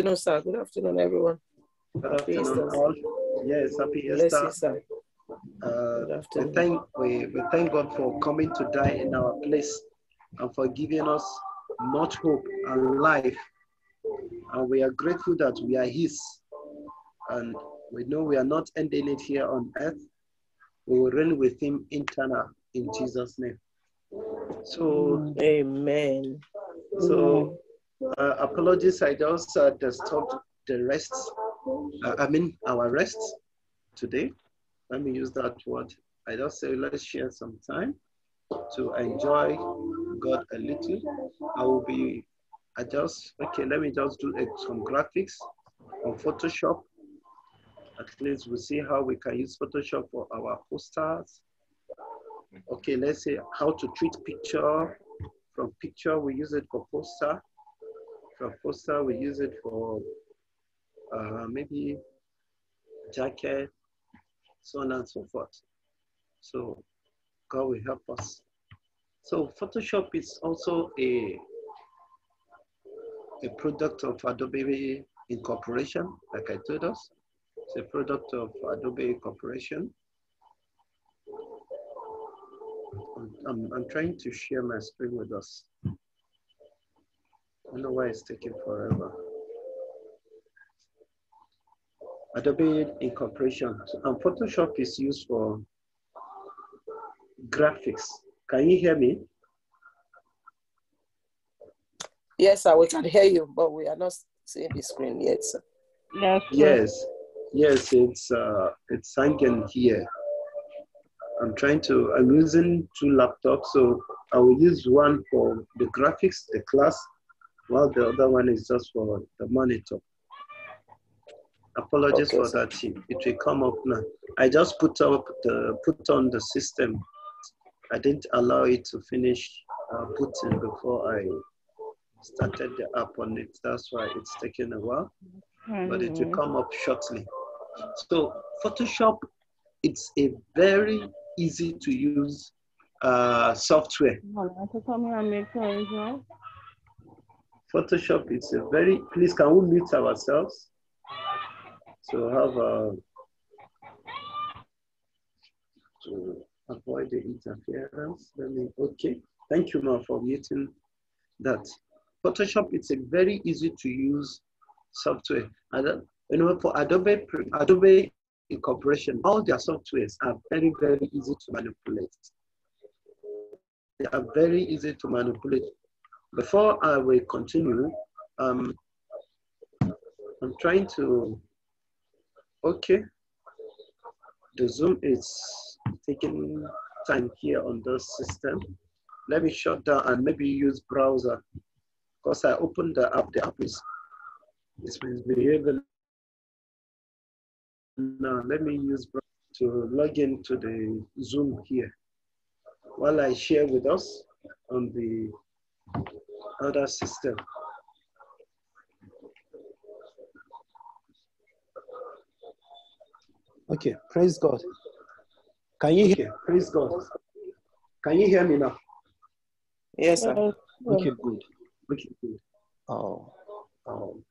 Good afternoon, sir. Good afternoon, everyone. Good afternoon, all. Yes, happy Easter. Bless you, sir. Uh, we thank we, we thank God for coming to die in our place and for giving us much hope and life. And we are grateful that we are His. And we know we are not ending it here on earth. We will reign with Him eternal in Jesus' name. So, Amen. So, uh, apologies, I just uh, disturbed the rest. Uh, I mean, our rest today. Let me use that word. I just say, let's share some time to enjoy God a little. I will be, I just, okay, let me just do uh, some graphics on Photoshop. At least we'll see how we can use Photoshop for our posters. Okay, let's say how to treat picture. From picture, we use it for poster poster, we use it for uh, maybe jacket, so on and so forth. So God will help us. So Photoshop is also a, a product of Adobe Incorporation, like I told us. It's a product of Adobe Corporation. I'm, I'm, I'm trying to share my screen with us know why it's taking forever. Adobe Incorporation and Photoshop is used for graphics. Can you hear me? Yes, sir, we can hear you, but we are not seeing the screen yet, sir. Yes, yes, yes it's uh, it's sunken here. I'm trying to, I'm using two laptops, so I will use one for the graphics, the class, while the other one is just for the monitor. Apologies okay, for that. It, it will come up now. I just put up the put on the system. I didn't allow it to finish uh, putting before I started the app on it. That's why it's taking a while, mm -hmm. but it will mm-hmm. come up shortly. So Photoshop, it's a very easy to use uh, software. Photoshop is a very, please can we mute ourselves? So have a, to avoid the interference. Let me, okay. Thank you, Ma, for muting that. Photoshop, it's a very easy to use software. And uh, know, for Adobe, Adobe Incorporation, all their softwares are very, very easy to manipulate. They are very easy to manipulate. Before I will continue, um, I'm trying to, okay, the Zoom is taking time here on this system. Let me shut down and maybe use browser because I opened the app, the app is, is misbehaving. Now let me use to log in to the Zoom here while I share with us on the other system. Okay, praise God. Can you hear? Praise God. Can you hear me now? Yes, sir. Okay, good. Okay, good. Oh, oh.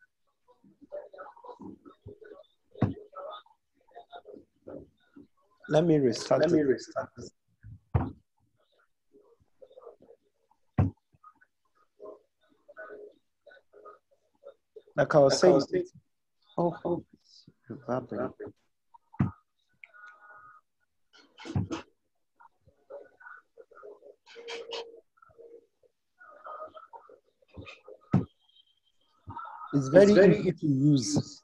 Let me restart. Let me restart. na oh, oh. It's very, it's very easy to use,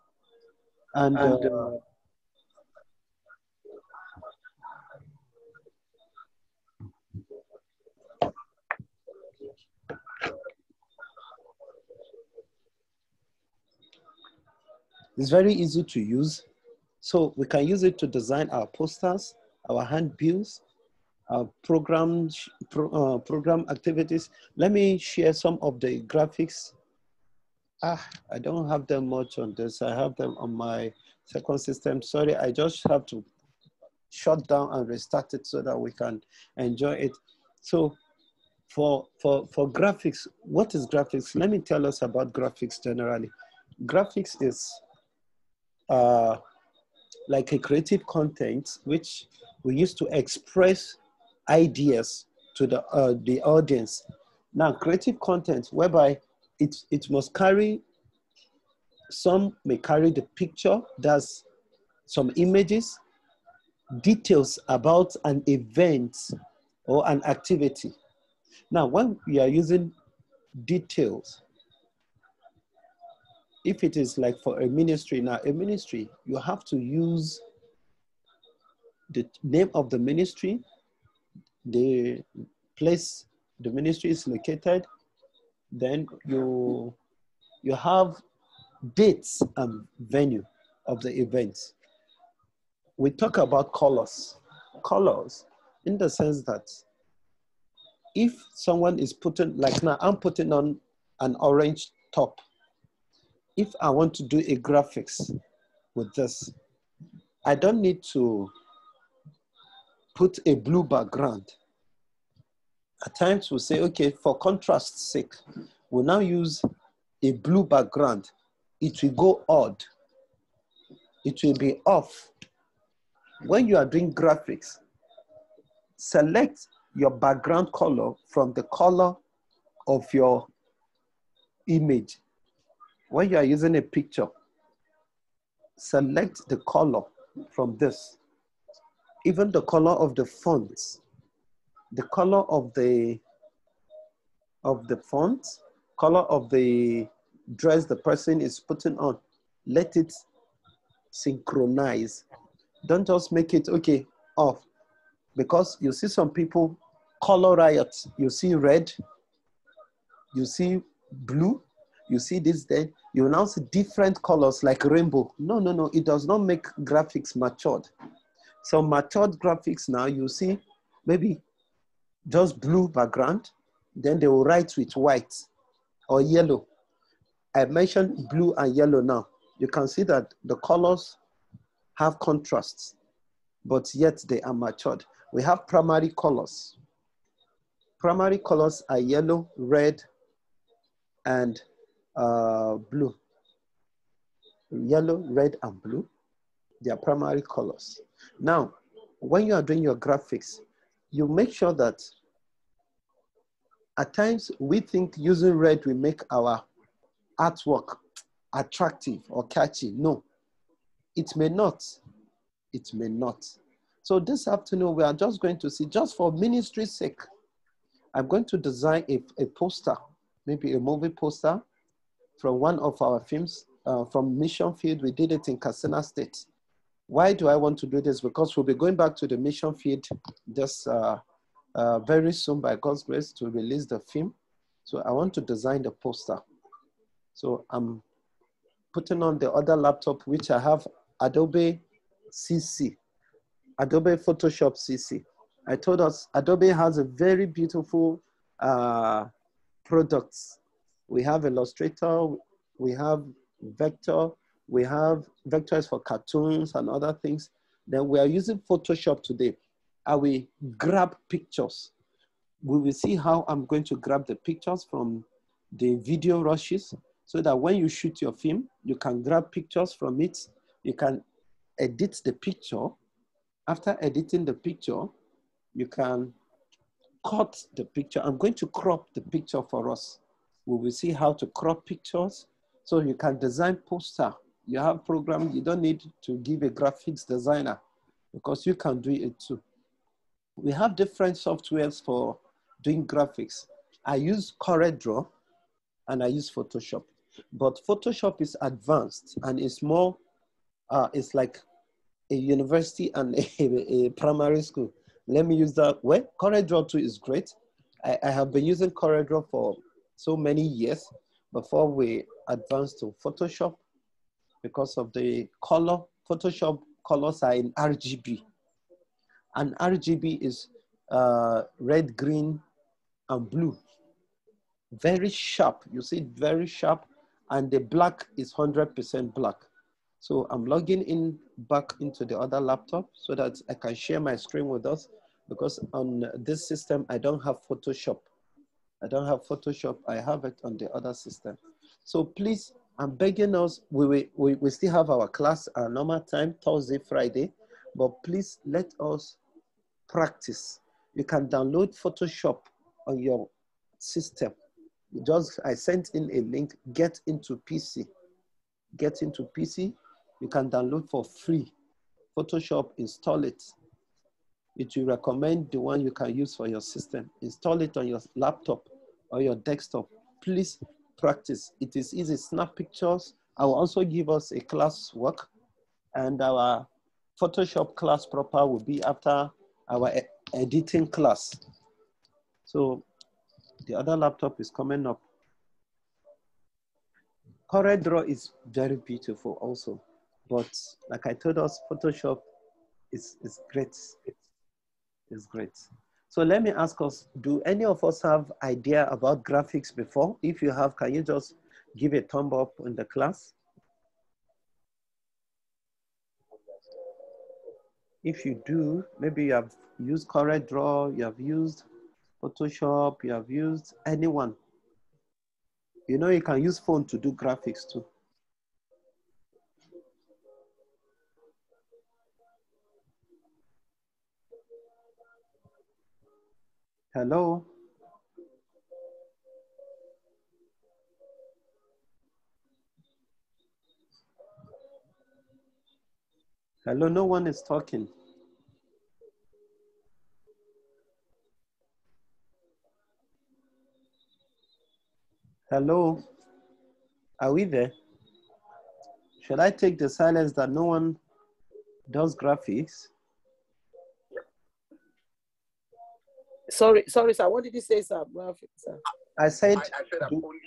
and, and uh, It's very easy to use. So we can use it to design our posters, our handbills, our program, pro, uh, program activities. Let me share some of the graphics. Ah, I don't have them much on this. I have them on my second system. Sorry, I just have to shut down and restart it so that we can enjoy it. So for, for, for graphics, what is graphics? Let me tell us about graphics generally. Graphics is uh, like a creative content which we used to express ideas to the, uh, the audience. Now, creative content whereby it, it must carry, some may carry the picture, does some images, details about an event or an activity. Now, when we are using details, if it is like for a ministry, now a ministry, you have to use the name of the ministry, the place the ministry is located, then you you have dates and venue of the events. We talk about colors, colors in the sense that if someone is putting, like now I'm putting on an orange top if I want to do a graphics with this, I don't need to put a blue background. At times we will say, okay, for contrast's sake, we'll now use a blue background. It will go odd. It will be off. When you are doing graphics, select your background color from the color of your image when you are using a picture, select the color from this. Even the color of the fonts, the color of the of the font, color of the dress the person is putting on. Let it synchronize. Don't just make it okay off, because you see some people color riots. You see red, you see blue, you see this then you now see different colors like rainbow. No, no, no, it does not make graphics matured. So matured graphics now, you see maybe just blue background, then they will write with white or yellow. I mentioned blue and yellow now. You can see that the colors have contrasts, but yet they are matured. We have primary colors. Primary colors are yellow, red, and uh, blue. Yellow, red, and blue. They are primary colors. Now, when you are doing your graphics, you make sure that at times we think using red will make our artwork attractive or catchy. No, it may not. It may not. So this afternoon, we are just going to see, just for ministry's sake, I'm going to design a, a poster, maybe a movie poster from one of our films uh, from Mission Field. We did it in Kasena State. Why do I want to do this? Because we'll be going back to the Mission Field just uh, uh, very soon by God's grace to release the film. So I want to design the poster. So I'm putting on the other laptop, which I have Adobe CC, Adobe Photoshop CC. I told us Adobe has a very beautiful uh, products we have Illustrator, we have Vector, we have vectors for cartoons and other things. Then we are using Photoshop today. I will grab pictures. We will see how I'm going to grab the pictures from the video rushes so that when you shoot your film, you can grab pictures from it. You can edit the picture. After editing the picture, you can cut the picture. I'm going to crop the picture for us. We will see how to crop pictures. So you can design poster. You have program, you don't need to give a graphics designer because you can do it too. We have different softwares for doing graphics. I use CorelDRAW and I use Photoshop. But Photoshop is advanced and it's more, uh, it's like a university and a, a, primary school. Let me use that way. CorelDRAW too is great. I, I have been using CorelDRAW for so many years before we advanced to Photoshop because of the color. Photoshop colors are in RGB. And RGB is uh, red, green, and blue. Very sharp, you see very sharp. And the black is 100% black. So I'm logging in back into the other laptop so that I can share my screen with us because on this system, I don't have Photoshop. I don't have Photoshop. I have it on the other system. So please, I'm begging us, we, we, we still have our class, our normal time, Thursday, Friday, but please let us practice. You can download Photoshop on your system. Just, I sent in a link, get into PC. Get into PC, you can download for free. Photoshop, install it, it will recommend the one you can use for your system. Install it on your laptop or your desktop. Please practice. It is easy. Snap pictures. I will also give us a class work and our Photoshop class proper will be after our e editing class. So the other laptop is coming up. CorelDRAW is very beautiful also, but like I told us, Photoshop is, is great is great. So let me ask us, do any of us have idea about graphics before? If you have, can you just give a thumb up in the class? If you do, maybe you have used Draw, you have used Photoshop, you have used anyone. You know, you can use phone to do graphics too. Hello. Hello, no one is talking. Hello, are we there? Shall I take the silence that no one does graphics? Sorry, sorry, sir. What did you say, sir? sir? I said, I, I said do, only,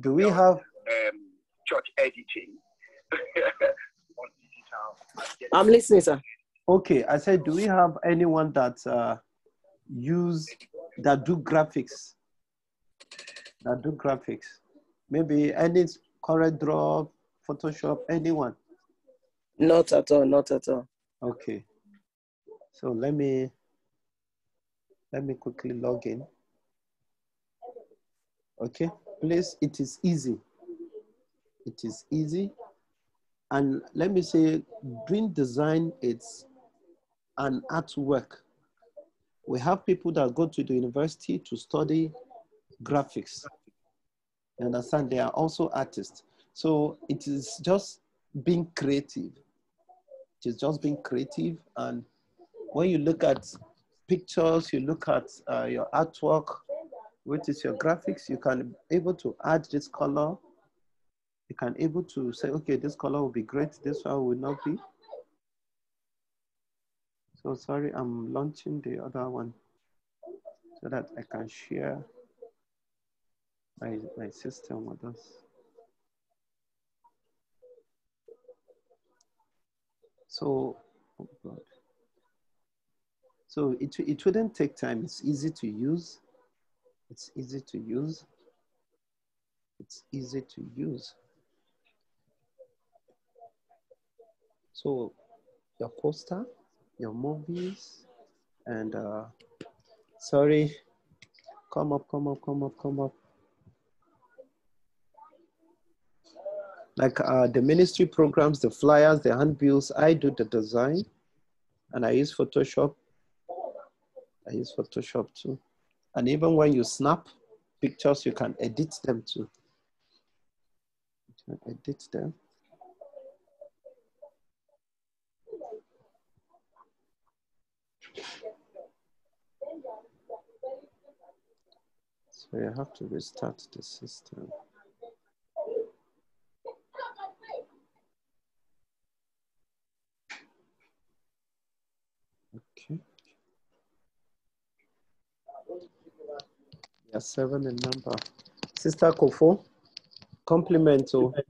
do, we know, have um, church editing I'm listening, sir. Okay, I said, do we have anyone that uh, use that do graphics? That do graphics, maybe any current draw, Photoshop, anyone? Not at all. Not at all. Okay. So let me let me quickly log in. Okay, please, it is easy. It is easy. And let me say, green design, is an artwork. We have people that go to the university to study graphics. You understand? They are also artists. So it is just being creative. It is just being creative. And when you look at pictures, you look at uh, your artwork, which is your graphics, you can able to add this color. You can able to say, okay, this color will be great, this one will not be. So sorry, I'm launching the other one so that I can share my, my system with us. So, oh God. So it, it wouldn't take time. It's easy to use. It's easy to use. It's easy to use. So your poster, your movies, and uh, sorry, come up, come up, come up, come up. Like uh, the ministry programs, the flyers, the handbills, I do the design and I use Photoshop I use Photoshop too. And even when you snap pictures, you can edit them too. You can edit them. So you have to restart the system. Yeah, seven in number. Sister Kofo, compliment oh. to.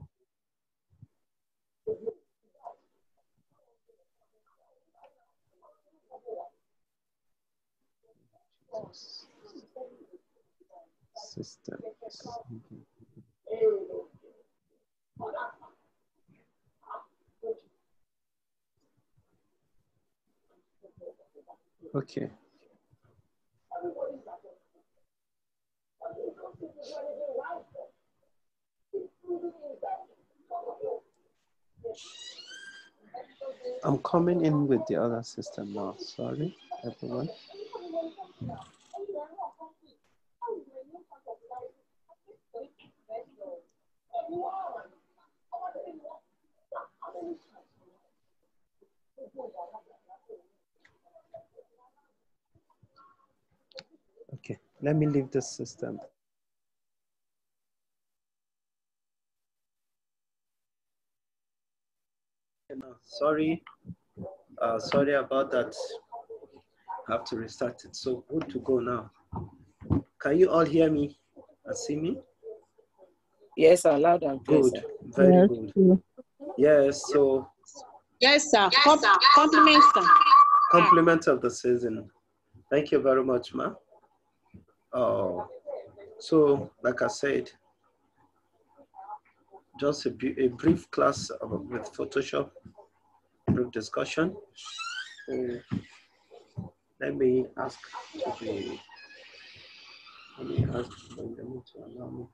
Okay. I'm coming in with the other system now. Sorry, everyone. Let me leave this system. Sorry, uh, sorry about that. Have to restart it. So good to go now. Can you all hear me and see me? Yes, sir, loud and Good, very yes. good. Yes, so. Yes, sir. sir. Compliments, Compliments of the season. Thank you very much, ma. Oh, so like I said, just a, a brief class with Photoshop, brief discussion. So let me ask to let me ask Benjamin to allow me.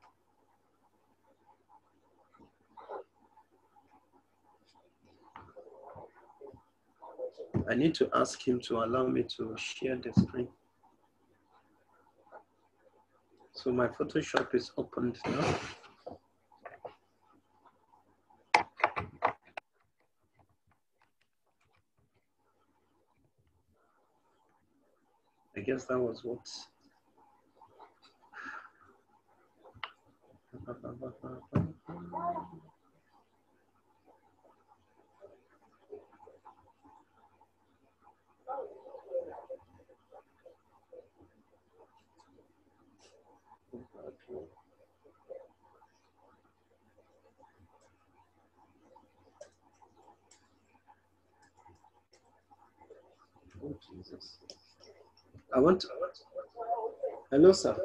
I need to ask him to allow me to share the screen. So my Photoshop is opened now. I guess that was what. I want. Hello, sir.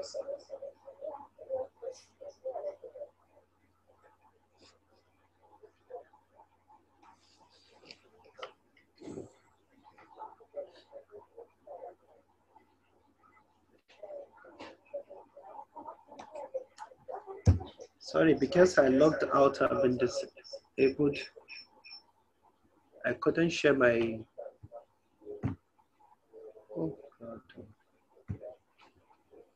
Sorry, because I logged out, I've been disabled. I couldn't share my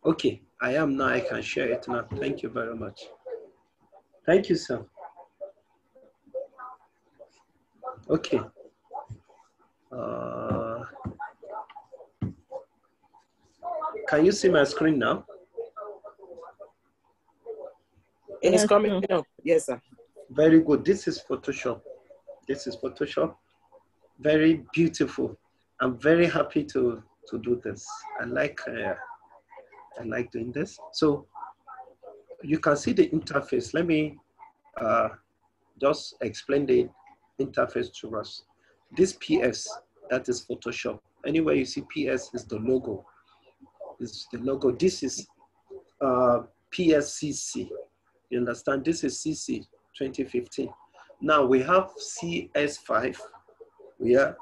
Okay, I am now, I can share it now. Thank you very much. Thank you, sir. Okay. Uh, can you see my screen now? It is coming up. Yes, sir. Very good. This is Photoshop. This is Photoshop. Very beautiful. I'm very happy to to do this. I like, uh, I like doing this. So you can see the interface. Let me uh, just explain the interface to us. This PS, that is Photoshop. Anywhere you see PS is the logo. Is the logo. This is uh, PSCC. You understand? This is CC 2015. Now we have CS5. We have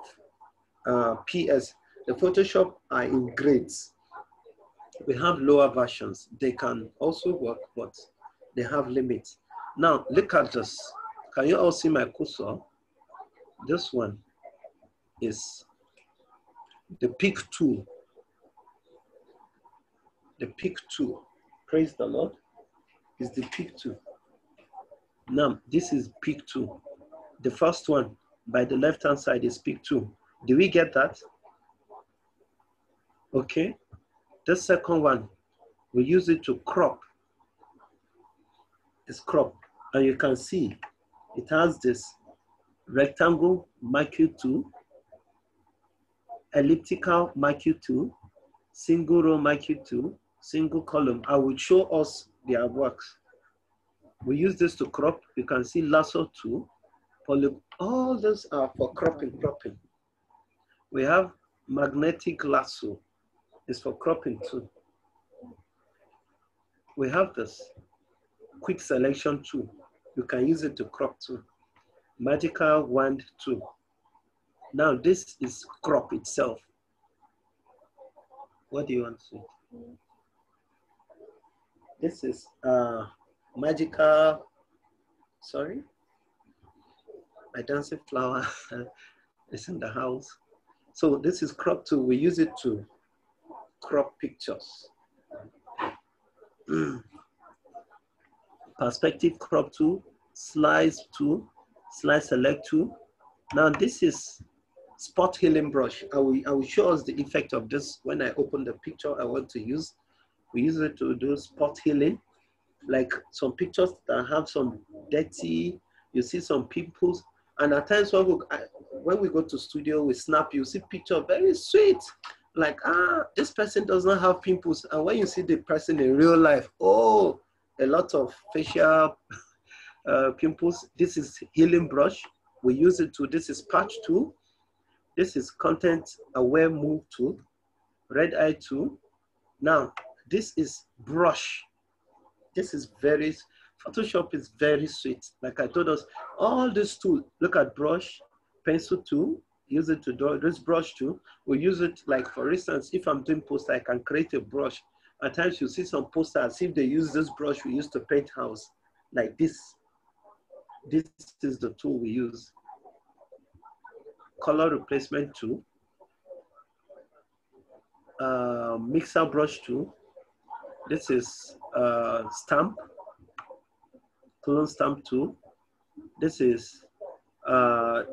uh, PS. The Photoshop are in grades. We have lower versions. They can also work, but they have limits. Now, look at this. Can you all see my cursor? This one is the pick tool. The pick tool. Praise the Lord. Is the pick tool. Now, this is pick two. The first one by the left hand side is pick two. Do we get that? Okay, the second one, we use it to crop. It's crop, and you can see it has this rectangle Q 2 elliptical Q 2 single row Q 2 single column. I will show us their works. We use this to crop. You can see lasso 2, poly all those are for cropping, cropping. We have magnetic lasso is for cropping too. We have this quick selection tool. You can use it to crop too. Magical wand tool. Now this is crop itself. What do you want to? see? This is uh, magical, sorry? My dancing flower is in the house. So this is crop tool. We use it to crop pictures. Hmm. Perspective crop two, slice two, slice select two. Now this is spot healing brush. I will, I will show us the effect of this when I open the picture I want to use. We use it to do spot healing, like some pictures that have some dirty, you see some pimples, and at times when we, when we go to studio, we snap, you see picture very sweet, like, ah, this person does not have pimples. And when you see the person in real life, oh, a lot of facial uh, pimples. This is healing brush. We use it to, this is patch tool. This is content aware move tool, red eye tool. Now, this is brush. This is very, Photoshop is very sweet. Like I told us, all these tools, look at brush, pencil tool, use it to do this brush too. We use it like, for instance, if I'm doing poster, I can create a brush. At times you see some posters, if they use this brush we use to paint house, like this. This is the tool we use. Color replacement tool. Uh, mixer brush tool. This is uh, stamp, clone stamp tool. This is uh,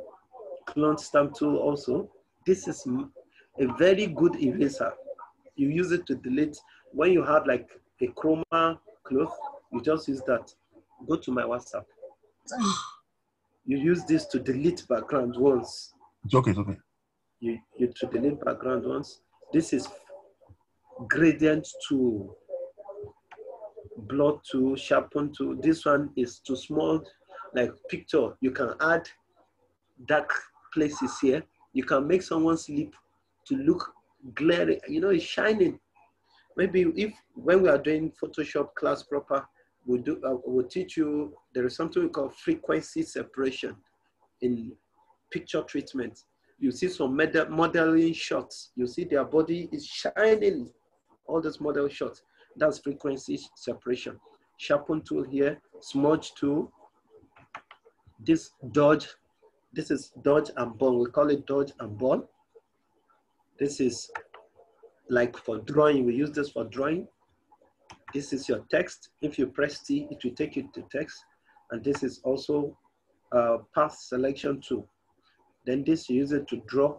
Clone stamp tool also. This is a very good eraser. You use it to delete. When you have like a chroma cloth, you just use that. Go to my WhatsApp. you use this to delete background once. It's okay, it's okay. You, you to delete background once. This is gradient tool, blot tool, sharpen tool. This one is too small, like picture. You can add dark places here. You can make someone sleep to look glaring. You know, it's shining. Maybe if when we are doing Photoshop class proper, we'll do uh, we'll teach you there is something we call frequency separation in picture treatment. You see some model, modeling shots. You see their body is shining. All those model shots. That's frequency separation. Sharpen tool here, smudge tool, this dodge this is dodge and burn. We call it dodge and burn. This is like for drawing. We use this for drawing. This is your text. If you press T, it will take you to text. And this is also a uh, path selection tool. Then this you use it to draw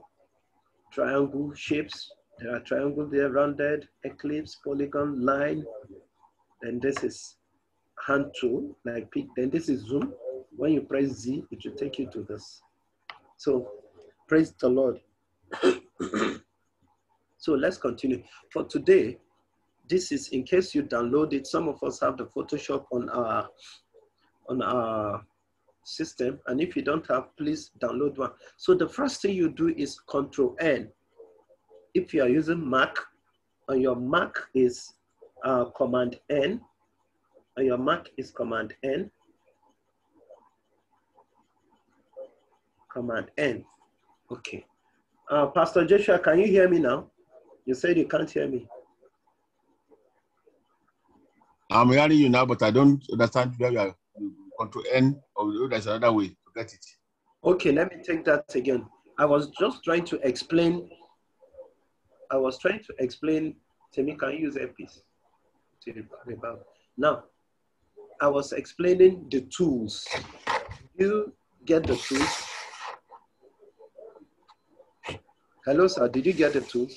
triangle shapes. There are triangle there, rounded, eclipse, polygon, line. Then this is hand tool, like pick. Then this is zoom. When you press Z, it will take you to this. So praise the Lord. so let's continue. For today, this is in case you download it. Some of us have the Photoshop on our on our system. And if you don't have, please download one. So the first thing you do is control N. If you are using Mac, on your Mac is uh, command N, on your Mac is command N. Command N. Okay. Uh, Pastor Joshua, can you hear me now? You said you can't hear me. I'm hearing you now, but I don't understand where you are. Control N, or there's another way to get it. Okay, let me take that again. I was just trying to explain. I was trying to explain. Timmy, can you use a piece? Now, I was explaining the tools. You get the tools Hello, sir. Did you get the tools?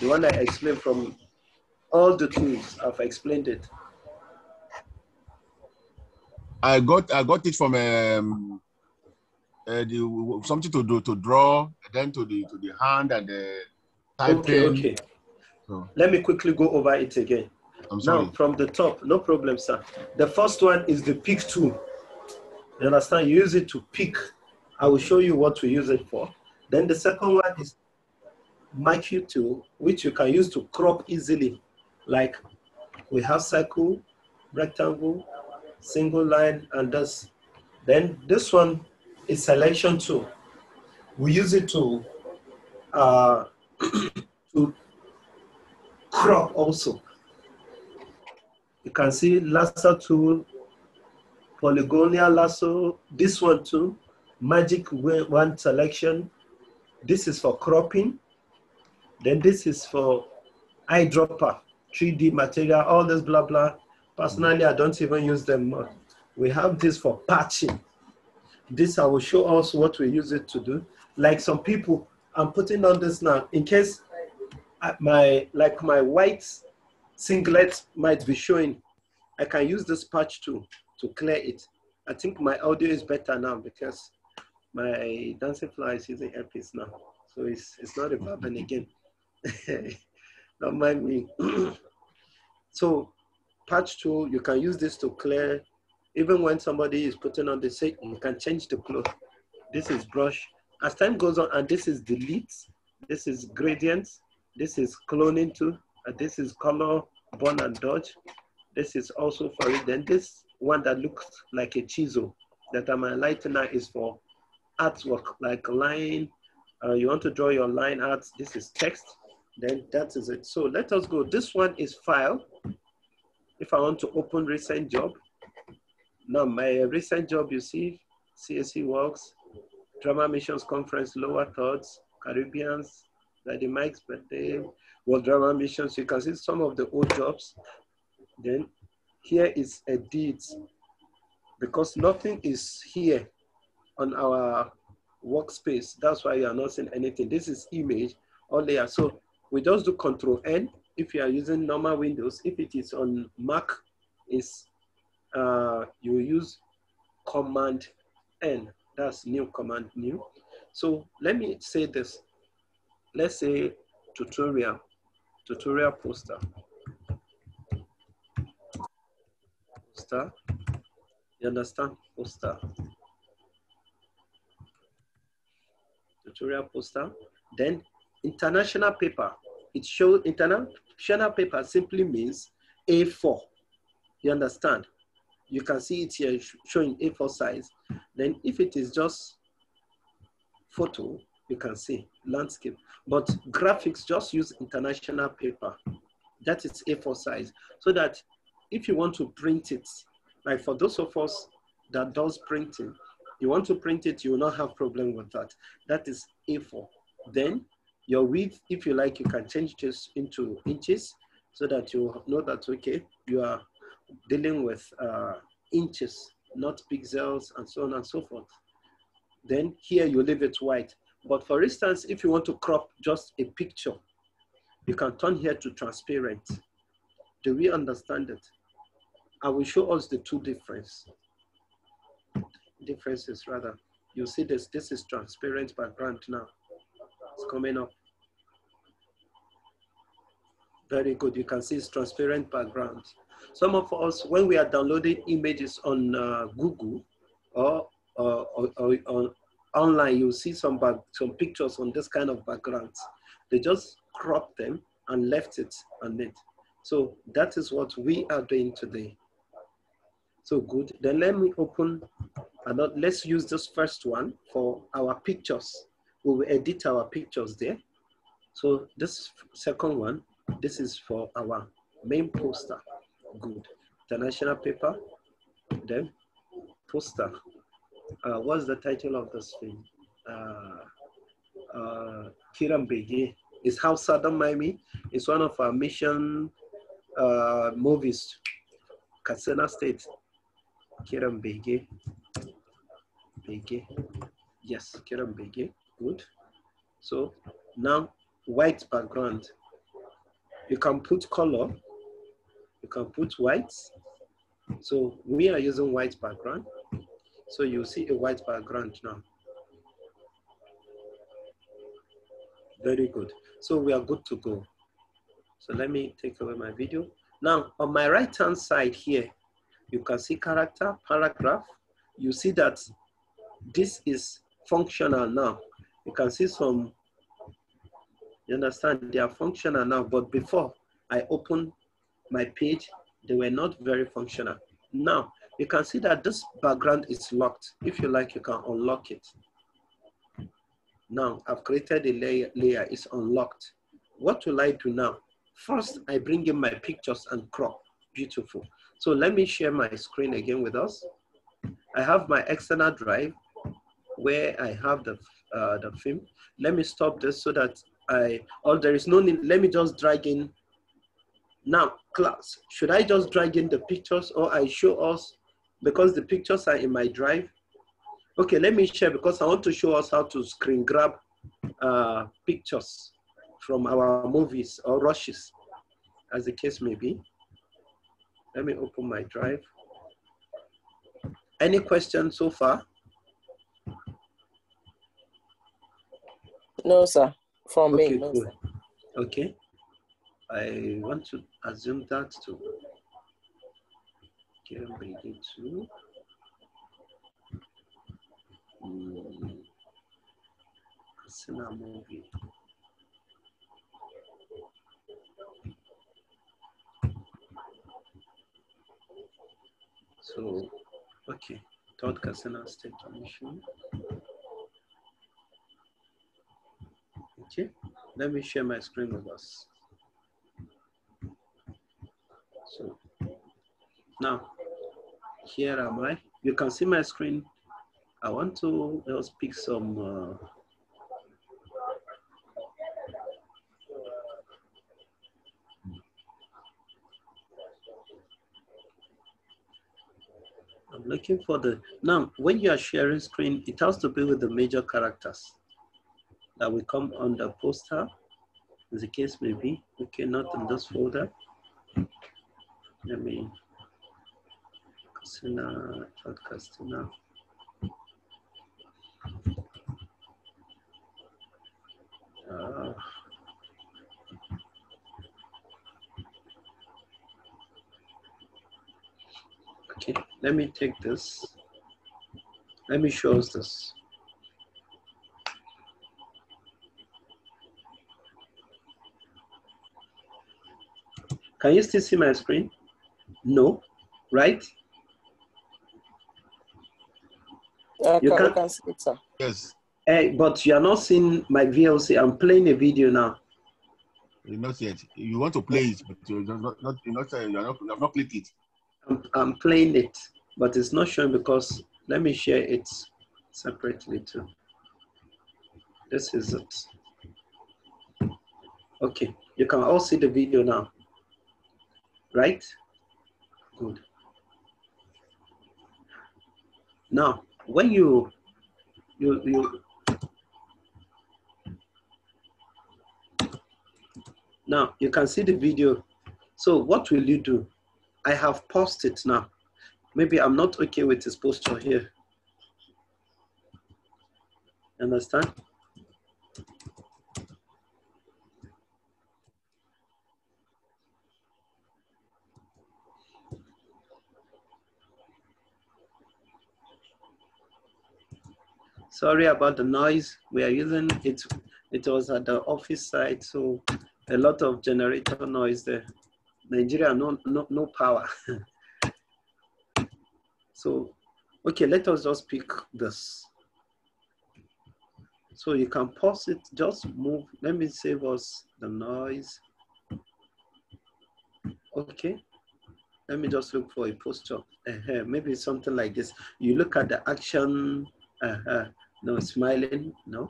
The one I explained from all the tools. I've explained it. I got I got it from um, uh, the, something to do to draw, then to the to the hand and the typing. Okay, okay. So. Let me quickly go over it again. I'm sorry. Now from the top, no problem, sir. The first one is the pick tool. You understand? You use it to pick. I will show you what we use it for. Then the second one is marquee tool, which you can use to crop easily. Like we have circle, rectangle, single line, and this. Then this one is selection tool. We use it to, uh, to crop also. You can see lasso tool, polygonal lasso, this one too, magic one selection. This is for cropping. Then this is for eyedropper, 3D material, all this blah, blah. Personally, I don't even use them more. We have this for patching. This I will show us what we use it to do. Like some people, I'm putting on this now in case uh, my, like my white singlet might be showing. I can use this patch too to clear it. I think my audio is better now because my dancing fly is using earpiece now. So it's, it's not a problem again. Don't mind me. so part two, you can use this to clear, even when somebody is putting on the sick, you can change the cloth. This is brush. As time goes on, and this is delete, this is gradients, this is cloning to, and this is color, burn and dodge. This is also for it. Then this one that looks like a chisel that I'm highlighting now is for artwork, like line. Uh, you want to draw your line art. This is text. Then that is it. So let us go. This one is file. If I want to open recent job, now my recent job, you see, CSC Works, Drama Missions Conference, Lower Thoughts, Caribbeans, Daddy Mike's birthday, World Drama Missions. You can see some of the old jobs. Then here is a deed because nothing is here on our workspace. That's why you are not seeing anything. This is image only. So we just do control N if you are using normal Windows. If it is on Mac, is uh, you use command N. That's new command new. So let me say this. Let's say tutorial, tutorial poster. Poster, you understand? Poster. Tutorial poster. Then international paper. It shows international paper simply means A4. You understand? You can see it here showing A4 size. Then if it is just photo, you can see landscape. But graphics just use international paper. That is A4 size. So that if you want to print it, like for those of us that does printing, you want to print it, you will not have problem with that. That is A4. Then your width, if you like, you can change this into inches so that you know that, okay, you are dealing with uh, inches, not pixels and so on and so forth. Then here you leave it white. But for instance, if you want to crop just a picture, you can turn here to transparent. Do we understand it? I will show us the two difference. differences rather. You see this, this is transparent background now coming up. Very good, you can see it's transparent background. Some of us, when we are downloading images on uh, Google or, or, or, or, or online, you see some, back, some pictures on this kind of backgrounds. They just crop them and left it on it. So that is what we are doing today. So good. Then let me open, another, let's use this first one for our pictures we will edit our pictures there. So this second one, this is for our main poster. Good. the national paper, then poster. Uh, what's the title of this thing? Uh, uh, Kiran Bege. It's How Southern Miami. It's one of our mission uh, movies. Katsina State. Kiran Bege. Yes, Kiran Begi good. So now white background. You can put color, you can put white. So we are using white background. So you see a white background now. Very good. So we are good to go. So let me take away my video. Now on my right hand side here, you can see character, paragraph. You see that this is functional now. You can see some, you understand, they are functional now, but before I opened my page, they were not very functional. Now, you can see that this background is locked. If you like, you can unlock it. Now, I've created a layer, layer, it's unlocked. What will I do now? First, I bring in my pictures and crop, beautiful. So let me share my screen again with us. I have my external drive where I have the uh, the film. Let me stop this so that I, oh, there is no need, let me just drag in. Now, class, should I just drag in the pictures or I show us, because the pictures are in my drive. Okay, let me share because I want to show us how to screen grab uh, pictures from our movies or rushes, as the case may be. Let me open my drive. Any questions so far? No, sir. From okay, me, no, cool. Okay. I want to assume that to. Can bring it to. Mm. movie. So, okay, third Kasana state commission. Okay, let me share my screen with us. So now here am I. You can see my screen. I want to let's uh, pick some uh, I'm looking for the, now when you are sharing screen, it has to be with the major characters that will come on the poster, as the case may be. Okay, not in this folder. Let me, Castina, Castina. Uh, okay, let me take this. Let me show us this. Can you still see my screen? No, right? Uh, you can, can see it, sir. Yes. Eh, but you are not seeing my VLC. I'm playing a video now. You're not yet. You want to play it, but you're not. not you're not. You're not. You've not clicked it. I'm, I'm playing it, but it's not showing because. Let me share it separately too. This is it. Okay, you can all see the video now right? Good. Now, when you, you, you, now you can see the video. So what will you do? I have paused it now. Maybe I'm not okay with this posture here. Understand? Sorry about the noise we are using. It, it was at the office site, so a lot of generator noise there. Nigeria, no, no, no power. so, okay, let us just pick this. So you can pause it, just move. Let me save us the noise. Okay. Let me just look for a posture. Uh -huh. Maybe something like this. You look at the action. Uh -huh. No smiling, no.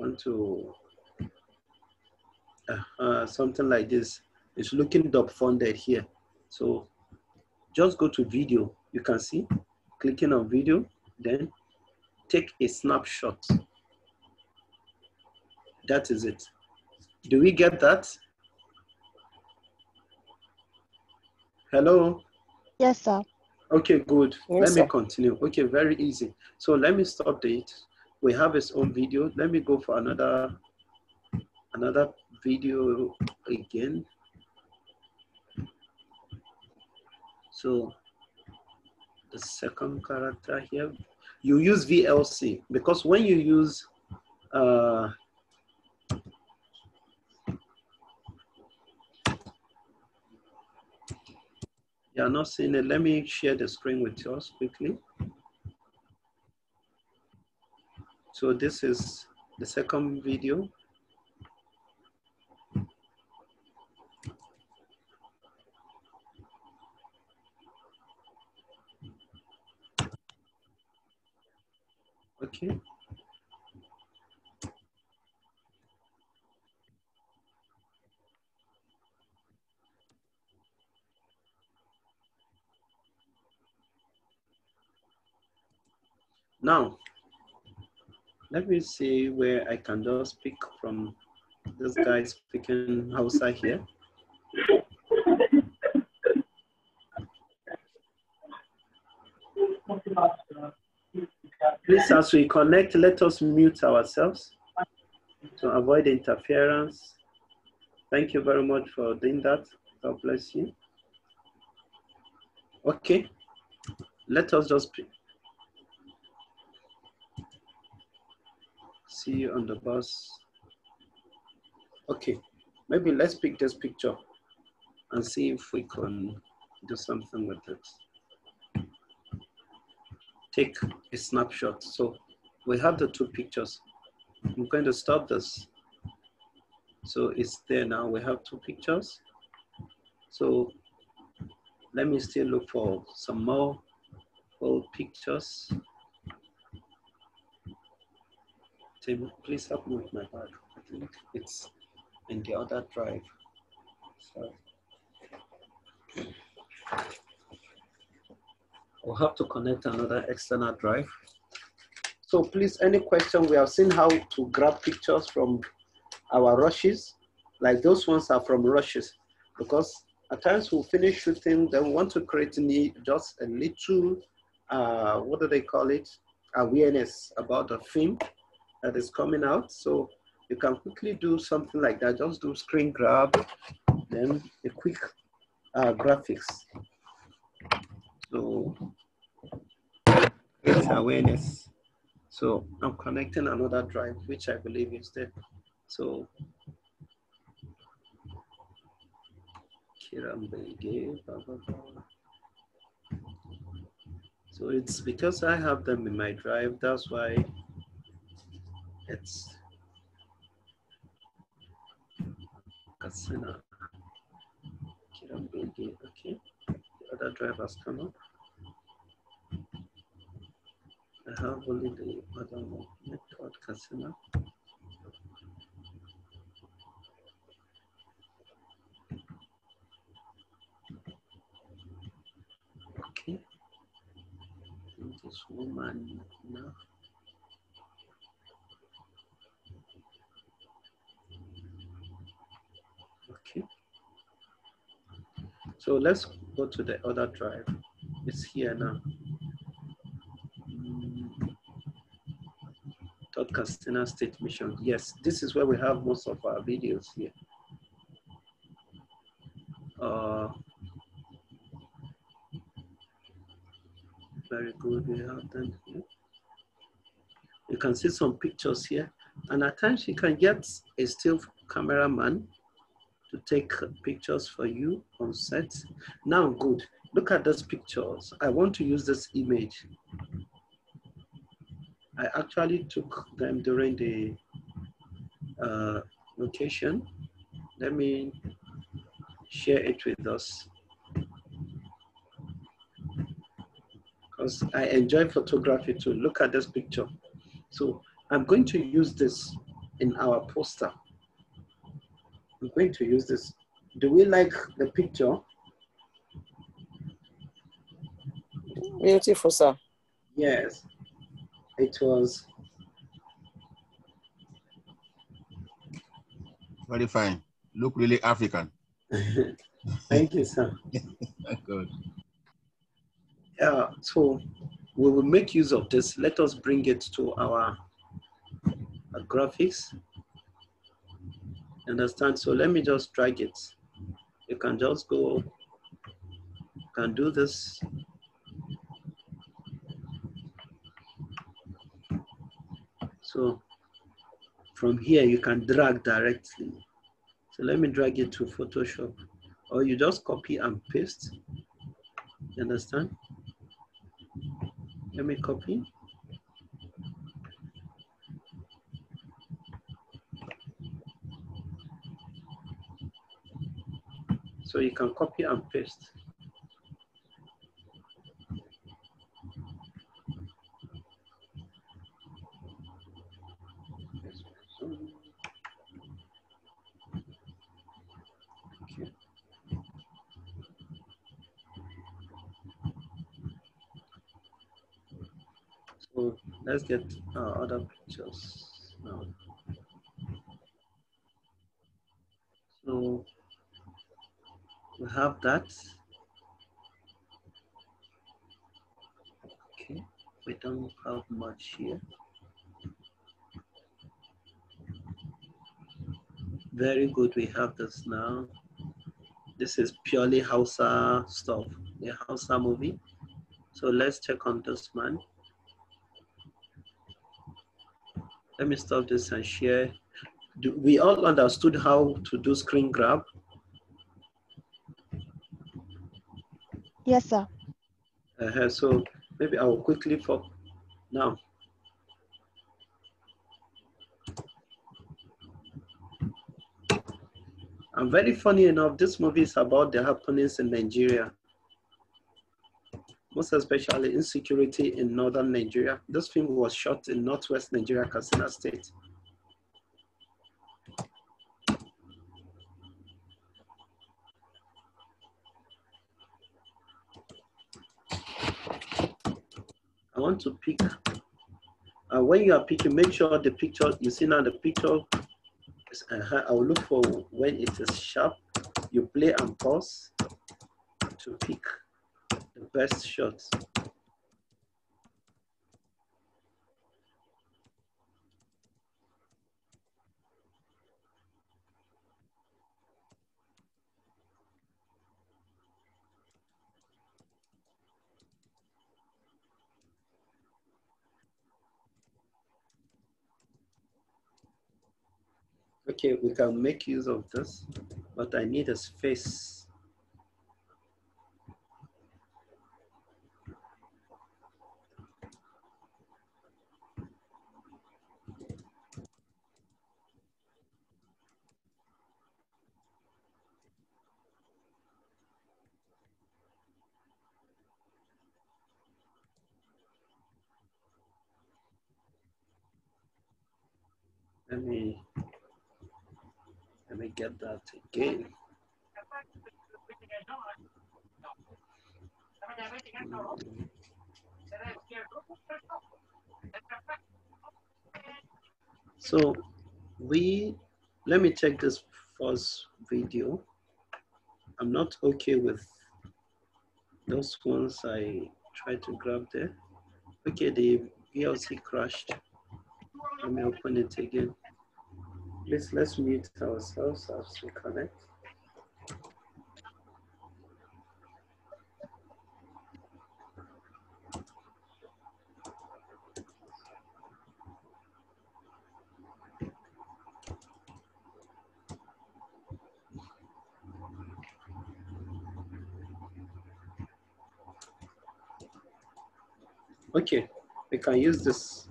Want to, uh, uh, something like this. It's looking dub funded here. So just go to video. You can see, clicking on video, then take a snapshot. That is it. Do we get that? Hello? Yes, sir. Okay, good. Yes, let sir. me continue. Okay, very easy. So let me stop it. We have its own video. Let me go for another another video again. So the second character here, you use VLC because when you use uh, you are not seeing it, let me share the screen with us quickly. So this is the second video. Okay. Now, let me see where I can just speak from this guy speaking Hausa here. Please, as we connect, let us mute ourselves to avoid interference. Thank you very much for doing that. God bless you. Okay, let us just See you on the bus. Okay, maybe let's pick this picture and see if we can do something with it. Take a snapshot. So we have the two pictures. I'm going to stop this. So it's there now. We have two pictures. So let me still look for some more old pictures. Table, please help me with my bag. I think it's in the other drive. Sorry, we'll have to connect another external drive. So please, any question, we have seen how to grab pictures from our rushes. Like those ones are from rushes because at times we'll finish shooting, then we want to create need, just a little, uh, what do they call it, awareness about the film that is coming out. So you can quickly do something like that. Just do screen grab, then a quick uh, graphics. So it's awareness. So I'm connecting another drive, which I believe is there. So So it's because I have them in my drive, that's why it's Kasina. Kirambegi. Okay. The other drivers come up. I have only the other one. Network Okay. This woman now. So let's go to the other drive. It's here now. Todd Castina State Mission. Yes, this is where we have most of our videos here. Uh, very good, we have them here. You can see some pictures here. And at times you can get a still cameraman to take pictures for you on set. Now, good. Look at those pictures. I want to use this image. I actually took them during the uh, location. Let me share it with us. Because I enjoy photography too. Look at this picture. So I'm going to use this in our poster. I'm going to use this. Do we like the picture? Beautiful, sir. Yes, it was. Very fine. Look really African. Thank you, sir. Good. Yeah, so we will make use of this. Let us bring it to our, our graphics. You understand? So let me just drag it. You can just go, can do this. So from here, you can drag directly. So let me drag it to Photoshop. Or you just copy and paste. You understand? Let me copy. So you can copy and paste. So let's get uh, other pictures now. So we have that. Okay, we don't have much here. Very good, we have this now. This is purely Hausa stuff, the Hausa movie. So let's check on this man. Let me stop this and share. Do we all understood how to do screen grab? Yes, sir. Uh, so maybe I will quickly for now. And very funny enough, this movie is about the happenings in Nigeria, most especially insecurity in northern Nigeria. This film was shot in northwest Nigeria, Katsina State. I want to pick, uh, when you are picking, make sure the picture, you see now the picture, is, uh, I will look for when it is sharp, you play and pause to pick the best shots. okay, we can make use of this, but I need a space. Let me me get that again. So we, let me check this first video. I'm not okay with those ones I tried to grab there. Okay, the VLC crashed. Let me open it again. Please let's mute ourselves as we connect. Okay, we can use this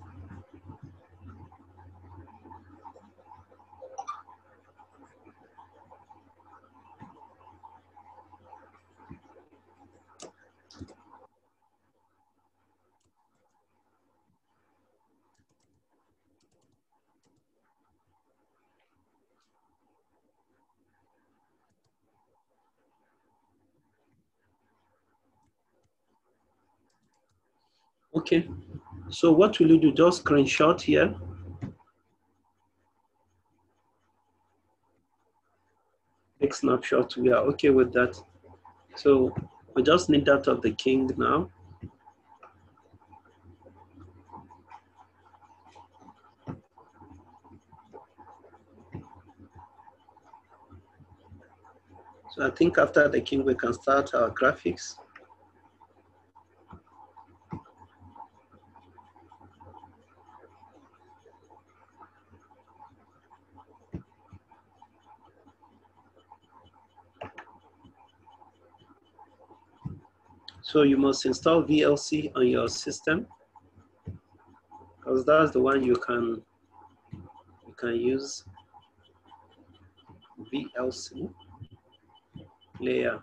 Okay, so what will you do? Just screenshot here. Take snapshot, we are okay with that. So we just need that of the king now. So I think after the king, we can start our graphics. So you must install VLC on your system because that's the one you can you can use VLC layer.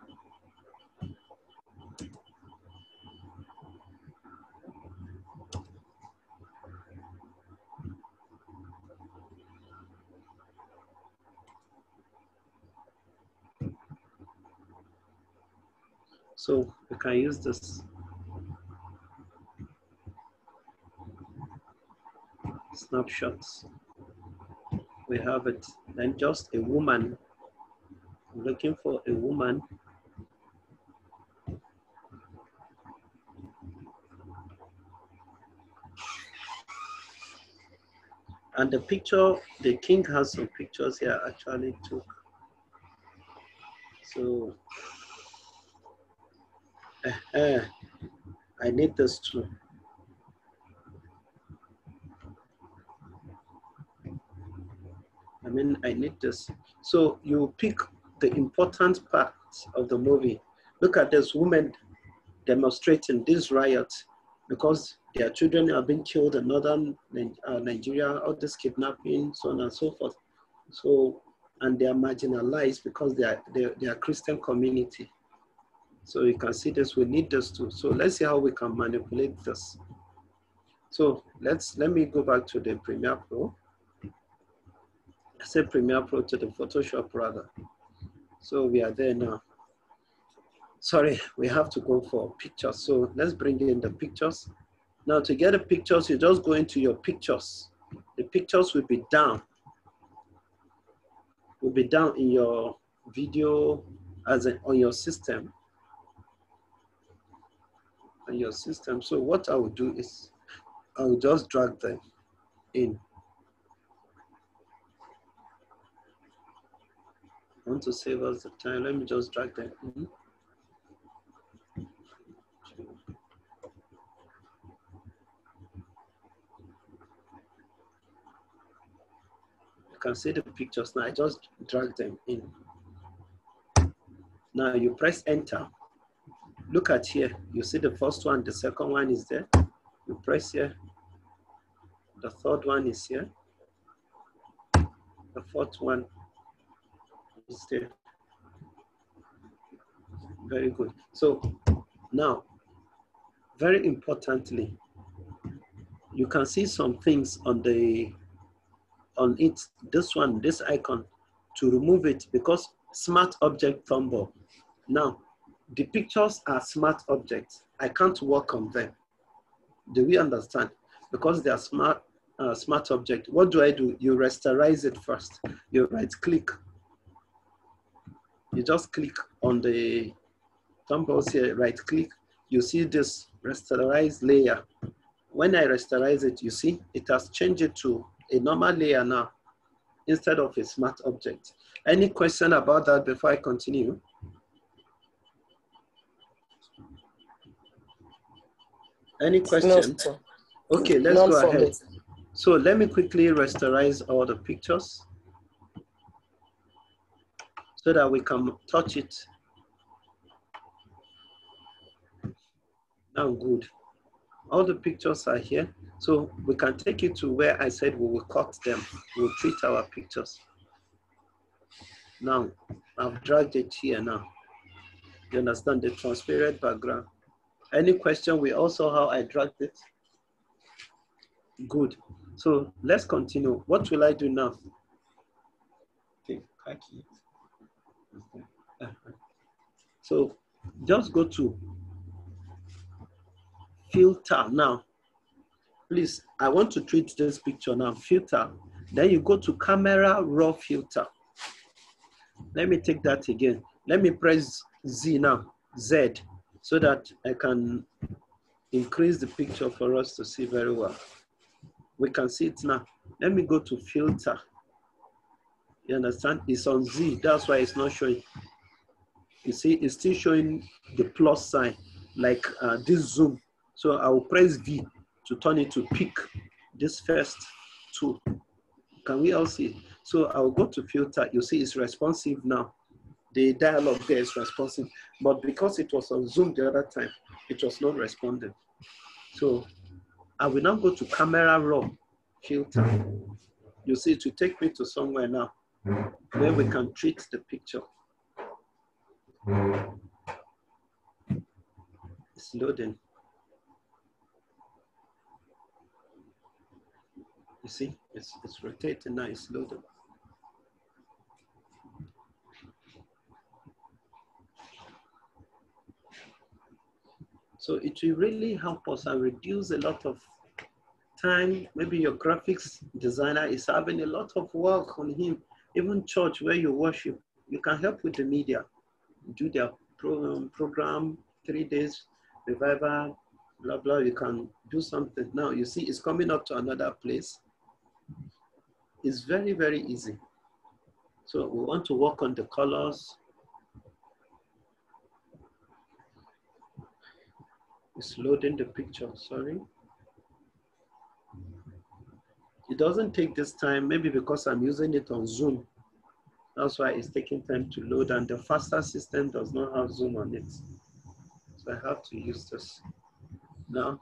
So we can use this. Snapshots. We have it. Then just a woman. I'm looking for a woman. And the picture, the king has some pictures here actually took. So Eh, I need this too. I mean, I need this. So you pick the important parts of the movie. Look at this woman demonstrating this riot because their children have been killed in northern uh, Nigeria, all this kidnapping, so on and so forth. So, and they are marginalized because they are, they, they are Christian community. So you can see this, we need this too. So let's see how we can manipulate this. So let's, let me go back to the Premiere Pro. I said Premiere Pro to the Photoshop rather. So we are there now. Sorry, we have to go for pictures. So let's bring in the pictures. Now to get the pictures, you just go into your pictures. The pictures will be down. Will be down in your video as in, on your system and your system. So what I will do is I will just drag them in. I want to save us the time. Let me just drag them in. You can see the pictures now. I just drag them in. Now you press enter look at here. You see the first one, the second one is there. You press here. The third one is here. The fourth one is there. Very good. So now, very importantly, you can see some things on the, on it, this one, this icon, to remove it because smart object fumble. Now, the pictures are smart objects. I can't work on them. Do we understand? Because they are smart, uh, smart object. What do I do? You rasterize it first. You right click. You just click on the thumbnails here, right click. You see this rasterize layer. When I rasterize it, you see, it has changed it to a normal layer now instead of a smart object. Any question about that before I continue? Any questions? okay, let's None go ahead. So let me quickly rasterize all the pictures so that we can touch it. Now good. All the pictures are here. So we can take it to where I said we will cut them. We'll treat our pictures. Now, I've dragged it here now. You understand the transparent background. Any question? We also how I dragged it. Good. So let's continue. What will I do now? Okay, So just go to filter now. Please, I want to treat this picture now, filter. Then you go to camera raw filter. Let me take that again. Let me press Z now, Z so that I can increase the picture for us to see very well. We can see it now. Let me go to filter. You understand? It's on Z, that's why it's not showing. You see, it's still showing the plus sign, like uh, this zoom. So I will press V to turn it to pick this first two. Can we all see? So I will go to filter. You see, it's responsive now the dialogue there is responsive. But because it was on Zoom the other time, it was not responding. So I will now go to camera raw filter. You see, to take me to somewhere now where we can treat the picture. It's loading. You see, it's, it's rotating now, it's loading. So it will really help us and reduce a lot of time. Maybe your graphics designer is having a lot of work on him. Even church where you worship, you can help with the media. Do their program, um, program three days, revival, blah, blah. You can do something. Now you see it's coming up to another place. It's very, very easy. So we want to work on the colors, It's loading the picture, sorry. It doesn't take this time, maybe because I'm using it on Zoom. That's why it's taking time to load and the faster system does not have Zoom on it. So I have to use this now.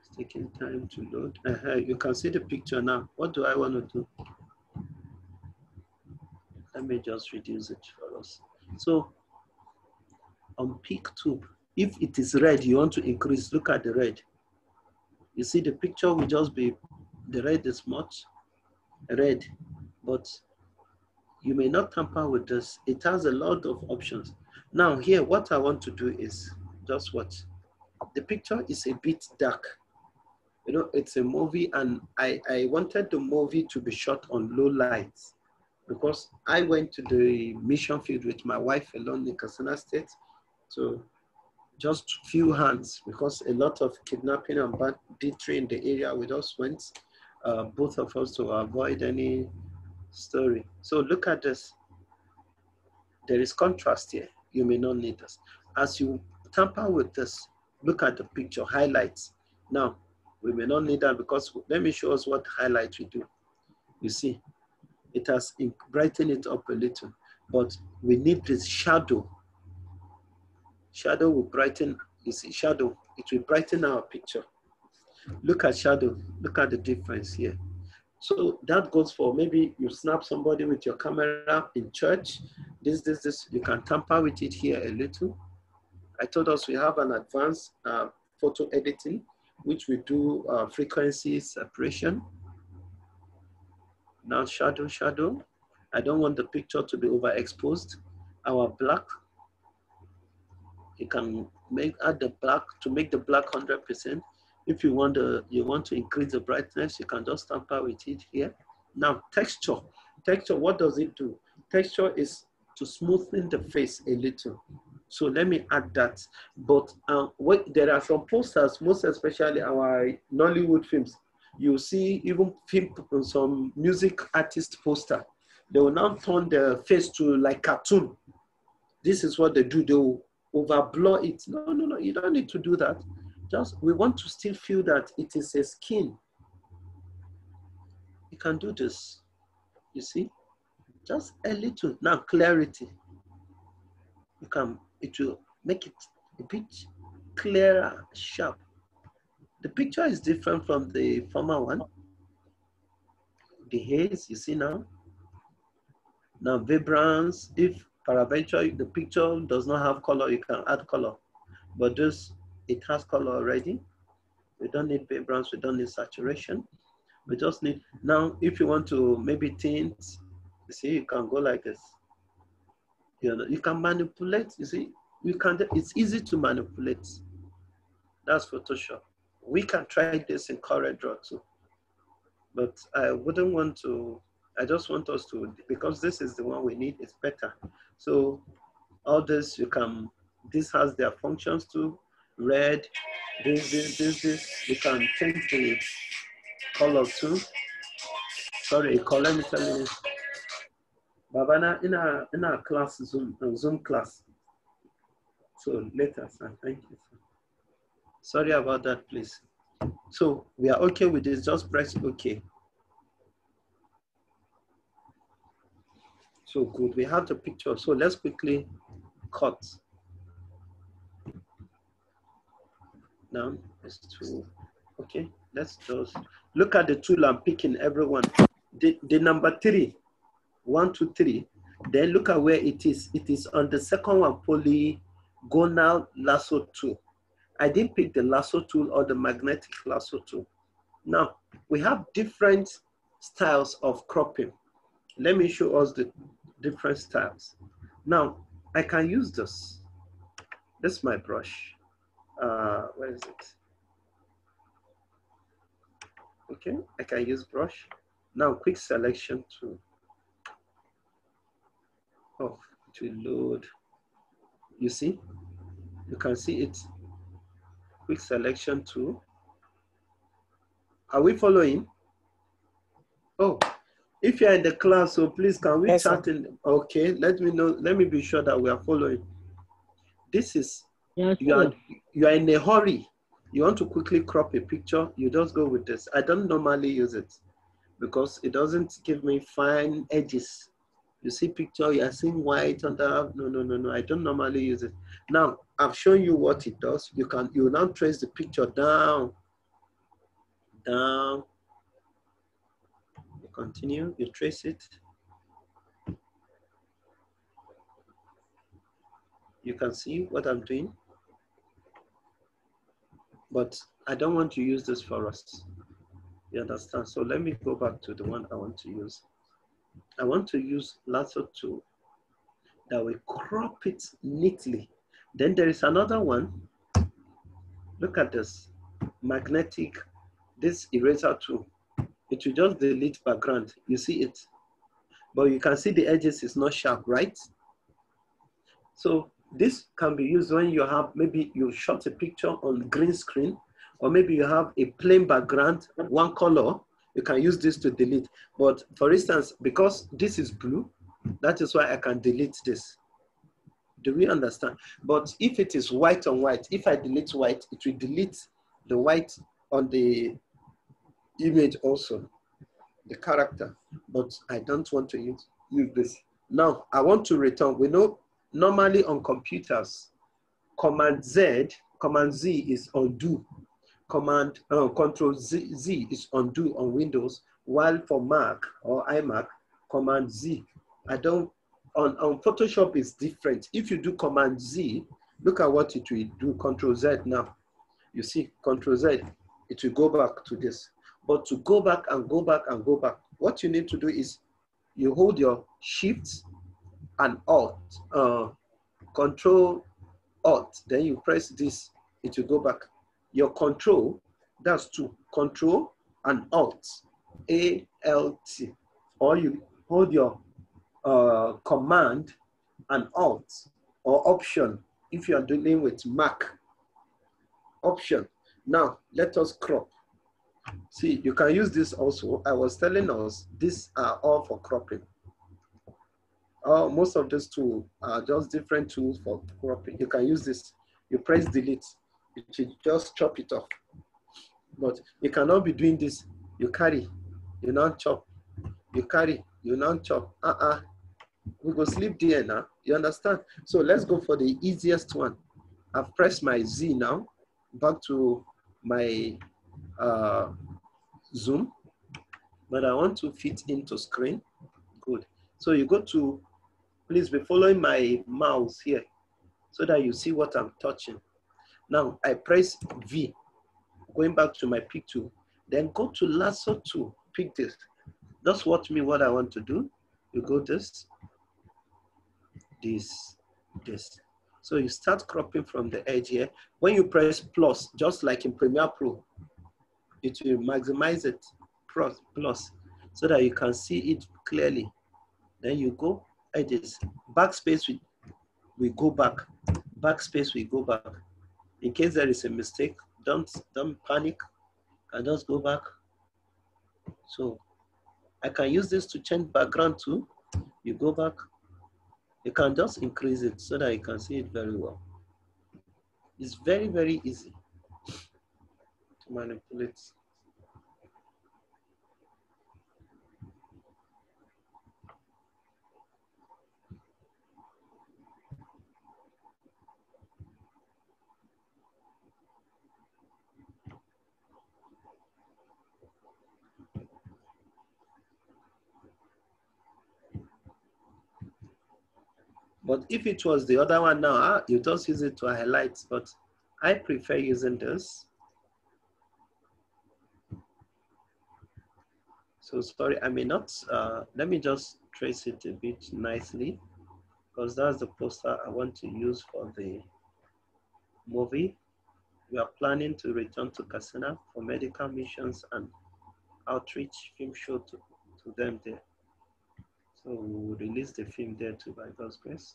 It's taking time to load. Uh -huh. You can see the picture now. What do I want to do? Let me just reduce it for us. So on peak tube. If it is red, you want to increase, look at the red. You see the picture will just be, the red is much red, but you may not tamper with this. It has a lot of options. Now here, what I want to do is just what? The picture is a bit dark. You know, it's a movie and I, I wanted the movie to be shot on low lights because I went to the mission field with my wife alone in Kasana State so just few hands because a lot of kidnapping and banditry in the area we just went, uh, both of us to avoid any story. So look at this. There is contrast here. You may not need this. As you tamper with this, look at the picture, highlights. Now, we may not need that because let me show us what highlight we do. You see, it has brightened it up a little, but we need this shadow Shadow will brighten, you see, shadow, it will brighten our picture. Look at shadow, look at the difference here. So that goes for maybe you snap somebody with your camera in church. This, this, this, you can tamper with it here a little. I told us we have an advanced uh, photo editing, which we do uh, frequency separation. Now shadow, shadow. I don't want the picture to be overexposed. Our black you can make add the black to make the black 100%. If you want the, you want to increase the brightness, you can just tamper with it here. Now texture, texture, what does it do? Texture is to smoothen the face a little. So let me add that. But um, uh, what, there are some posters, most especially our Nollywood films. You see even film, some music artist poster. They will now turn the face to like cartoon. This is what they do. They will overblow it. No, no, no, you don't need to do that. Just we want to still feel that it is a skin. You can do this. You see? Just a little. Now clarity. You can it will make it a bit clearer, sharp. The picture is different from the former one. The haze, you see now. Now vibrance, if Paraventure, the picture does not have color, you can add color. But this, it has color already. We don't need backgrounds, we don't need saturation. We just need, now if you want to maybe tint, you see, you can go like this. You know, you can manipulate, you see, you can, it's easy to manipulate. That's Photoshop. We can try this in CorelDRAW too. But I wouldn't want to, I just want us to, because this is the one we need, it's better. So all this you can, this has their functions too. Red, this, this, this, this. You can change the color too. Sorry, color, let me tell you. Babana, in our, in our class, Zoom, uh, Zoom class. So let us, thank you. Sir. Sorry about that, please. So we are okay with this, just press okay. so good. We have the picture, so let's quickly cut. Now, it's two. Okay, let's just look at the tool I'm picking, everyone. The, the number three, one, two, three. Then look at where it is. It is on the second one, polygonal lasso tool. I didn't pick the lasso tool or the magnetic lasso tool. Now, we have different styles of cropping. Let me show us the different styles. Now, I can use this. This is my brush. Uh, where is it? Okay, I can use brush. Now, quick selection tool. Oh, it will load. You see? You can see it. Quick selection tool. Are we following? Oh, if you're in the class, so please can we yes, chat sir. in? Okay, let me know. Let me be sure that we are following. This is yes, you are you are in a hurry. You want to quickly crop a picture. You just go with this. I don't normally use it because it doesn't give me fine edges. You see picture, you are seeing white under, no, no, no, no, I don't normally use it. Now, I've shown you what it does. You can, you now trace the picture down, down, continue, you trace it. You can see what I'm doing, but I don't want to use this for us. You understand? So let me go back to the one I want to use. I want to use lasso tool that will crop it neatly. Then there is another one. Look at this magnetic, this eraser tool it will just delete background. You see it. But you can see the edges is not sharp, right? So this can be used when you have, maybe you shot a picture on green screen, or maybe you have a plain background, one color, you can use this to delete. But for instance, because this is blue, that is why I can delete this. Do we understand? But if it is white on white, if I delete white, it will delete the white on the image also, the character, but I don't want to use, use this. Now, I want to return. We know normally on computers, Command Z, Command Z is undo. Command uh, Control Z, Z is undo on Windows, while for Mac or iMac, Command Z. I don't, on, on Photoshop is different. If you do Command Z, look at what it will do, Control Z now. You see, Control Z, it will go back to this. But to go back and go back and go back, what you need to do is you hold your shift and alt, uh, control alt, then you press this, it will go back. Your control, that's two, control and alt, A-L-T. Or you hold your uh, command and alt or option if you are dealing with Mac. Option. Now, let us crop. See, you can use this also. I was telling us these are all for cropping. most of these tools are just different tools for cropping. You can use this. You press delete. It should just chop it off. But you cannot be doing this. You carry, you not chop. You carry, you not chop. Uh-uh. We go sleep there now. You understand? So let's go for the easiest one. I've pressed my Z now. Back to my uh, Zoom, but I want to fit into screen. Good. So you go to, please be following my mouse here so that you see what I'm touching. Now I press V, going back to my pick tool, then go to lasso tool, pick this. Just watch me what I want to do. You go this, this, this. So you start cropping from the edge here. When you press plus, just like in Premiere Pro, it will maximize it plus, plus so that you can see it clearly. Then you go It is Backspace, we, we go back. Backspace, we go back. In case there is a mistake, don't, don't panic. I just go back. So I can use this to change background too. You go back. You can just increase it so that you can see it very well. It's very, very easy manipulate But if it was the other one now, ah, you just use it to highlight, but I prefer using this. So sorry, I may not, uh, let me just trace it a bit nicely because that's the poster I want to use for the movie. We are planning to return to Kasina for medical missions and outreach film show to, to them there. So we will release the film there too by God's grace.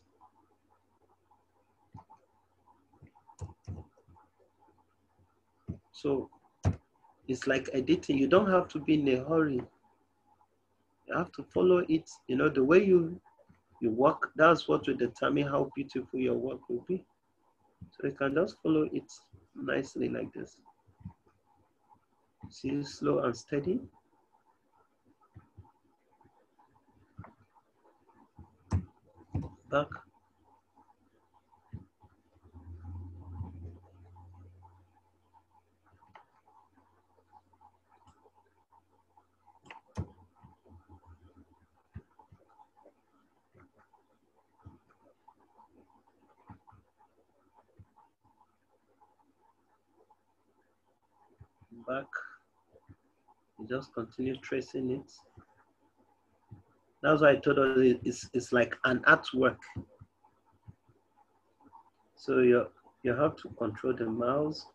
So it's like editing, you don't have to be in a hurry you have to follow it. You know, the way you you work, that's what will determine how beautiful your work will be. So you can just follow it nicely like this. See, slow and steady. Back. back. You just continue tracing it. That's why I told us it's, it's like an artwork. So you, you have to control the mouse.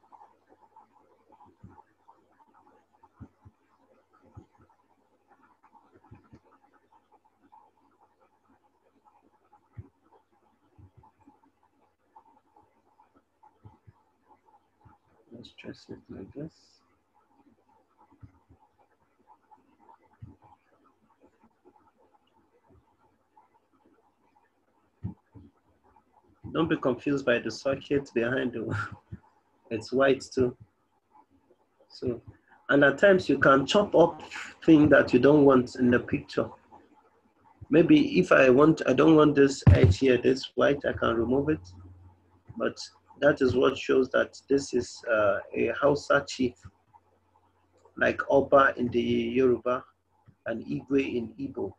Let's trace it like this. Don't be confused by the socket behind the It's white too. So, and at times you can chop up things that you don't want in the picture. Maybe if I want, I don't want this edge here, this white, I can remove it. But that is what shows that this is uh, a Hausa chief, like Oba in the Yoruba and Igwe in Igbo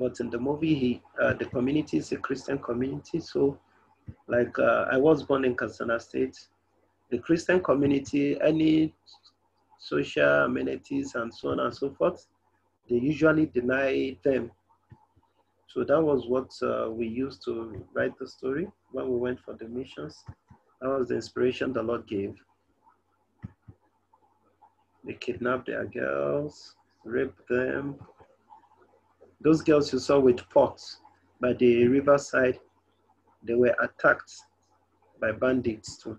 but in the movie, he uh, the community is a Christian community. So, like uh, I was born in Katsina State, the Christian community, any social amenities and so on and so forth, they usually deny them. So that was what uh, we used to write the story when we went for the missions. That was the inspiration the Lord gave. They kidnapped their girls, raped them, those girls you saw with forks by the riverside, they were attacked by bandits too.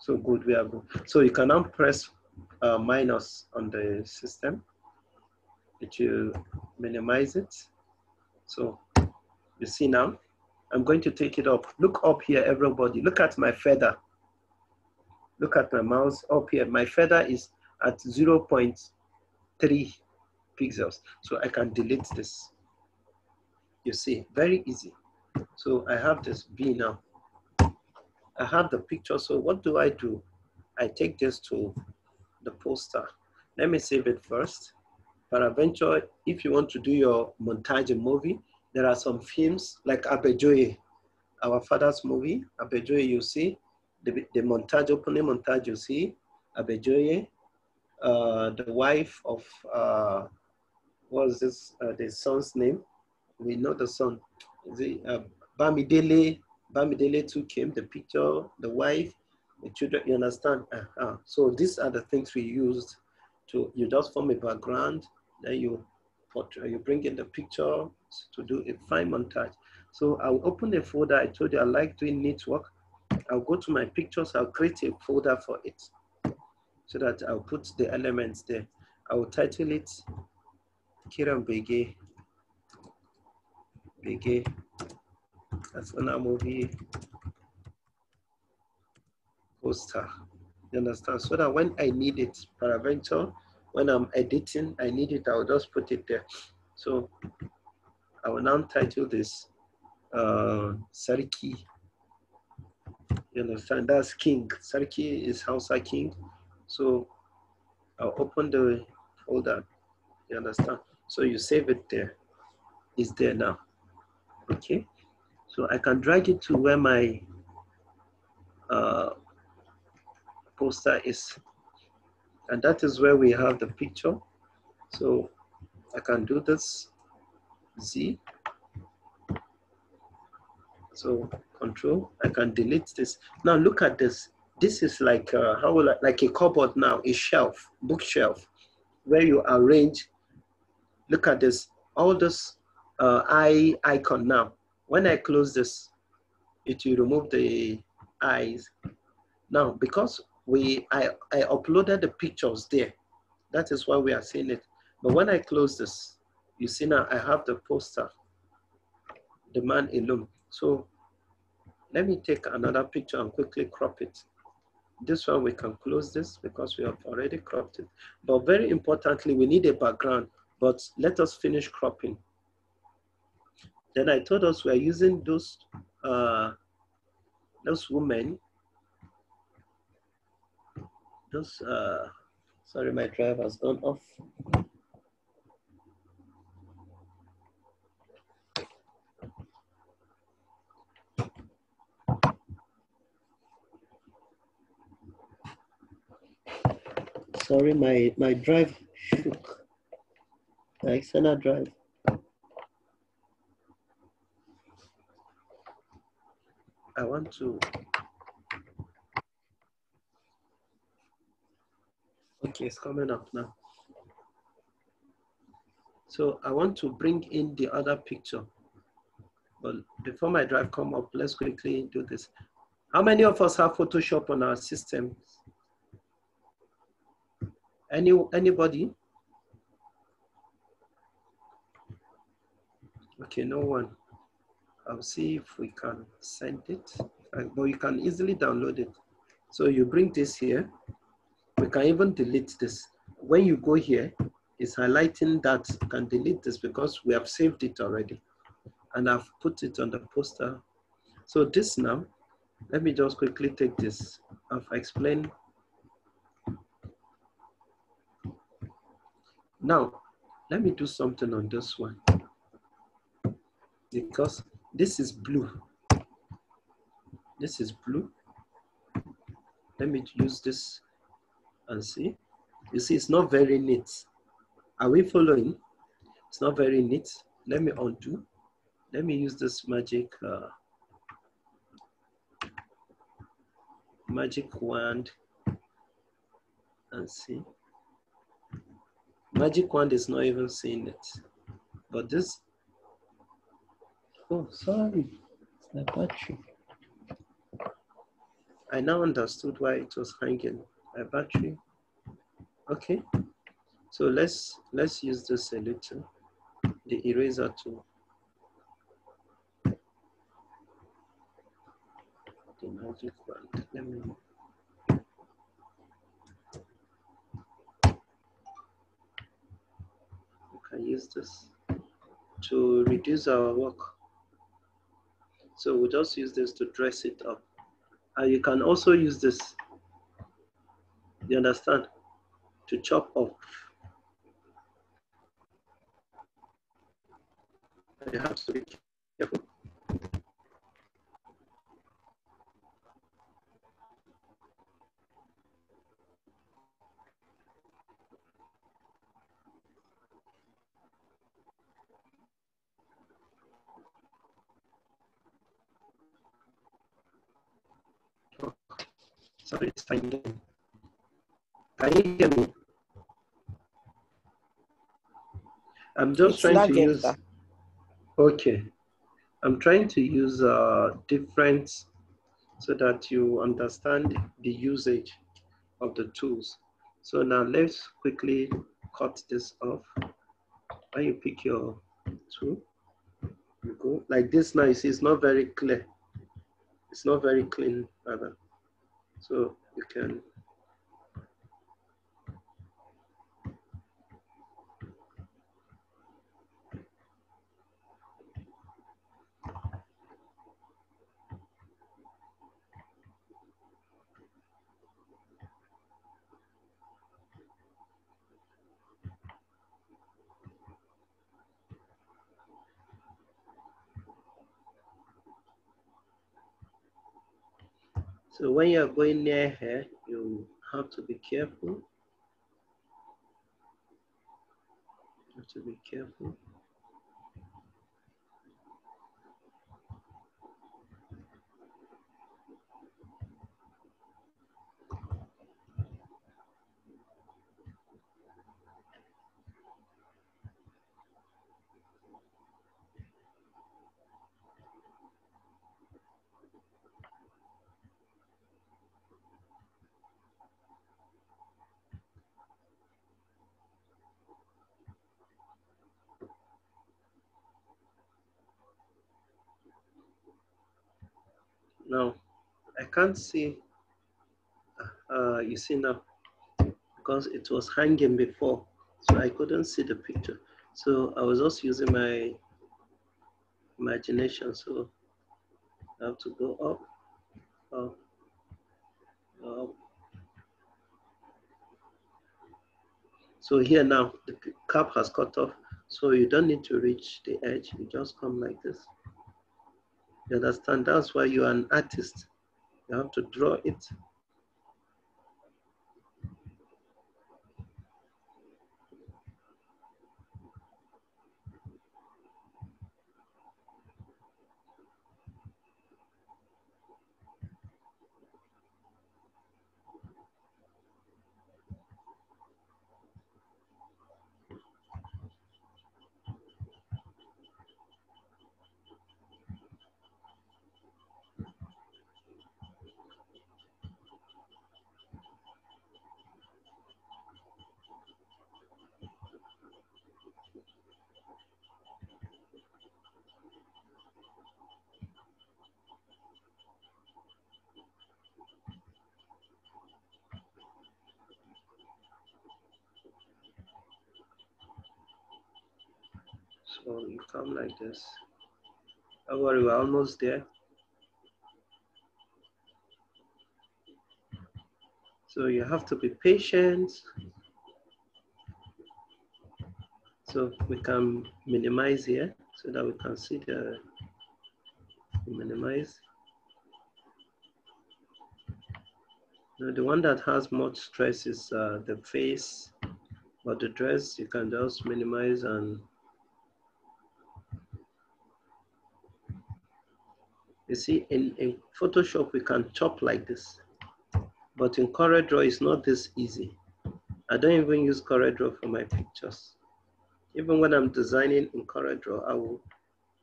So good, we are good. So you can now press uh, minus on the system. It will minimize it. So you see now, I'm going to take it up. Look up here, everybody. Look at my feather. Look at my mouse up here. My feather is at 0.3 pixels. So I can delete this. You see, very easy. So I have this B now. I have the picture, so what do I do? I take this to the poster. Let me save it first. Paraventure, if you want to do your montage movie, there are some films like Abejoye, our father's movie, Abejoye you see, the, the montage, opening montage you see, Abejoye, uh, the wife of uh, what's this, uh, the son's name? We know the son. The uh, um, Bamidele, Bamidele too came, the picture, the wife, the children, you understand? Uh -huh. So these are the things we used to, you just form a background, then you uh, you bring in the picture to do a fine montage. So I'll open a folder. I told you I like doing knit work. I'll go to my pictures. I'll create a folder for it so that I'll put the elements there. I will title it kiran bege bege katsina movie poster you understand so that when i need it paraventure when i'm editing i need it i'll just put it there so i will now title this uh you understand that's king Sariki is hausa king so i'll open the folder you understand so you save it there. It's there now. Okay. So I can drag it to where my uh, poster is. And that is where we have the picture. So I can do this, Z. So control, I can delete this. Now look at this. This is like a, uh, how I, like a cupboard now, a shelf, bookshelf, where you arrange Look at this, all this uh, eye icon now. When I close this, it will remove the eyes. Now, because we I, I uploaded the pictures there, that is why we are seeing it. But when I close this, you see now I have the poster, the man alone. So let me take another picture and quickly crop it. This one we can close this because we have already cropped it. But very importantly, we need a background but let us finish cropping. Then I told us we are using those, uh, those women, those, uh, sorry, my drive has gone off. Sorry, my, my drive shook the external drive. I want to. Okay, it's coming up now. So I want to bring in the other picture. But before my drive come up, let's quickly do this. How many of us have Photoshop on our systems? Any, anybody? Okay, no one. I'll see if we can send it, uh, but you can easily download it. So you bring this here. We can even delete this. When you go here, it's highlighting that you can delete this because we have saved it already. And I've put it on the poster. So this now, let me just quickly take this. I've explained. Now, let me do something on this one because this is blue. This is blue. Let me use this and see. You see, it's not very neat. Are we following? It's not very neat. Let me undo. Let me use this magic uh, magic wand and see. Magic wand is not even seeing it. But this Oh, sorry. It's battery. I now understood why it was hanging. My battery. Okay. So let's let's use this a little, the eraser tool. The magic wand. Let me can use this to reduce our work. So we'll just use this to dress it up. And you can also use this, you understand, to chop off. You have to be careful. Sorry, it's finding. Can you hear me? I'm just it's trying to use. That. Okay. I'm trying to use uh, different so that you understand the usage of the tools. So now let's quickly cut this off. When you pick your tool, you go like this now. You see, it's not very clear. It's not very clean rather. So you can So when you're going near her, you have to be careful. You have to be careful. now. I can't see, uh, you see now, because it was hanging before, so I couldn't see the picture. So I was just using my imagination, so I have to go up, up, up. So here now, the cap has cut off, so you don't need to reach the edge, you just come like this. You understand? That's why you are an artist. You have to draw it like this. Don't oh, worry, we're almost there. So you have to be patient. So we can minimize here so that we can see the minimize. Now the one that has much stress is uh, the face or the dress. You can just minimize and You see, in, in Photoshop, we can chop like this, but in CorelDRAW, it's not this easy. I don't even use CorelDRAW for my pictures. Even when I'm designing in CorelDRAW, I will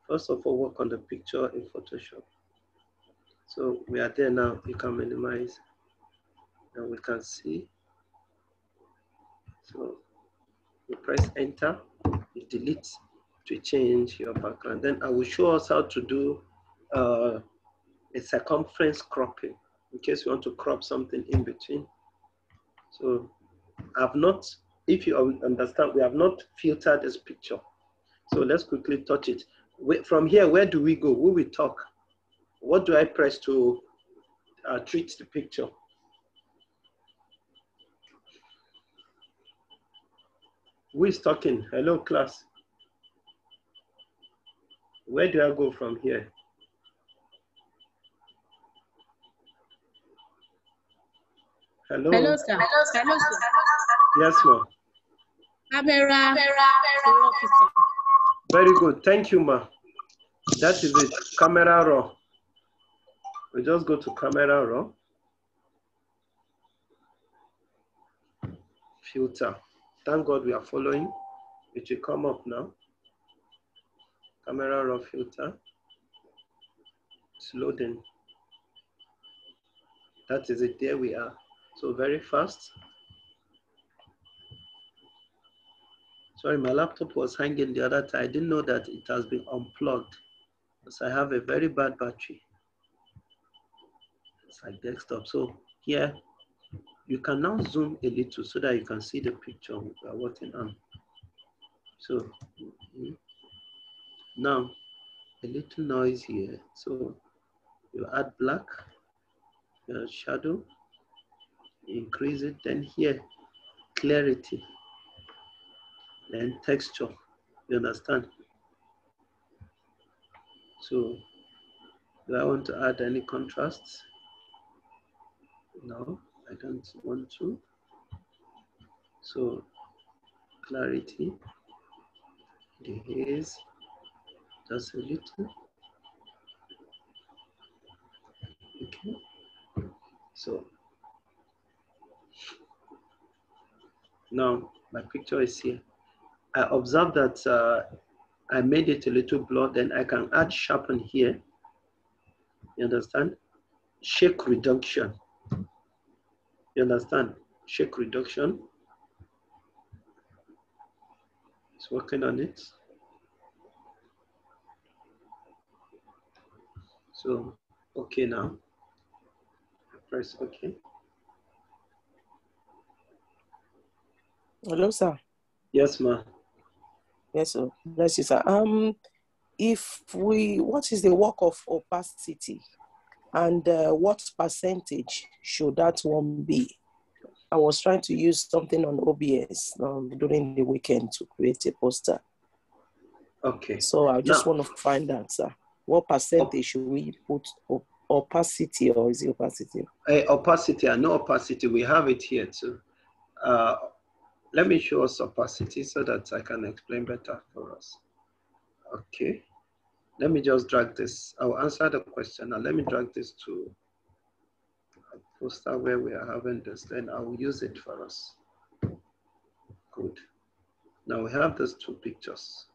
first of all work on the picture in Photoshop. So we are there now, you can minimize and we can see. So you press enter, it deletes to change your background. Then I will show us how to do uh, a circumference cropping in case you want to crop something in between. So I've not, if you understand, we have not filtered this picture. So let's quickly touch it. We, from here, where do we go? Will we talk? What do I press to uh, treat the picture? Who is talking? Hello, class. Where do I go from here? Hello. Hello, sir. Hello, sir. Hello, sir. Yes, ma'am. Camera. Camera. Very good. Thank you, ma'am. That is it. Camera raw. We just go to camera raw. Filter. Thank God we are following. It will come up now. Camera raw filter. It's loading. That is it. There we are. So very fast. Sorry, my laptop was hanging the other time. I didn't know that it has been unplugged because I have a very bad battery. It's like desktop. So here, you can now zoom a little so that you can see the picture we are working on. So mm-hmm. now, a little noise here. So you add black, uh, shadow, increase it. Then here, clarity, then texture. You understand? So do I want to add any contrasts? No, I don't want to. So clarity, the haze, just a little. Okay. So No, my picture is here. I observe that uh, I made it a little blurred Then I can add sharpen here. You understand? Shake reduction. You understand? Shake reduction. It's working on it. So, okay now. Press okay. Hello, sir. Yes, ma'am. Yes, sir. Bless you, sir. Um, if we, what is the work of opacity, and uh, what percentage should that one be? I was trying to use something on OBS um, during the weekend to create a poster. Okay. So I just now, want to find out, sir. What percentage should we put op opacity or is it opacity? Uh, opacity, no opacity. We have it here too. Uh, let me show us opacity so that I can explain better for us. Okay. Let me just drag this. I'll answer the question. Now let me drag this to a poster where we are having this. Then I will use it for us. Good. Now we have these two pictures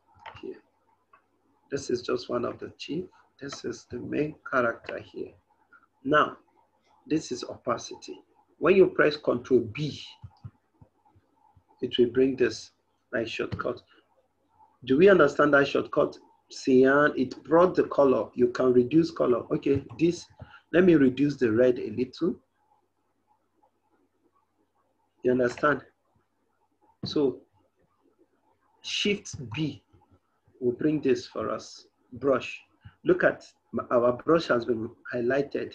here. This is just one of the chief. This is the main character here. Now, this is opacity. When you press Control B, it will bring this nice shortcut. Do we understand that shortcut? Cyan, it brought the color. You can reduce color. Okay, this, let me reduce the red a little. You understand? So shift B will bring this for us, brush. Look at our brush has been highlighted.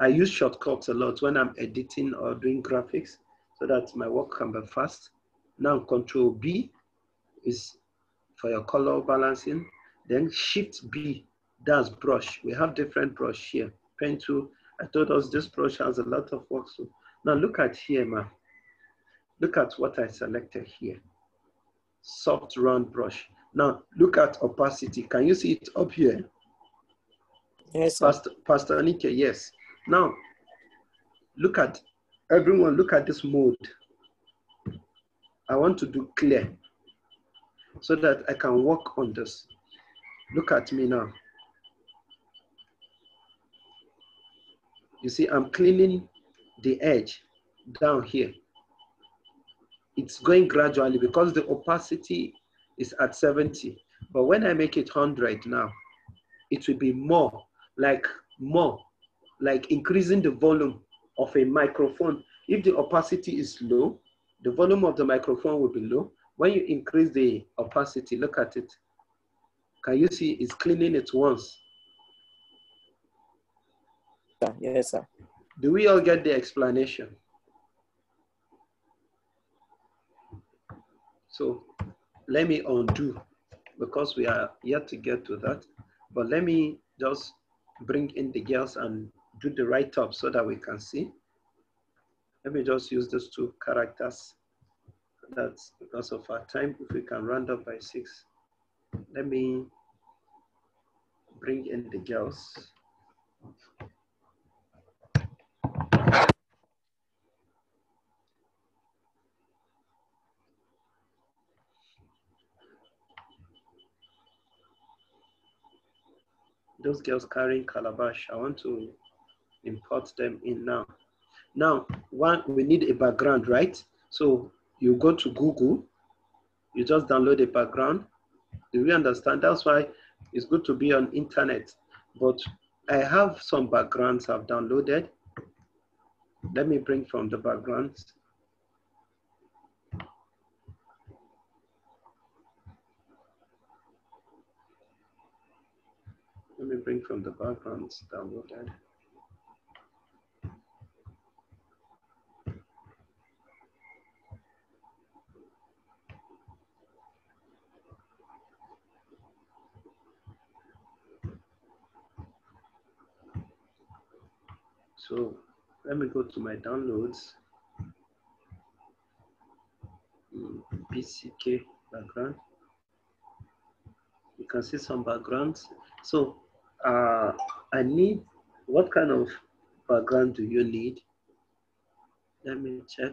I use shortcuts a lot when I'm editing or doing graphics so that my work can be fast. Now control B is for your color balancing. Then shift B, that's brush. We have different brush here. Pen tool, I told us this brush has a lot of work. So now look at here, ma. Look at what I selected here. Soft round brush. Now look at opacity. Can you see it up here? Yes. Pastor, Pastor Anike, yes. Now look at Everyone, look at this mode. I want to do clear so that I can work on this. Look at me now. You see, I'm cleaning the edge down here. It's going gradually because the opacity is at 70. But when I make it 100 now, it will be more, like more, like increasing the volume of a microphone. If the opacity is low, the volume of the microphone will be low. When you increase the opacity, look at it. Can you see it's cleaning it once? Yes, sir. Do we all get the explanation? So let me undo because we are yet to get to that. But let me just bring in the girls and do the write-up so that we can see. Let me just use those two characters. That's because of our time. If we can round up by six, let me bring in the girls. Those girls carrying calabash. I want to import them in now. Now, one, we need a background, right? So you go to Google, you just download a background. Do we understand? That's why it's good to be on internet. But I have some backgrounds I've downloaded. Let me bring from the backgrounds. Let me bring from the backgrounds downloaded. So let me go to my downloads. Hmm, PCK background. You can see some backgrounds. So uh, I need, what kind of background do you need? Let me check.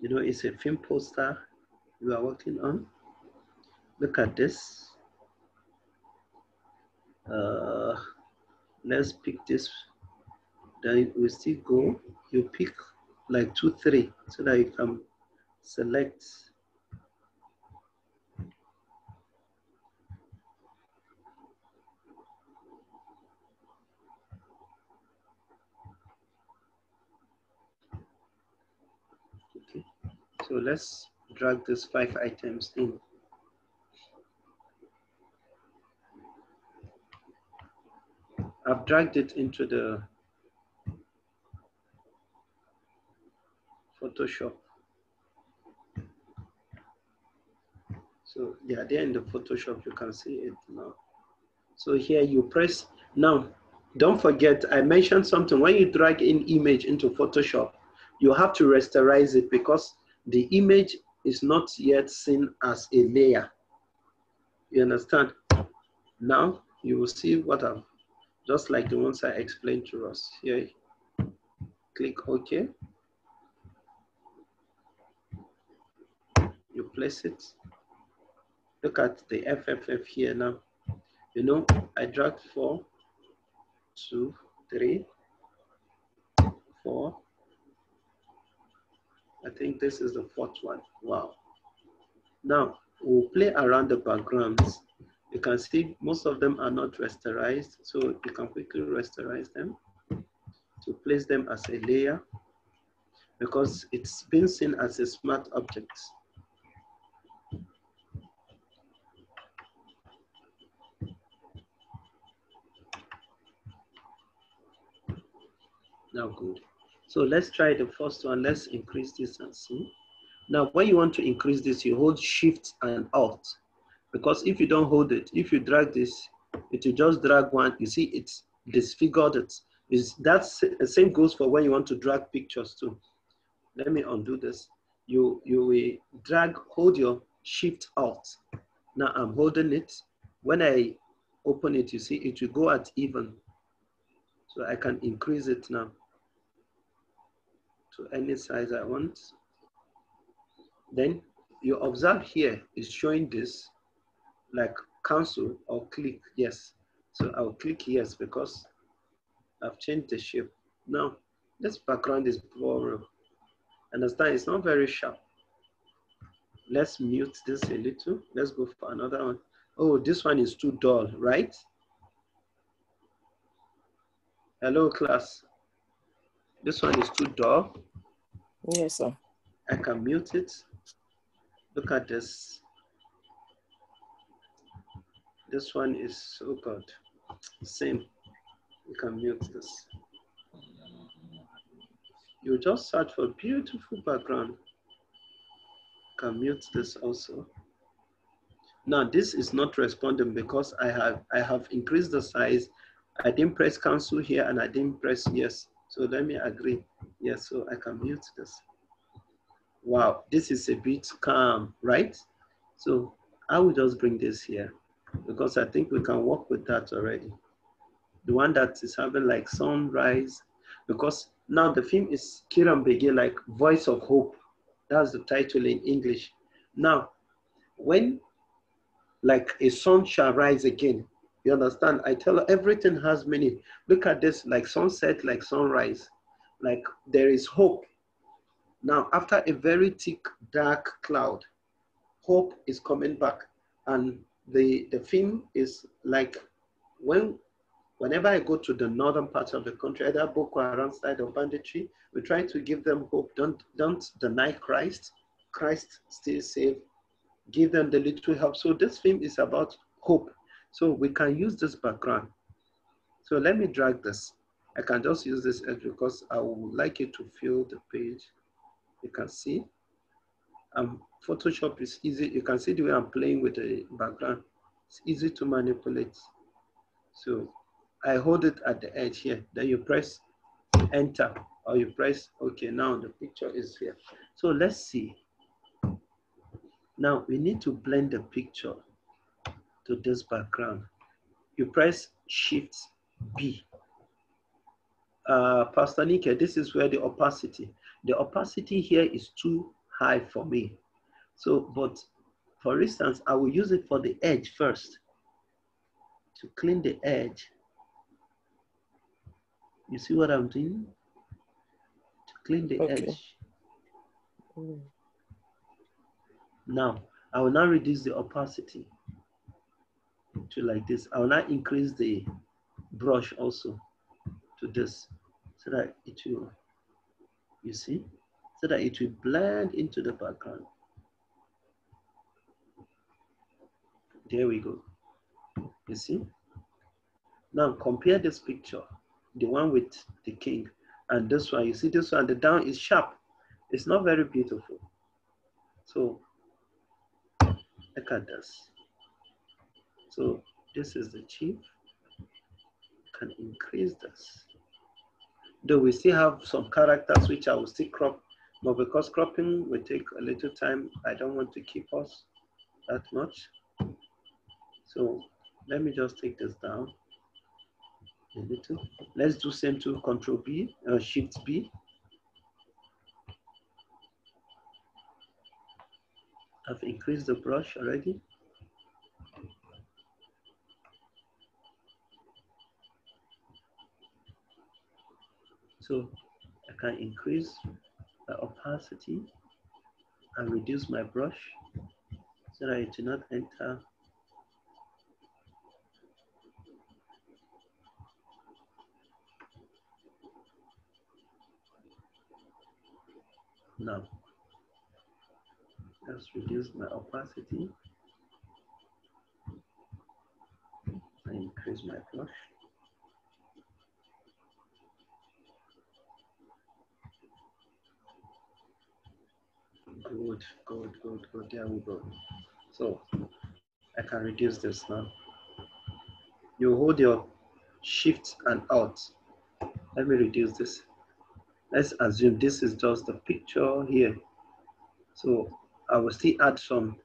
You know, it's a film poster you are working on. Look at this. Uh, let's pick this then we still go you pick like two three so that you can select okay so let's drag these five items in I've dragged it into the Photoshop. So yeah, there in the Photoshop, you can see it now. So here you press, now don't forget, I mentioned something, when you drag an image into Photoshop, you have to rasterize it because the image is not yet seen as a layer. You understand? Now you will see what I've just like the ones I explained to us. Here, click OK. You place it. Look at the FFF here now. You know, I dragged four, two, three, four. I think this is the fourth one. Wow. Now, we'll play around the backgrounds you can see most of them are not rasterized, so you can quickly rasterize them to place them as a layer because it's been seen as a smart object. Now good. So let's try the first one. Let's increase this and see. Now, when you want to increase this, you hold Shift and Alt because if you don't hold it, if you drag this, it will just drag one. You see, it's disfigured. It is that same goes for when you want to drag pictures too. Let me undo this. You you will drag, hold your shift out. Now I'm holding it. When I open it, you see it will go at even. So I can increase it now to any size I want. Then you observe here is showing this like cancel I'll click yes. So I'll click yes because I've changed the shape. Now, this background is boring. Understand, it's not very sharp. Let's mute this a little. Let's go for another one. Oh, this one is too dull, right? Hello, class. This one is too dull. Yes, sir. I can mute it. Look at this. This one is, oh God, same. You can mute this. You just search for beautiful background. You can mute this also. Now this is not responding because I have, I have increased the size. I didn't press cancel here and I didn't press yes. So let me agree. Yes, so I can mute this. Wow, this is a bit calm, right? So I will just bring this here because I think we can work with that already. The one that is having like sunrise, because now the film is Kiran Begi, like Voice of Hope. That's the title in English. Now, when like a sun shall rise again, you understand? I tell her everything has meaning. Look at this, like sunset, like sunrise, like there is hope. Now, after a very thick, dark cloud, hope is coming back and the, the film is like when whenever I go to the northern part of the country, either Boko Haram side or banditry, we try to give them hope. Don't, don't deny Christ. Christ still save. Give them the little help. So this film is about hope. So we can use this background. So let me drag this. I can just use this edge because I would like you to fill the page. You can see. I'm um, Photoshop is easy. You can see the way I'm playing with the background. It's easy to manipulate. So I hold it at the edge here. Then you press enter or you press, okay, now the picture is here. So let's see. Now we need to blend the picture to this background. You press shift B. Uh, Pastor Nike, this is where the opacity. The opacity here is too high for me. So, but for instance, I will use it for the edge first. To clean the edge, you see what I'm doing? To clean the okay. edge. Mm. Now, I will now reduce the opacity to like this. I will now increase the brush also to this so that it will, you see, so that it will blend into the background. There we go. You see? Now compare this picture, the one with the king, and this one. You see this one, the down is sharp. It's not very beautiful. So look at this. So this is the chief. Can increase this. Though we still have some characters which I will still crop, but because cropping will take a little time, I don't want to keep us that much. So let me just take this down a little. Let's do same to control B, uh, shift B. I've increased the brush already. So I can increase the opacity and reduce my brush so that it do not enter Now, let's reduce my opacity I increase my brush. Good, good, good, good. There we go. So I can reduce this now. You hold your shift and out. Let me reduce this let's assume this is just a picture here. So I will still add some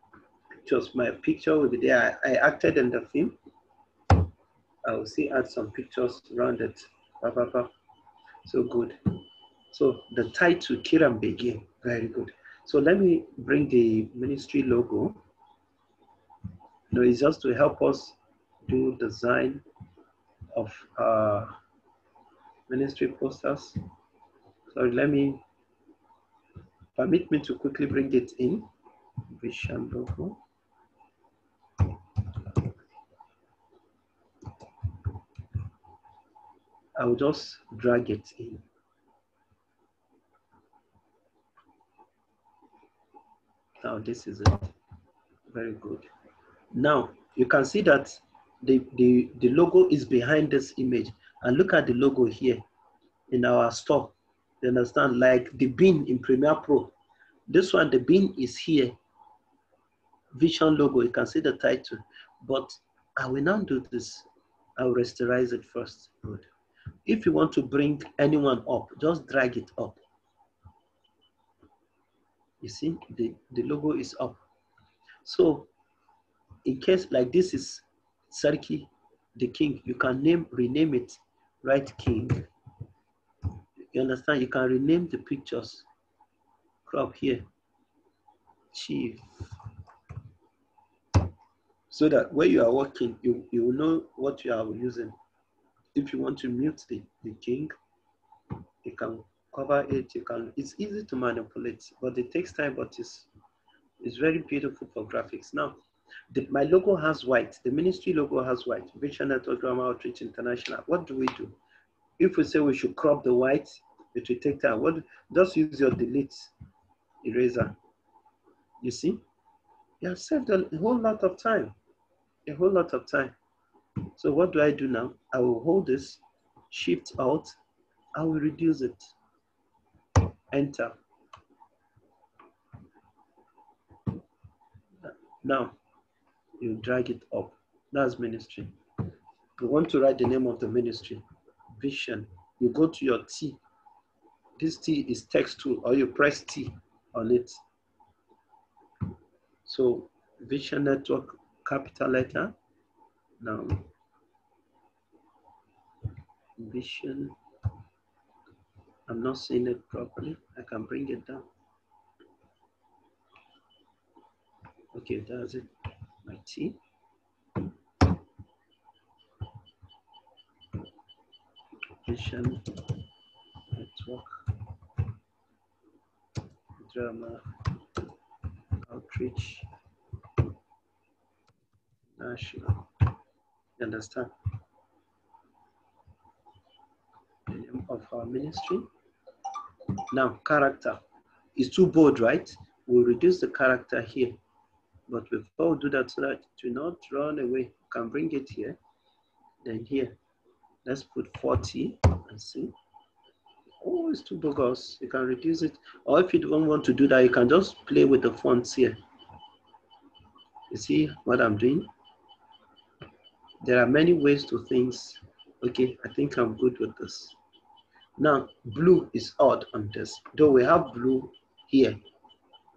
pictures. My picture will be there. I, I acted in the film. I will still add some pictures around it. Bah, bah, bah. So good. So the title, Kiran Begin, very good. So let me bring the ministry logo. No, it's just to help us do design of uh, ministry posters. Sorry, let me permit me to quickly bring it in. I'll just drag it in. Now this is it. Very good. Now you can see that the, the, the logo is behind this image. And look at the logo here in our store. You understand? Like the bin in Premiere Pro. This one, the bin is here. Vision logo, you can see the title. But I will not do this. I will rasterize it first. Good. If you want to bring anyone up, just drag it up. You see, the, the logo is up. So in case like this is Sarki, the king, you can name rename it, right king. You understand? You can rename the pictures. Crop here. Chief. So that where you are working, you, you will know what you are using. If you want to mute the, the king, you can cover it. You can. It's easy to manipulate, but it takes time, but it's, it's very beautiful for graphics. Now, the, my logo has white. The ministry logo has white. Vision Network Drama Outreach International. What do we do? If we say we should crop the white, it will take time. What, just use your delete eraser. You see? You have saved a whole lot of time. A whole lot of time. So what do I do now? I will hold this, shift out, I will reduce it. Enter. Now, you drag it up. That's ministry. You want to write the name of the ministry, vision. You go to your T this T is text tool, or you press T on it. So Vision Network capital letter. Now, Vision. I'm not seeing it properly. I can bring it down. Okay, that's it. My T. Vision network. Outreach National. You understand? The name of our ministry. Now, character is too bold, right? We'll reduce the character here. But before we do that, so that to not run away, we can bring it here, then here. Let's put 40 and see always two bogos. You can reduce it. Or if you don't want to do that, you can just play with the fonts here. You see what I'm doing? There are many ways to things. Okay, I think I'm good with this. Now, blue is odd on this, though we have blue here,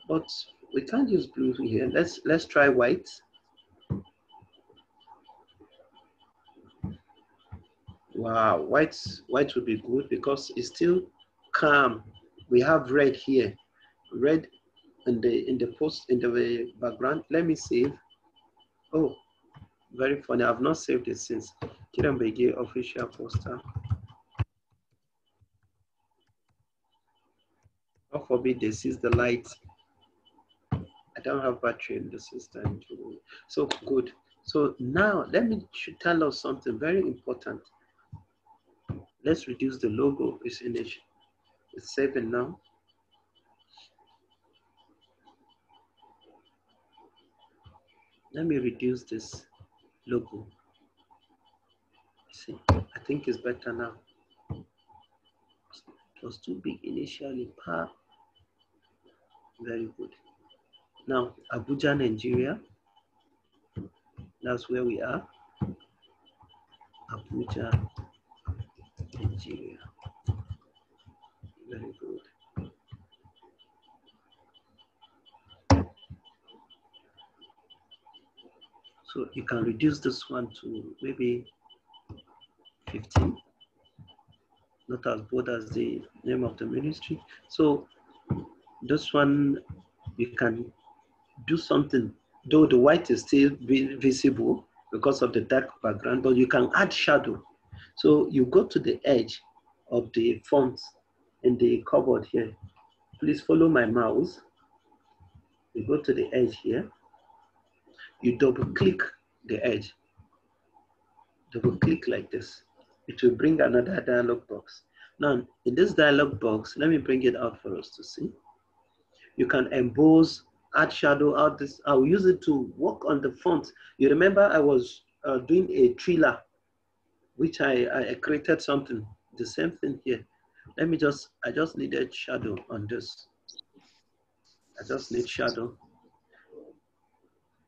but we can't use blue here. Let's, let's try white. Wow, white, white would be good because it's still calm. We have red here. Red in the in the post in the background. Let me save. Oh, very funny. I've not saved it since. Kirambege official poster. God forbid they is the light. I don't have battery in the system. So good. So now let me tell us something very important. Let's reduce the logo percentage. It's seven now. Let me reduce this logo. See, I think it's better now. It was too big initially. Pa. Very good. Now, Abuja, Nigeria. That's where we are. Abuja, very good. So you can reduce this one to maybe 15, not as bold as the name of the ministry. So this one, you can do something, though the white is still visible because of the dark background, but you can add shadow so you go to the edge of the fonts in the cupboard here. Please follow my mouse. You go to the edge here. You double click the edge. Double click like this. It will bring another dialog box. Now, in this dialog box, let me bring it out for us to see. You can emboss, add shadow, out this. I'll use it to work on the font. You remember I was uh, doing a thriller which I, I created something, the same thing here. Let me just, I just needed shadow on this. I just need shadow.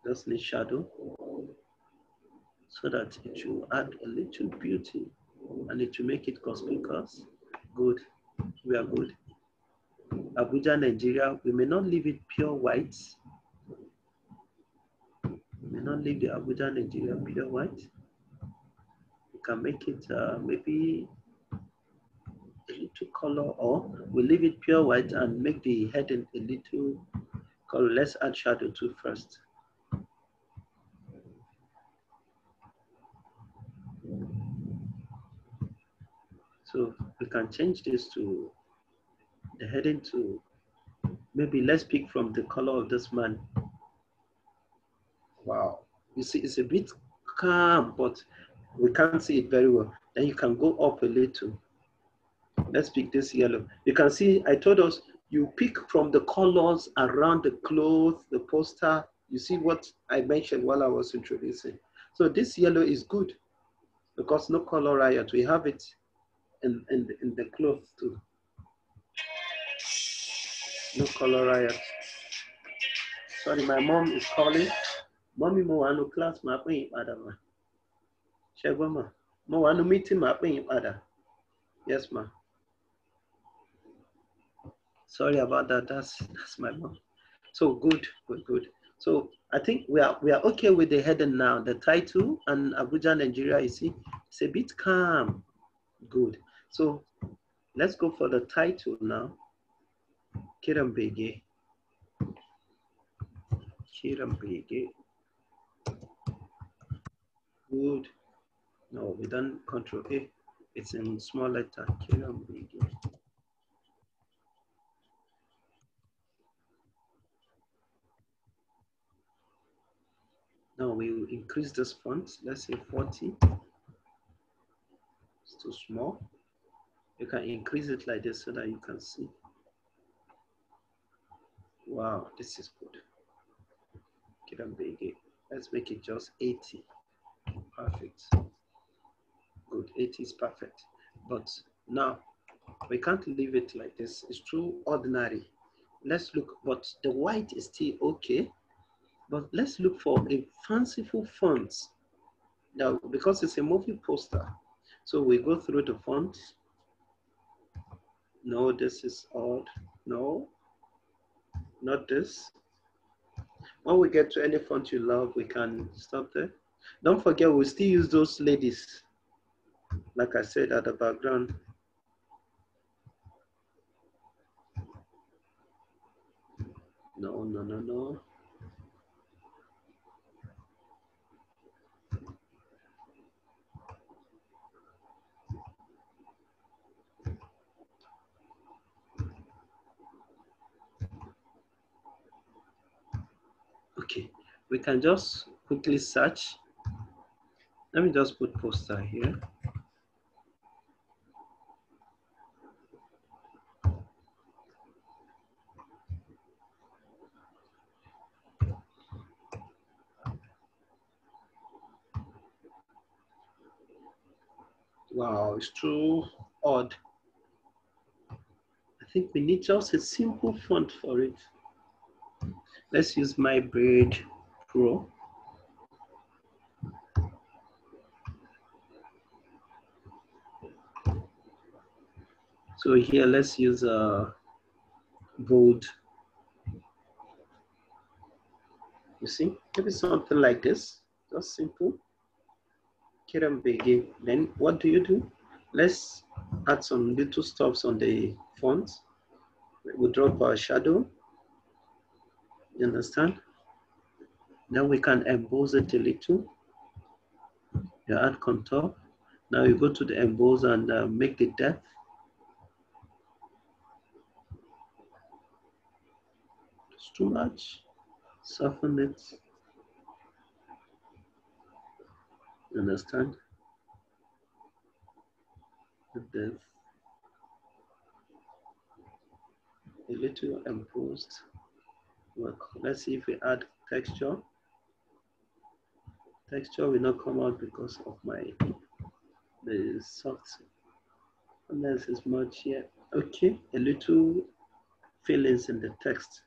Just need shadow so that it will add a little beauty and it will make it conspicuous. Good, we are good. Abuja, Nigeria, we may not leave it pure white. We may not leave the Abuja, Nigeria pure white can make it uh, maybe a little color or we leave it pure white and make the heading a little color. Let's add shadow to first. So we can change this to the heading to maybe let's pick from the color of this man. Wow. You see, it's a bit calm, but we can't see it very well. Then you can go up a little. Let's pick this yellow. You can see, I told us, you pick from the colors around the cloth, the poster. You see what I mentioned while I was introducing. So this yellow is good because no color riot. We have it in, in, in the cloth too. No color riot. Sorry, my mom is calling. Mommy, mo anu class ma pe ipada ṣẹgbọn mo wà nínú mítì màá pè yín yes ma sorry about that that's that's my mom so good good good so i think we are we are okay with the heading now the title and abuja nigeria you see it's a bit calm good so let's go for the title now Kiram bege Kiram bege good no, we done control A. It's in small letter. Now we will increase this font. Let's say 40. It's too small. You can increase it like this so that you can see. Wow, this is good. Get a big. Let's make it just 80. Perfect good, it is perfect. But now we can't leave it like this. It's too ordinary. Let's look, but the white is still okay. But let's look for a fanciful font. Now, because it's a movie poster. So we go through the font. No, this is odd. No, not this. When we get to any font you love, we can stop there. Don't forget, we still use those ladies like I said, at the background. No, no, no, no. Okay, we can just quickly search. Let me just put poster here. Wow, it's too odd. I think we need just a simple font for it. Let's use my Bridge pro. So here, let's use a uh, bold. You see, maybe something like this, just simple. Kiran Bege, then what do you do? Let's add some little stops on the font. We will drop our shadow. You understand? Then we can emboss it a little. You add contour. Now you go to the emboss and uh, make the depth. It's too much. Soften it. You understand? There's a little embossed work. Let's see if we add texture. Texture will not come out because of my the soft unless it's much here. Okay, a little fillings in the text.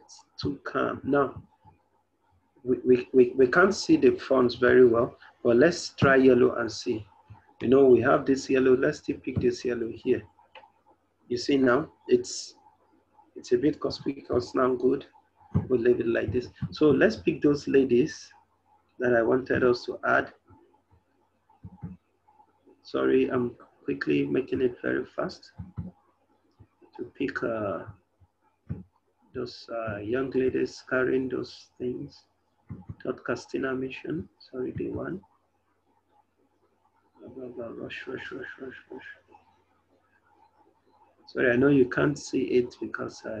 It's too calm. Now we, we, we can't see the fonts very well, but let's try yellow and see. You know, we have this yellow, let's pick this yellow here. You see now, it's it's a bit conspicuous not good. We'll leave it like this. So let's pick those ladies that I wanted us to add. Sorry, I'm quickly making it very fast. To pick uh, those uh, young ladies carrying those things. Dot Castina mission, sorry, day one. Blah, blah, blah, rush, rush, rush, rush, rush. Sorry, I know you can't see it because I,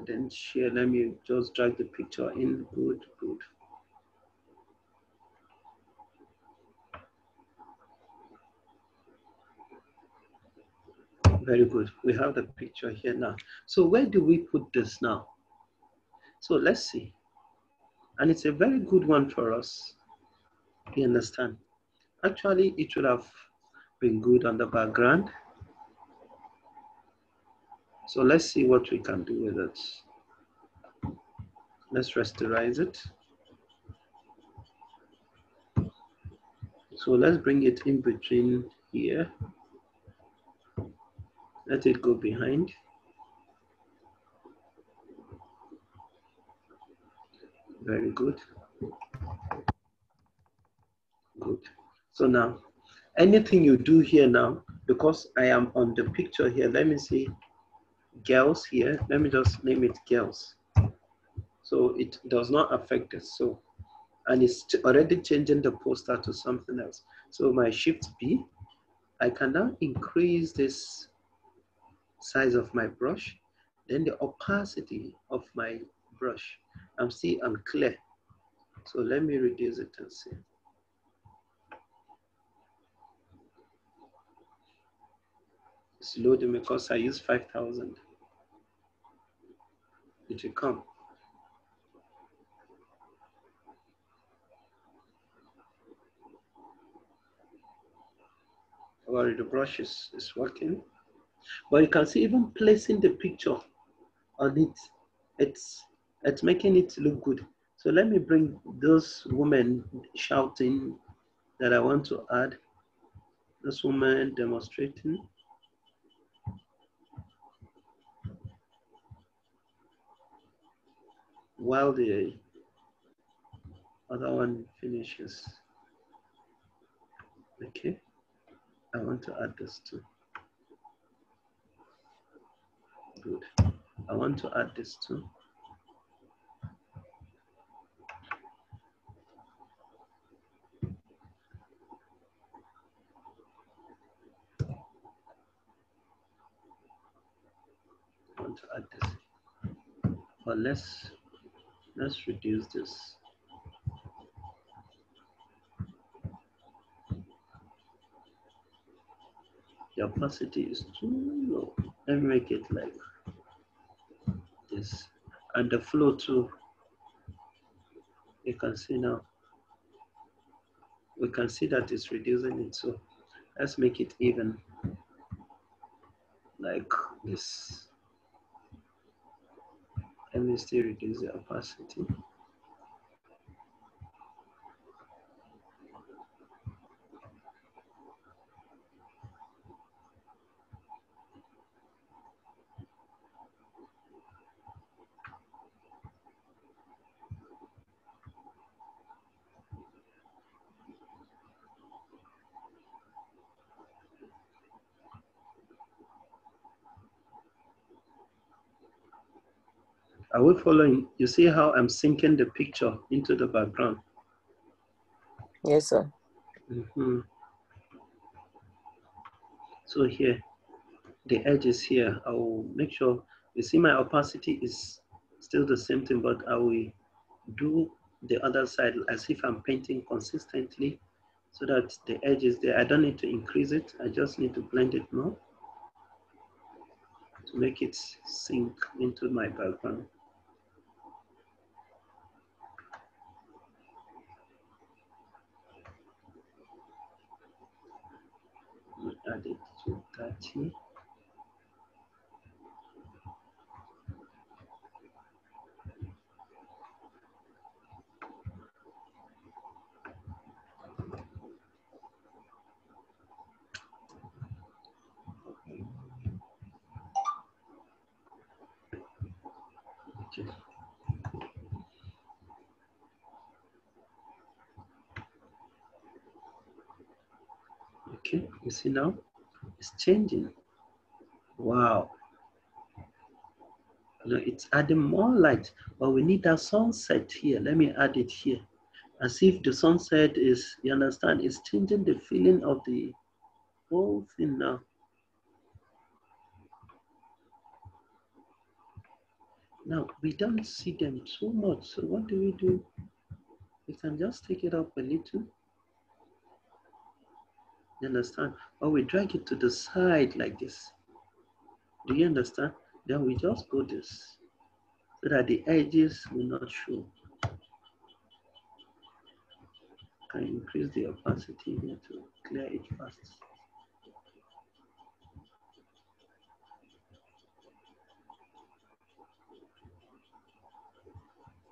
I didn't share. Let me just drag the picture in. Good, good. very good. We have the picture here now. So where do we put this now? So let's see. And it's a very good one for us. You understand? Actually, it would have been good on the background. So let's see what we can do with it. Let's rasterize it. So let's bring it in between here. Let it go behind. Very good. Good. So now, anything you do here now, because I am on the picture here, let me see girls here. Let me just name it girls. So it does not affect us. So, and it's already changing the poster to something else. So my shift B, I can now increase this size of my brush, then the opacity of my brush. I'm still unclear. So let me reduce it and see. It's loading because I use 5,000. It will come. Well, the brush is, is working. But you can see even placing the picture on it, it's it's making it look good. So let me bring those women shouting that I want to add. This woman demonstrating. While the other one finishes. Okay, I want to add this too. Good. I want to add this too. want to add this But let's, let's reduce this. The opacity is too low. Let me make it like this. And the flow too, you can see now, we can see that it's reducing it. So let's make it even like this still reduce the opacity Are we following? You see how I'm sinking the picture into the background? Yes, sir. Mm -hmm. So here, the edge is here. I will make sure, you see my opacity is still the same thing, but I will do the other side as if I'm painting consistently so that the edge is there. I don't need to increase it. I just need to blend it more to make it sink into my background. Cadê? Deixa eu Okay, you see now? is changing. Wow. Look, it's adding more light, but we need a sunset here. Let me add it here. As if the sunset is, you understand, is changing the feeling of the whole thing now. Now, we don't see them so much, so what do we do? We can just take it up a little. You understand? Or we drag it to the side like this. Do you understand? Then we just go this so that the edges will not show. Can increase the opacity here to clear it fast.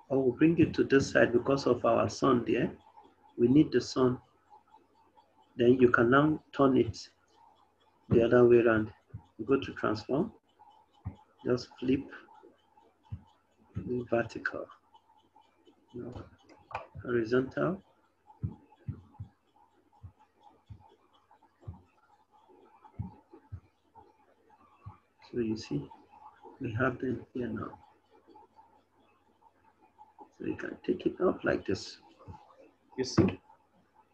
I will bring it to this side because of our sun there. We need the sun then you can now turn it the other way around. go to transform, just flip vertical, no. horizontal, So you see, we have them here now. So you can take it off like this. You see,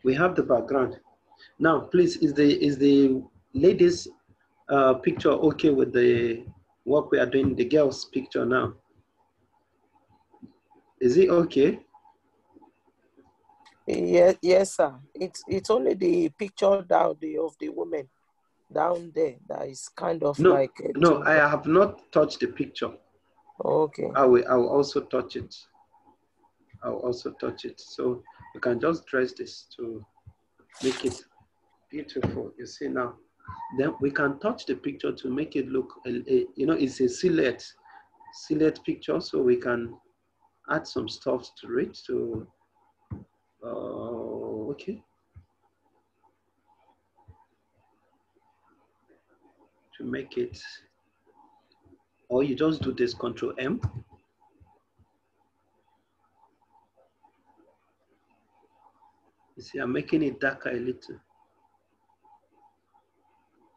we have the background. Now, please, is the is the ladies uh, picture okay with the work we are doing? The girls picture now. Is it okay? Yes, yes, sir. It's it's only the picture down the of the woman down there that is kind of no, like no. I have not touched the picture. Okay. I will. I will also touch it. I will also touch it. So you can just dress this to make it Beautiful. You see now, then we can touch the picture to make it look, a, a, you know, it's a silhouette, silhouette picture. So we can add some stuff to it to, uh, okay. To make it, or you just do this control M see, I'm making it darker a little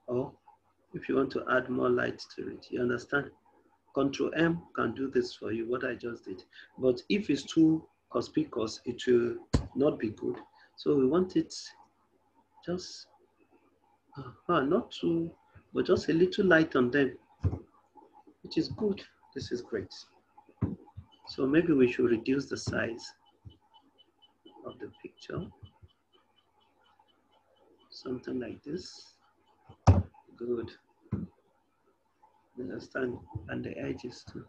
or if you want to add more light to it. You understand? Control M can do this for you, what I just did. But if it's too conspicuous, it will not be good. So we want it just, uh, ah, not too, but just a little light on them, which is good. This is great. So maybe we should reduce the size of the picture, something like this. Good. Understand? And the edges too.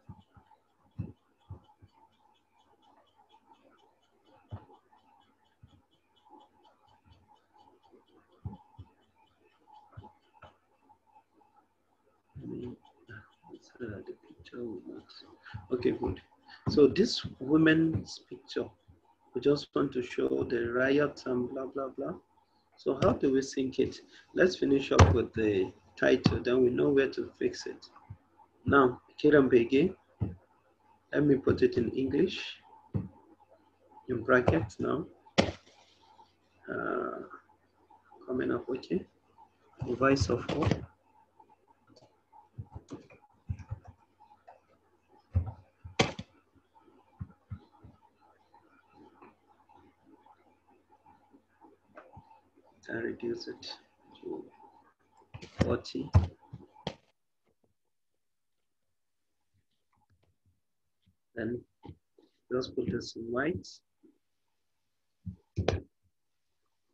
Uh, the picture Okay, good. So this woman's picture, we just want to show the riots and blah, blah, blah. So how do we sync it? Let's finish up with the title, then we know where to fix it. Now, Kirambege, let me put it in English, in brackets now. Uh, coming up, okay. Voice of hope. and reduce it to 40. Then just put this in white.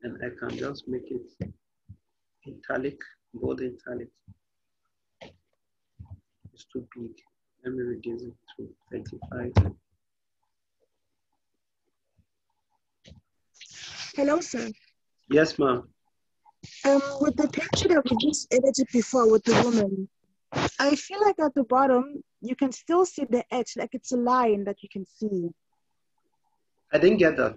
And I can just make it italic, bold italic. It's too big. Let me reduce it to 35. Hello, sir. Yes, ma'am. Um, with the picture that we just edited before with the woman, I feel like at the bottom, you can still see the edge, like it's a line that you can see. I didn't get that.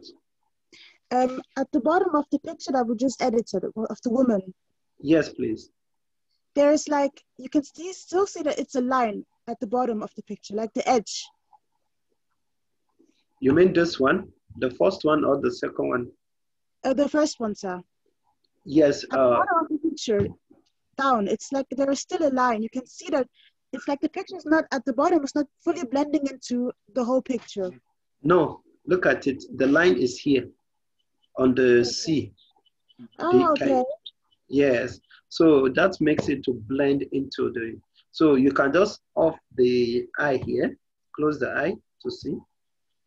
Um, at the bottom of the picture that we just edited of the woman. Yes, please. There is like, you can see, still see that it's a line at the bottom of the picture, like the edge. You mean this one? The first one or the second one? uh, the first one, sir. Yes. Uh, of the picture down. It's like there is still a line. You can see that it's like the picture is not at the bottom. It's not fully blending into the whole picture. No, look at it. The line is here on the okay. sea. Oh, okay. yes. So that makes it to blend into the, so you can just off the eye here, close the eye to see.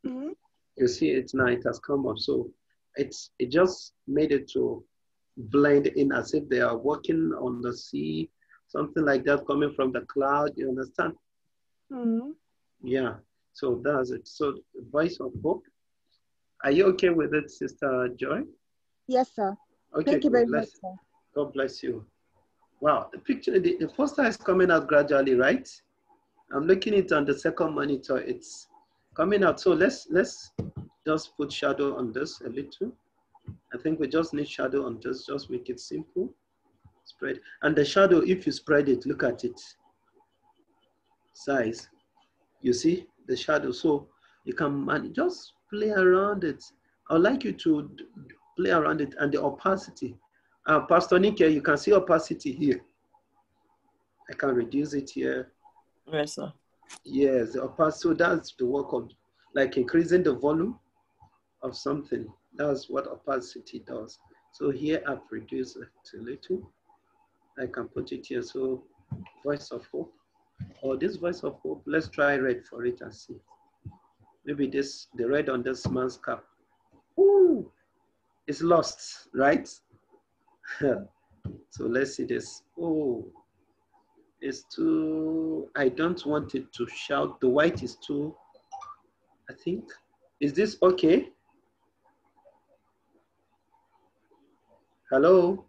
Mm -hmm. You see it now, it has come up. So it's it just made it to blend in as if they are walking on the sea, something like that coming from the cloud. You understand? Mm-hmm. Yeah. So that's it. So voice of hope. Are you okay with it, Sister Joy? Yes, sir. Okay, Thank you very much, sir. God bless you. Wow, the picture, the, the poster is coming out gradually, right? I'm looking it on the second monitor. It's coming out. So let's let's just put shadow on this a little. I think we just need shadow on this, just make it simple. Spread. And the shadow, if you spread it, look at it. Size. You see the shadow. So you can manage, just play around it. I'd like you to play around it and the opacity. Uh, Pastor Nick, you can see opacity here. I can reduce it here. Yes, sir. Yes, the upper, so that's the work of like increasing the volume of something. That's what opacity does. So here I've reduced it a little. I can put it here. So voice of hope. Or oh, this voice of hope, let's try red for it and see. Maybe this the red on this man's cap. Ooh, it's lost, right? so let's see this. Oh, is too, I don't want it to shout. The white is too, I think. Is this okay? Hello?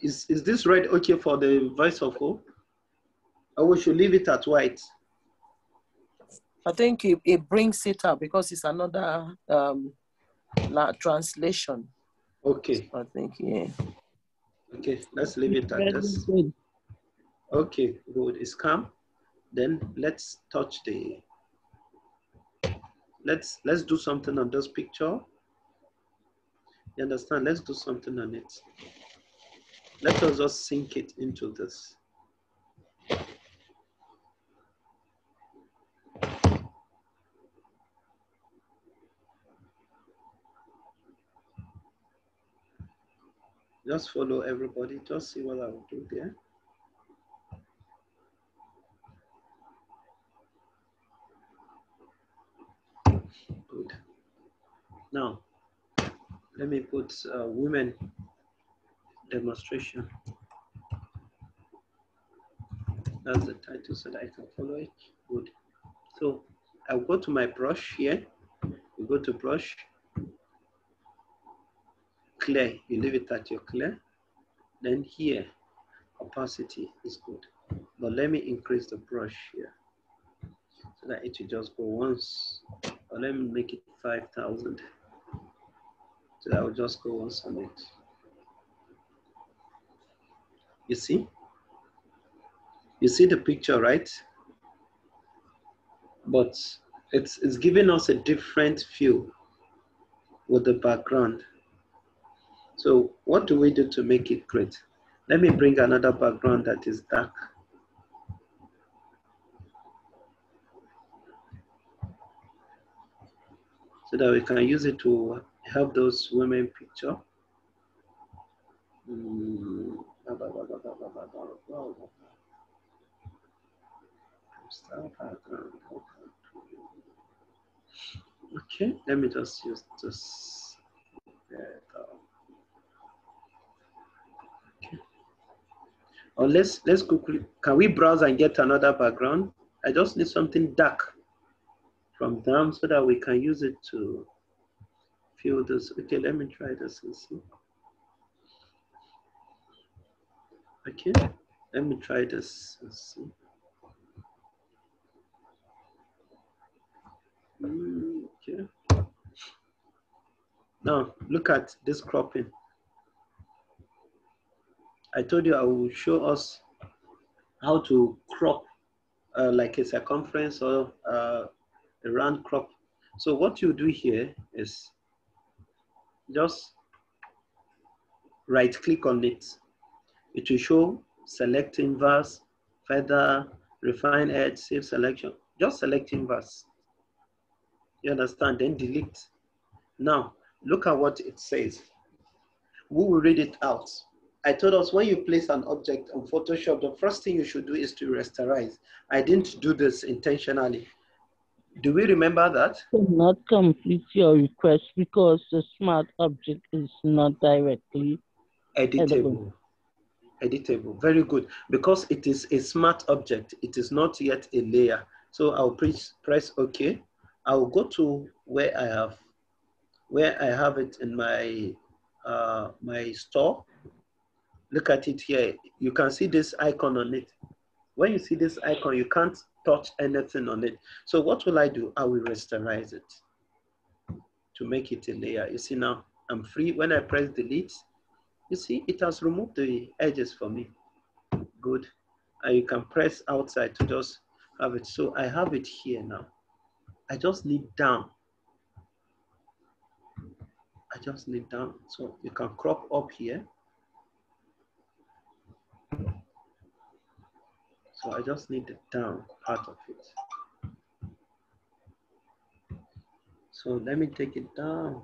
Is, is this red okay for the voice of hope? Or we should leave it at white? I think it, it brings it up because it's another um, translation. Okay. I think, yeah. Okay, let's leave it at this. Okay, good. It's come. Then let's touch the. Let's let's do something on this picture. You understand? Let's do something on it. Let us just sink it into this. Just follow everybody, just see what I will do there. Good. Now, let me put uh, women demonstration. That's the title so that I can follow it. Good. So I'll go to my brush here. We go to brush clear, you leave it at your clear, then here, opacity is good. But let me increase the brush here so that it will just go once. Or let me make it 5,000. So that will just go once on it. You see? You see the picture, right? But it's, it's giving us a different view with the background. So what do we do to make it great? Let me bring another background that is dark. So that we can use it to help those women picture. Okay, let me just use this. Or let's let's quickly can we browse and get another background? I just need something dark from them so that we can use it to fill this. Okay, let me try this and see. Okay, let me try this and see. Mm, okay. Now look at this cropping. I told you I will show us how to crop uh, like a circumference or uh, a round crop. So what you do here is just right click on it. It will show select inverse, feather, refine edge, save selection. Just select inverse. You understand? Then delete. Now, look at what it says. We will read it out. I told us when you place an object on Photoshop, the first thing you should do is to rasterize. I didn't do this intentionally. Do we remember that? Not complete your request because the smart object is not directly editable. editable. Editable, very good. Because it is a smart object, it is not yet a layer. So I'll press, press OK. I'll go to where I have, where I have it in my, uh, my store Look at it here. You can see this icon on it. When you see this icon, you can't touch anything on it. So what will I do? I will rasterize it to make it a layer. You see now, I'm free. When I press delete, you see it has removed the edges for me. Good. And you can press outside to just have it. So I have it here now. I just need down. I just need down. So you can crop up here. So I just need the down part of it. So let me take it down.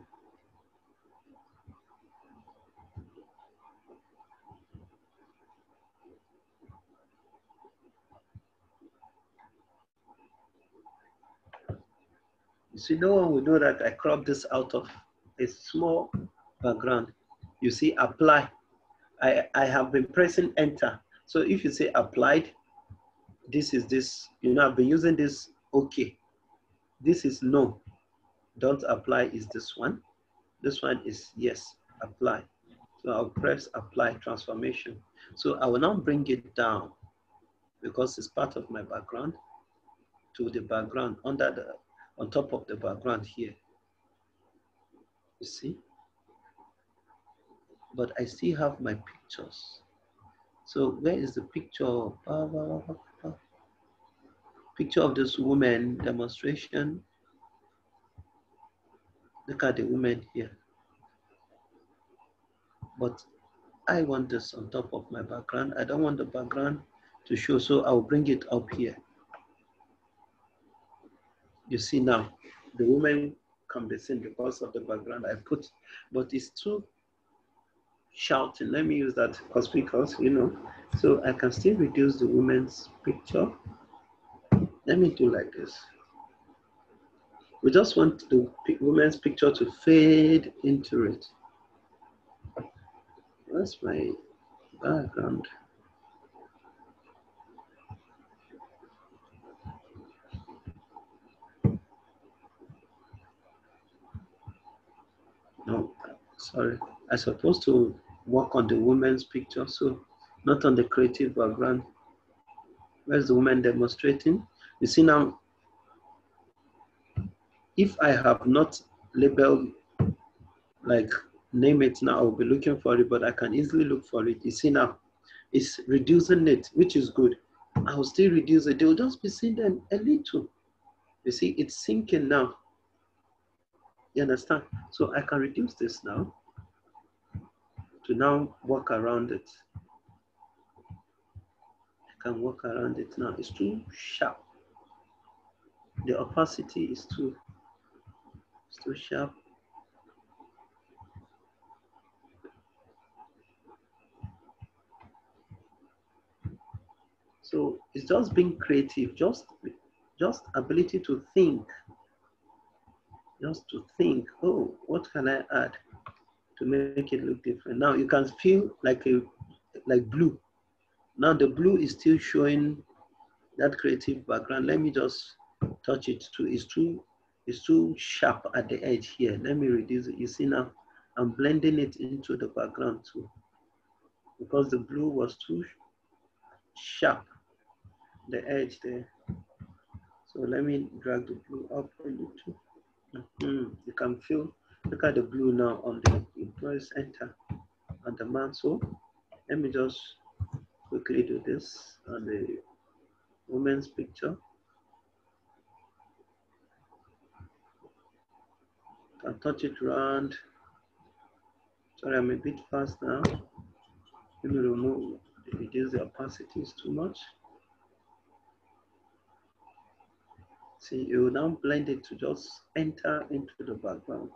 You see, no one will know that I cropped this out of a small background. You see, apply. I, I have been pressing enter. So if you say applied, this is this, you know, I've been using this okay. This is no, don't apply is this one. This one is yes, apply. So I'll press apply transformation. So I will now bring it down because it's part of my background to the background under the, on top of the background here. You see? But I still have my pictures. So where is the picture? picture of this woman demonstration. Look at the woman here. But I want this on top of my background. I don't want the background to show, so I'll bring it up here. You see now, the woman can be seen because of the background I put, but it's too shouting. Let me use that because, because you know, so I can still reduce the woman's picture let me do like this. We just want the woman's picture to fade into it. That's my background. No, sorry. I supposed to work on the woman's picture, so not on the creative background. Where's the woman demonstrating? You see now, if I have not labeled, like name it now, I'll be looking for it, but I can easily look for it. You see now, it's reducing it, which is good. I'll still reduce it. They'll just be seeing them a little. You see, it's sinking now. You understand? So I can reduce this now to now work around it. I can work around it now. It's too sharp the opacity is too, is too sharp. So it's just being creative, just, just ability to think, just to think, oh, what can I add to make it look different? Now you can feel like a, like blue. Now the blue is still showing that creative background. Let me just touch it too. It's too, it's too sharp at the edge here. Let me reduce it. You see now, I'm blending it into the background too because the blue was too sharp, the edge there. So let me drag the blue up a little. Mm -hmm. You can feel, look at the blue now on the, you press enter on the mantle. Let me just quickly do this on the woman's picture. can touch it around. Sorry, I'm a bit fast now. Let me remove, reduce the opacity is too much. See, you now blend it to just enter into the background.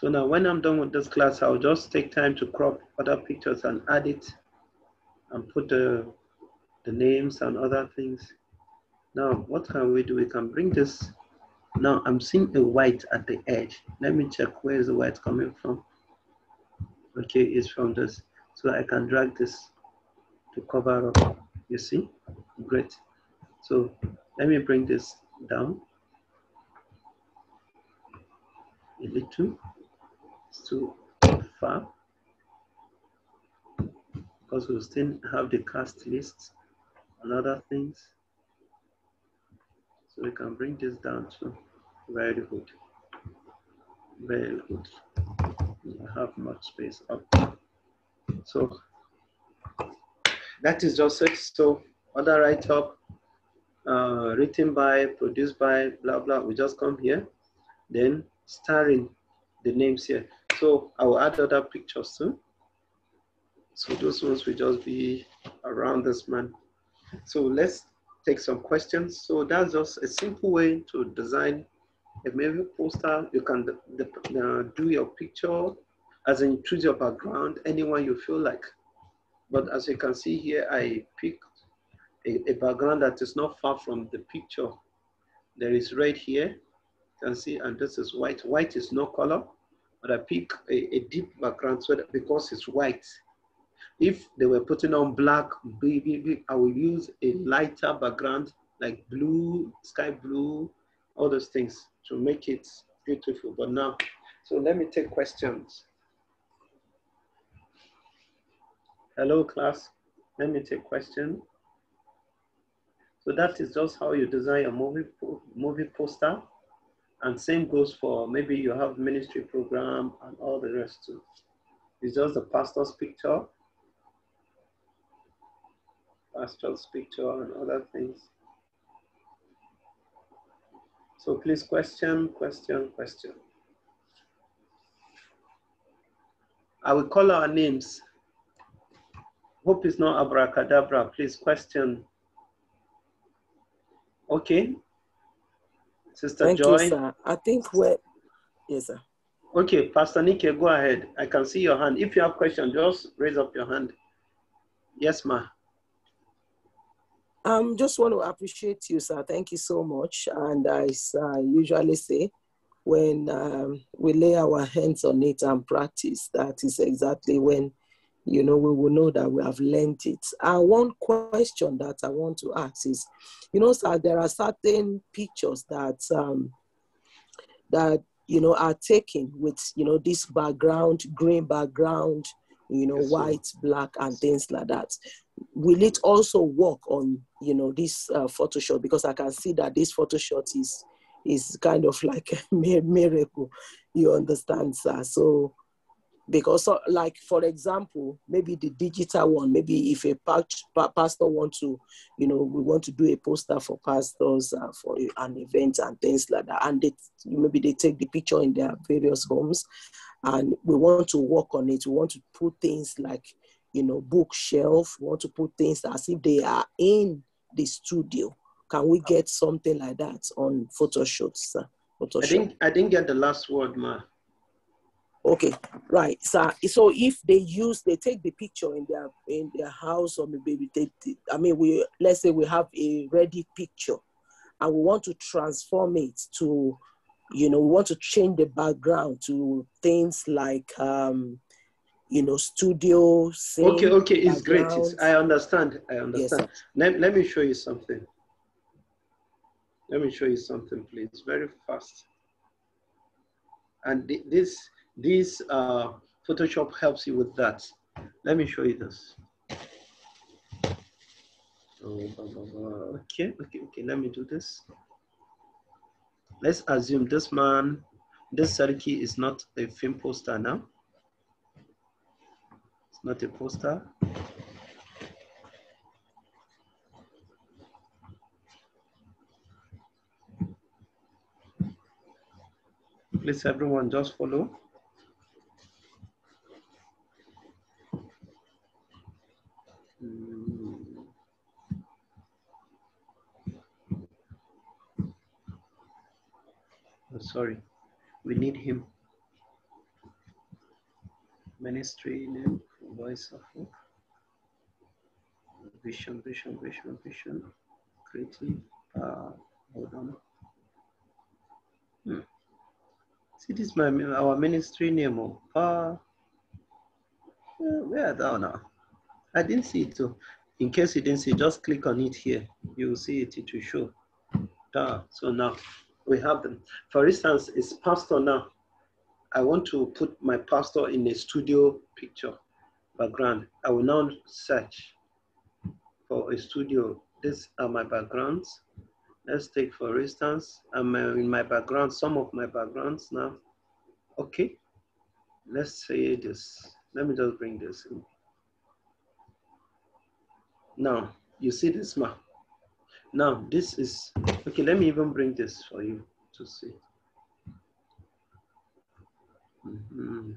So now when I'm done with this class, I'll just take time to crop other pictures and add it and put the, the names and other things. Now, what can we do? We can bring this. Now I'm seeing a white at the edge. Let me check where is the white coming from. Okay, it's from this. So I can drag this to cover up. You see? Great. So let me bring this down a little to alpha because we still have the cast list and other things. So we can bring this down to very good. Very good. I have much space up. So that is just it. So other write up uh, written by, produced by, blah, blah. We just come here, then starring the names here. So I will add other pictures soon. So those ones will just be around this man. So let's take some questions. So that's just a simple way to design a movie poster. You can uh, do your picture, as in choose your background, anyone you feel like. But as you can see here, I picked a, a background that is not far from the picture. There is red here, you can see, and this is white. White is no color but I pick a, a deep background so that because it's white. If they were putting on black, I will use a lighter background like blue, sky blue, all those things to make it beautiful. But now, so let me take questions. Hello, class. Let me take question. So that is just how you design a movie, movie poster. And same goes for maybe you have ministry program and all the rest too. It's just the pastor's picture, pastor's picture and other things. So please question, question, question. I will call our names. Hope it's not abracadabra. Please question. Okay, Sister Thank Joy. You, sir. I think we yes, sir. Okay, Pastor Nikki, go ahead. I can see your hand. If you have questions, just raise up your hand. Yes, ma. Um, just want to appreciate you, sir. Thank you so much. And as I usually say, when um, we lay our hands on it and practice, that is exactly when you know, we will know that we have learned it. Uh, one question that I want to ask is, you know, sir, there are certain pictures that um, that you know are taken with you know this background, green background, you know, yes, white, sir. black, and things like that. Will it also work on you know this uh, Photoshop? Because I can see that this Photoshop is is kind of like a miracle. You understand, sir? So because uh, like for example maybe the digital one maybe if a pastor want to you know we want to do a poster for pastors uh, for an event and things like that and they maybe they take the picture in their various homes and we want to work on it we want to put things like you know bookshelf we want to put things as if they are in the studio can we get something like that on photoshoots uh, photoshop? i didn't i didn't get the last word ma Okay, right. So, so if they use, they take the picture in their in their house or maybe they, I mean, we let's say we have a ready picture, and we want to transform it to, you know, we want to change the background to things like, um, you know, studio. okay, okay, it's great. It's, I understand. I understand. Yes, let let me show you something. Let me show you something, please, very fast. And this this uh, Photoshop helps you with that. Let me show you this. Okay, okay, okay, let me do this. Let's assume this man, this key is not a film poster now. It's not a poster. Please everyone just follow. sorry. We need him. Ministry name, voice of hope. Vision, vision, vision, vision. Creative, uh, hold on. Hmm. See, this is my, our ministry name. Oh. Uh, where are now? I didn't see it In case you didn't see, just click on it here. You will see it, it will show. Ah, so now we have them. For instance, it's pastor now. I want to put my pastor in a studio picture background. I will now search for a studio. These are my backgrounds. Let's take for instance, I'm uh, in my background, some of my backgrounds now. Okay, let's say this. Let me just bring this in. Now, you see this map. Now this is, okay, let me even bring this for you to see. Mm -hmm.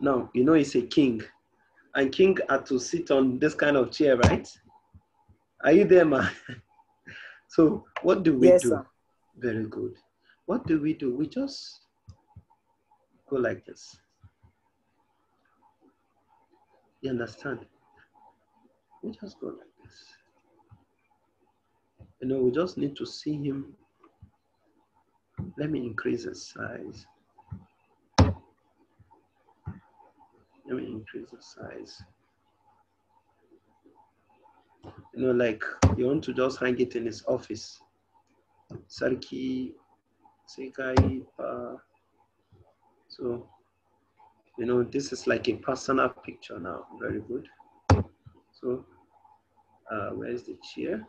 Now, you know he's a king. And king had to sit on this kind of chair, right? Are you there, ma? so what do we yes, do? Sir. Very good. What do we do? We just go like this. You understand? We just go like this. You know, we just need to see him. Let me increase the size. Let me increase the size. You know, like you want to just hang it in his office. Sarki, Sekai, so, you know, this is like a personal picture now. Very good. So uh, where is the chair?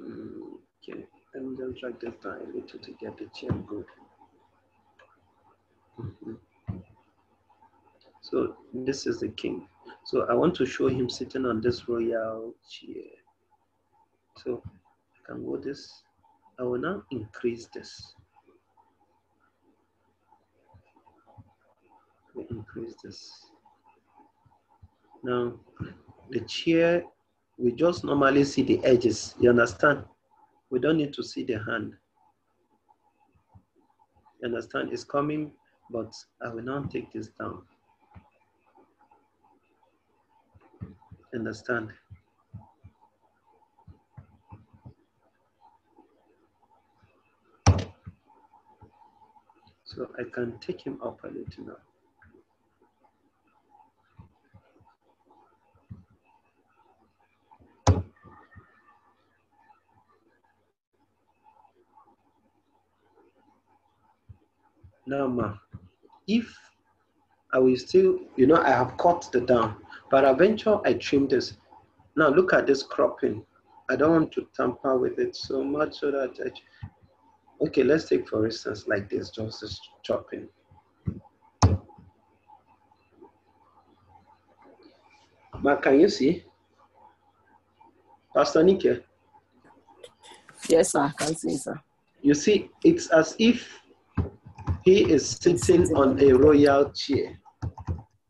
Mm, okay, I'm gonna drag this down a little to get the chair good. Mm -hmm. So this is the king. So I want to show him sitting on this royal chair. So I can go this. I will now increase this. We increase this. Now, the chair, we just normally see the edges, you understand? We don't need to see the hand. You understand? It's coming, but I will not take this down. Understand? So I can take him up a little now. Now, ma, if I will still, you know, I have cut the down, but eventually I trim this. Now look at this cropping. I don't want to tamper with it so much so that I, okay, let's take for instance like this, just this chopping. Ma, can you see? Pastor Nike? Yes, sir, I can see, sir. You see, it's as if he is sitting on a royal chair.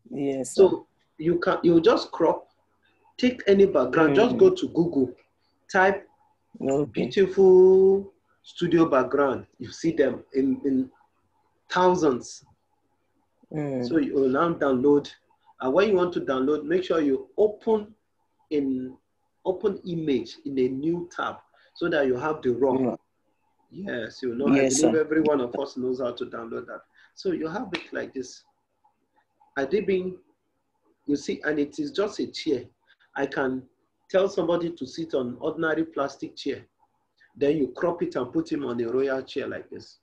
Yes. So you can you just crop, take any background, mm. just go to Google, type okay. beautiful studio background. You see them in, in thousands. Mm. So you will now download. And when you want to download, make sure you open in open image in a new tab so that you have the raw. Mm. Yes, you know, yes, I believe sir. every one of us knows how to download that. So you have it like this. Adibin, you see, and it is just a chair. I can tell somebody to sit on ordinary plastic chair. Then you crop it and put him on a royal chair like this.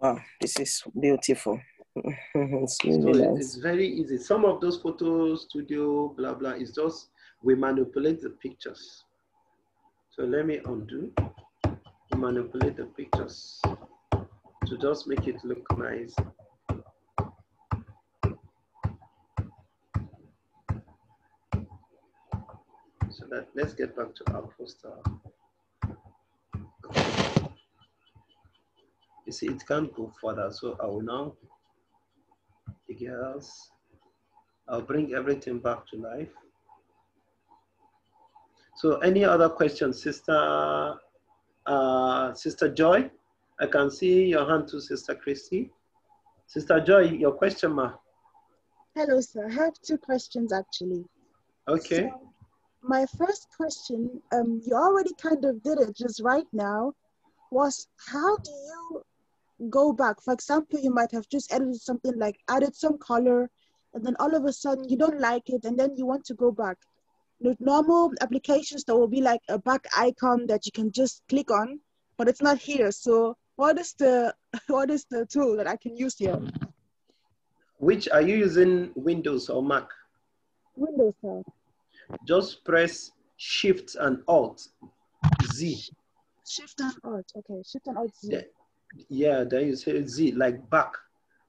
Wow, this is beautiful. it's, really so nice. it's very easy. Some of those photo studio, blah, blah, is just we manipulate the pictures. So let me undo, manipulate the pictures to just make it look nice. So that let's get back to our poster. You see, it can't go further. So I will now, I guess, I'll bring everything back to life. So any other questions, Sister uh, Sister Joy? I can see your hand to Sister Christy. Sister Joy, your question, ma. Hello, sir. I have two questions actually. Okay. So my first question, um, you already kind of did it just right now, was how do you go back? For example, you might have just edited something like added some color, and then all of a sudden you don't like it, and then you want to go back with normal applications, there will be like a back icon that you can just click on, but it's not here. So what is the what is the tool that I can use here? Which are you using, Windows or Mac? Windows. Sir. Just press Shift and Alt Z. Shift and Alt. Okay, Shift and Alt Z. Yeah, yeah then you say Z like back,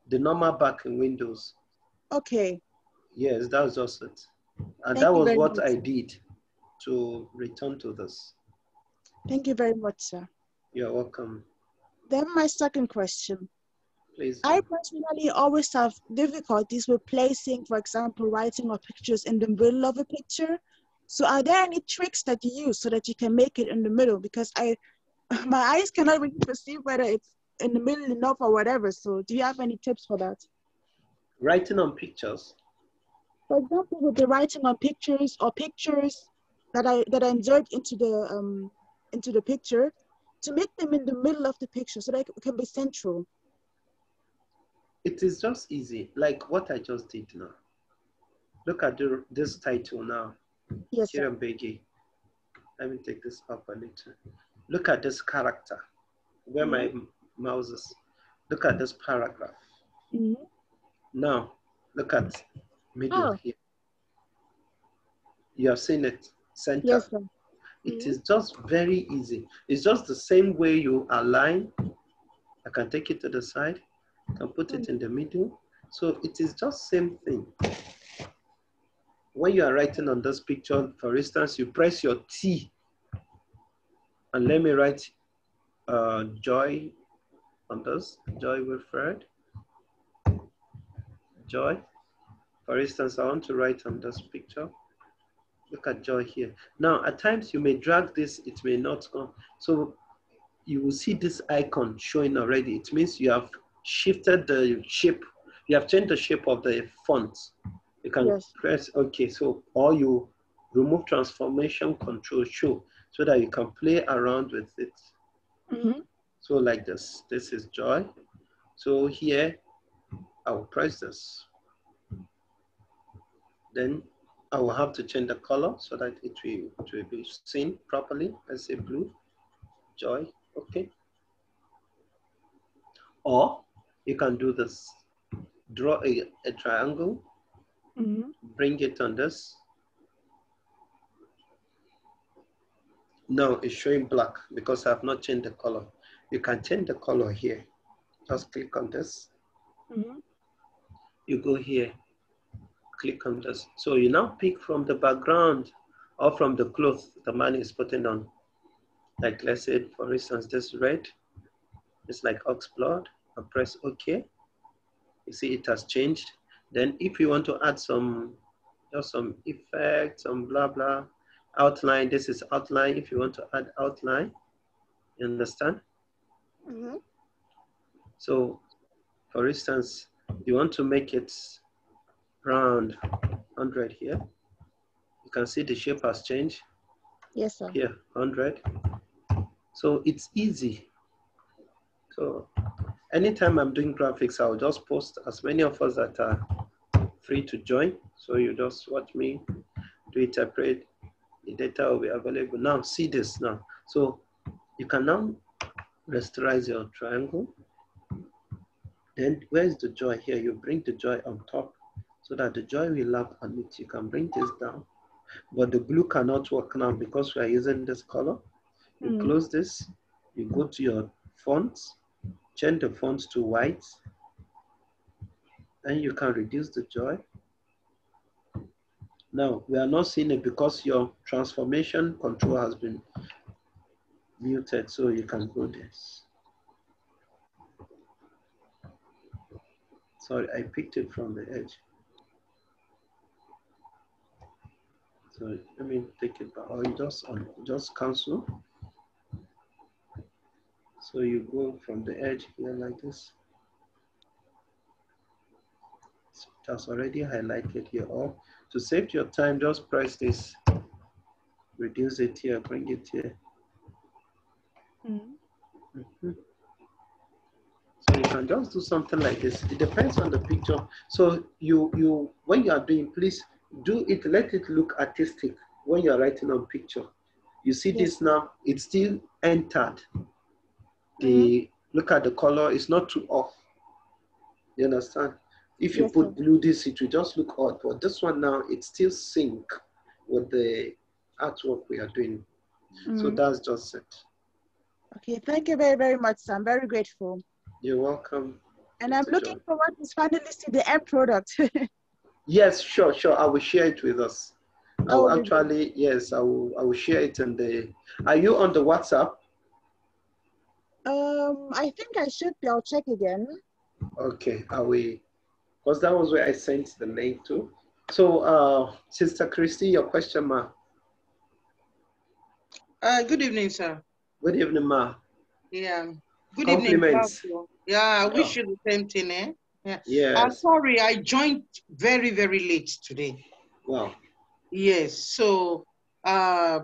the normal back in Windows. Okay. Yes, that's just it. And Thank that was what much. I did to return to this. Thank you very much, sir. You're welcome. Then my second question. Please. I personally always have difficulties with placing, for example, writing or pictures in the middle of a picture. So are there any tricks that you use so that you can make it in the middle? Because I, my eyes cannot really perceive whether it's in the middle enough or whatever. So do you have any tips for that? Writing on pictures. For example, with the writing on pictures or pictures that I that I insert into the um, into the picture to make them in the middle of the picture so that it can be central. It is just easy, like what I just did now. Look at the, this title now. Yes. Kieran Begi. Let me take this up a little. Look at this character, where mm -hmm. my mm-hmm. mouse is. Look at this paragraph. Mm -hmm. Now, look at middle oh. Ah. here. You have seen it, center. Yes, sir. It mm -hmm. is just very easy. It's just the same way you align. I can take it to the side, I can put it mm. in the middle. So it is just same thing. When you are writing on this picture, for instance, you press your T and let me write uh, joy on this, joy Wilfred, joy. For instance, I want to write on this picture. Look at joy here. Now, at times you may drag this, it may not come. So you will see this icon showing already. It means you have shifted the shape. You have changed the shape of the font. You can yes. press OK. So or you remove transformation control show so that you can play around with it. Mm -hmm. So like this. This is joy. So here I will press this then I will have to change the color so that it will, it will be seen properly. Let's say blue, joy, okay. Or you can do this, draw a, a triangle, mm -hmm. bring it on this. Now it's showing black because I have not changed the color. You can change the color here. Just click on this. Mm -hmm. You go here, click on this. So you now pick from the background or from the cloth the man is putting on. Like let's say, for instance, this red, it's like ox blood. I press OK. You see it has changed. Then if you want to add some, just some effect, some blah, blah, outline, this is outline. If you want to add outline, you understand? Mm -hmm. So for instance, you want to make it around 100 here. You can see the shape has changed. Yes, sir. Here, 100. So it's easy. So anytime I'm doing graphics, I'll just post as many of us that are free to join. So you just watch me do it separate. The data will be available. Now see this now. So you can now rasterize your triangle. Then where's the joy here? You bring the joy on top so that the joy we love on it, you can bring this down. But the glue cannot work now because we are using this color. You mm. close this, you go to your fonts, change the fonts to white, and you can reduce the joy. Now, we are not seeing it because your transformation control has been muted, so you can go this. Sorry, I picked it from the edge. So let me take it back, Oh, you just, on oh, just cancel. So you go from the edge here like this. So has already highlighted here all. Oh, to save your time, just press this, reduce it here, bring it here. Mm -hmm. So you can just do something like this. It depends on the picture. So you, you when you are doing, please do it, let it look artistic when you're writing on picture. You see yes. this now, it's still entered. The mm-hmm. look at the color, it's not too off. You understand? If you yes, put blue, this it will just look odd, but this one now it still sync with the artwork we are doing. Mm-hmm. So that's just it. Okay, thank you very, very much. I'm very grateful. You're welcome. And I'm looking forward to finally see the end product. Yes, sure, sure. I will share it with us. Oh, I'll actually, yes, I will, I will share it in the, are you on the WhatsApp? Um, I think I should be, I'll check again. Okay, are we, because that was where I sent the link to. So, uh, Sister Christy, your question, ma. Uh, good evening, sir. Good evening, ma. Yeah. Good Compliments. evening. Compliments. Yeah, I wish yeah. you the same thing, eh? Yeah. Yes. I'm sorry, I joined very, very late today. Wow. Yes. So uh,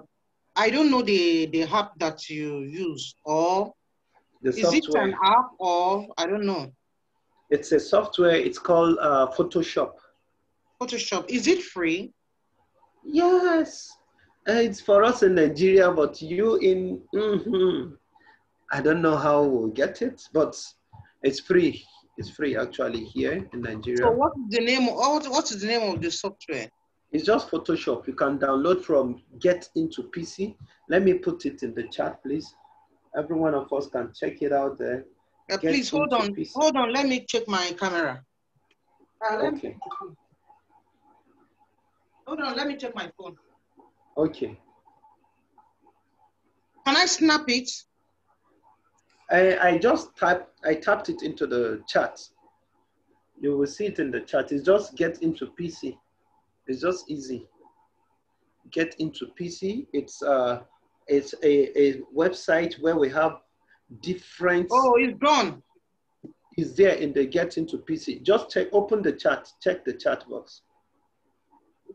I don't know the, the app that you use or the is it an app or I don't know. It's a software. It's called uh, Photoshop. Photoshop. Is it free? Yes. Uh, it's for us in Nigeria, but you in, mm -hmm. I don't know how we'll get it, but it's free. It's free actually here in Nigeria. So what is the name? What, what is the name of the software? It's just Photoshop. You can download from Get Into PC. Let me put it in the chat, please. Every one of us can check it out there. Uh, please hold on. PC. Hold on. Let me check my camera. Uh, okay. Hold on. Let me check my phone. Okay. Can I snap it? I, I just typed, I tapped it into the chat. You will see it in the chat. It's just get into PC. It's just easy. Get into PC. It's a uh, it's a, a website where we have different. Oh, it's gone. Is there in the get into PC? Just check, open the chat, check the chat box.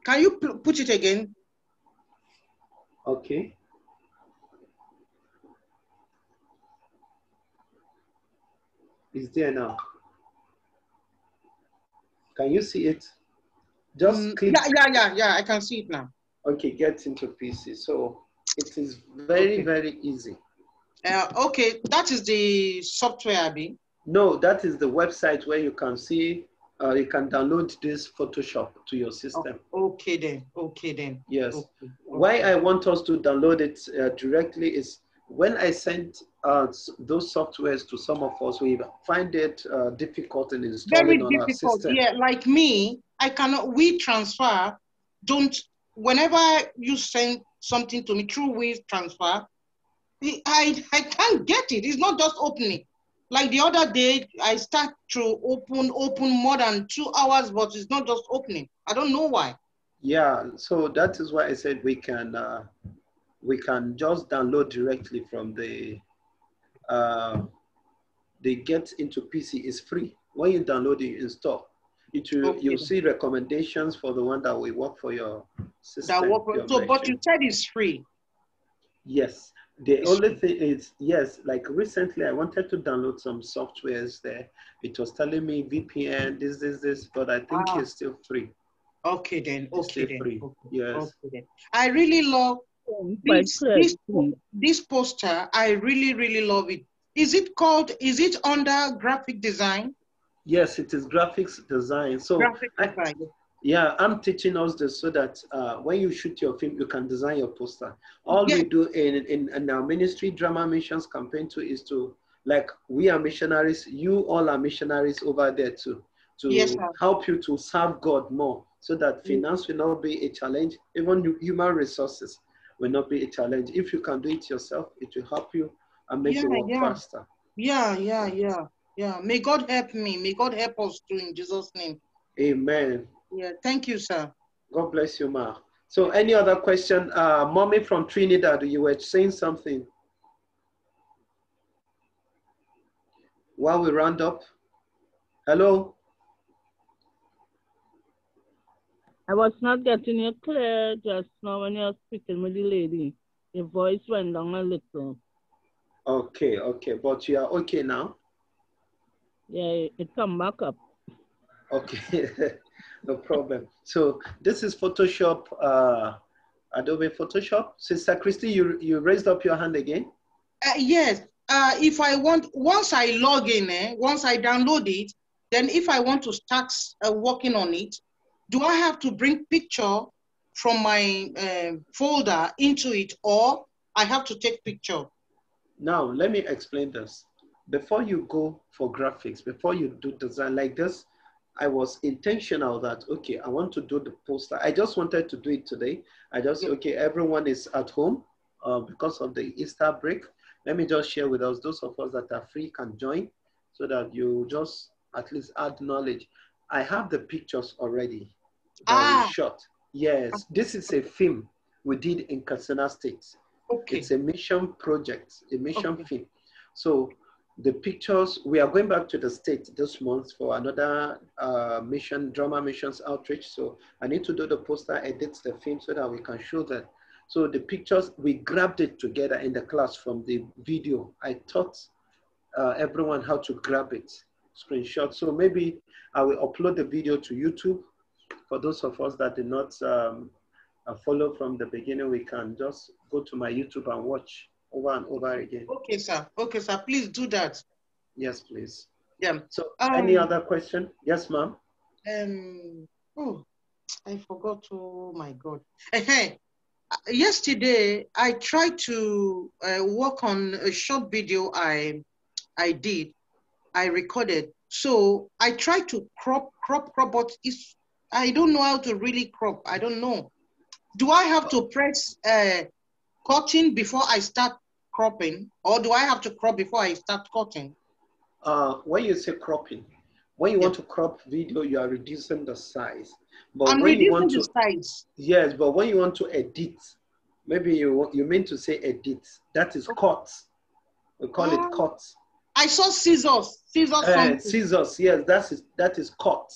Can you put it again? Okay. is there now. Can you see it? Just mm, click. Yeah, yeah, yeah, yeah, I can see it now. Okay, get into PC. So it is very, okay. very easy. Uh, okay, that is the software, Abby. No, that is the website where you can see, uh, you can download this Photoshop to your system. Oh, okay then, okay then. Yes. Okay. Why I want us to download it uh, directly is when I sent uh, those softwares to some of us, we find it uh, difficult in installing Very on difficult. our system. Yeah, like me, I cannot. We transfer. Don't. Whenever you send something to me through we transfer, I I can't get it. It's not just opening. Like the other day, I start to open open more than two hours, but it's not just opening. I don't know why. Yeah. So that is why I said we can. Uh, we can just download directly from the uh, the Get into PC is free. When you download, you install. It will, okay. You'll see recommendations for the one that will work for your system. That work for, so, but you said it's free. Yes. The it's only free. thing is, yes, like recently I wanted to download some softwares there. It was telling me VPN, this, this, this, but I think ah. it's still free. Okay then. Okay then. Okay. Yes. Okay then. I really love this, this, this poster, I really, really love it. Is it called, is it under graphic design? Yes, it is graphics design. So graphic design. I, yeah, I'm teaching us this so that uh, when you shoot your film, you can design your poster. All we do in, in, in, our ministry drama missions campaign too is to, like we are missionaries, you all are missionaries over there too, to yes, help you to serve God more so that mm. finance will not be a challenge, even human resources will not be a challenge. If you can do it yourself, it will help you and make yeah, you work yeah. faster. Yeah, yeah, yeah, yeah. May God help me. May God help us too in Jesus' name. Amen. Yeah, thank you, sir. God bless you, Ma. So any other question? Uh, mommy from Trinidad, you were saying something. While we round up. Hello? I was not getting you clear just now when you were speaking with the lady. Your voice went down a little. Okay, okay, but you are okay now? Yeah, it come back up. Okay, no problem. So this is Photoshop, uh, Adobe Photoshop. Sister Christy, you, you raised up your hand again? Uh, yes, uh, if I want, once I log in, eh, once I download it, then if I want to start uh, working on it, do I have to bring picture from my uh, folder into it or I have to take picture? Now, let me explain this. Before you go for graphics, before you do design like this, I was intentional that, okay, I want to do the poster. I just wanted to do it today. I just, yeah. okay, everyone is at home uh, because of the Easter break. Let me just share with us, those of us that are free can join so that you just at least add knowledge. I have the pictures already ah. Yes, ah. this is a film we did in Katsina State. Okay. It's a mission project, a mission okay. film. So the pictures, we are going back to the state this month for another uh, mission, drama missions outreach. So I need to do the poster, edit the film so that we can show that. So the pictures, we grabbed it together in the class from the video. I taught uh, everyone how to grab it, screenshot. So maybe I will upload the video to YouTube for those of us that did not um, uh, follow from the beginning, we can just go to my YouTube and watch over and over again. Okay, sir. Okay, sir. Please do that. Yes, please. Yeah. So, um, any other question? Yes, ma'am. Um. Oh, I forgot. Oh my God. Yesterday, I tried to uh, work on a short video I, I did, I recorded. So I tried to crop, crop, crop, but it's I don't know how to really crop. I don't know. Do I have to press uh, cutting before I start cropping, or do I have to crop before I start cutting? Uh, when you say cropping, when you yeah. want to crop video, you are reducing the size. But I'm when you want to, size. Yes, but when you want to edit, maybe you you mean to say edit. That is cut. We call uh, it ah. cut. I saw scissors. Scissors. Uh, scissors. Yes, that is that is cut.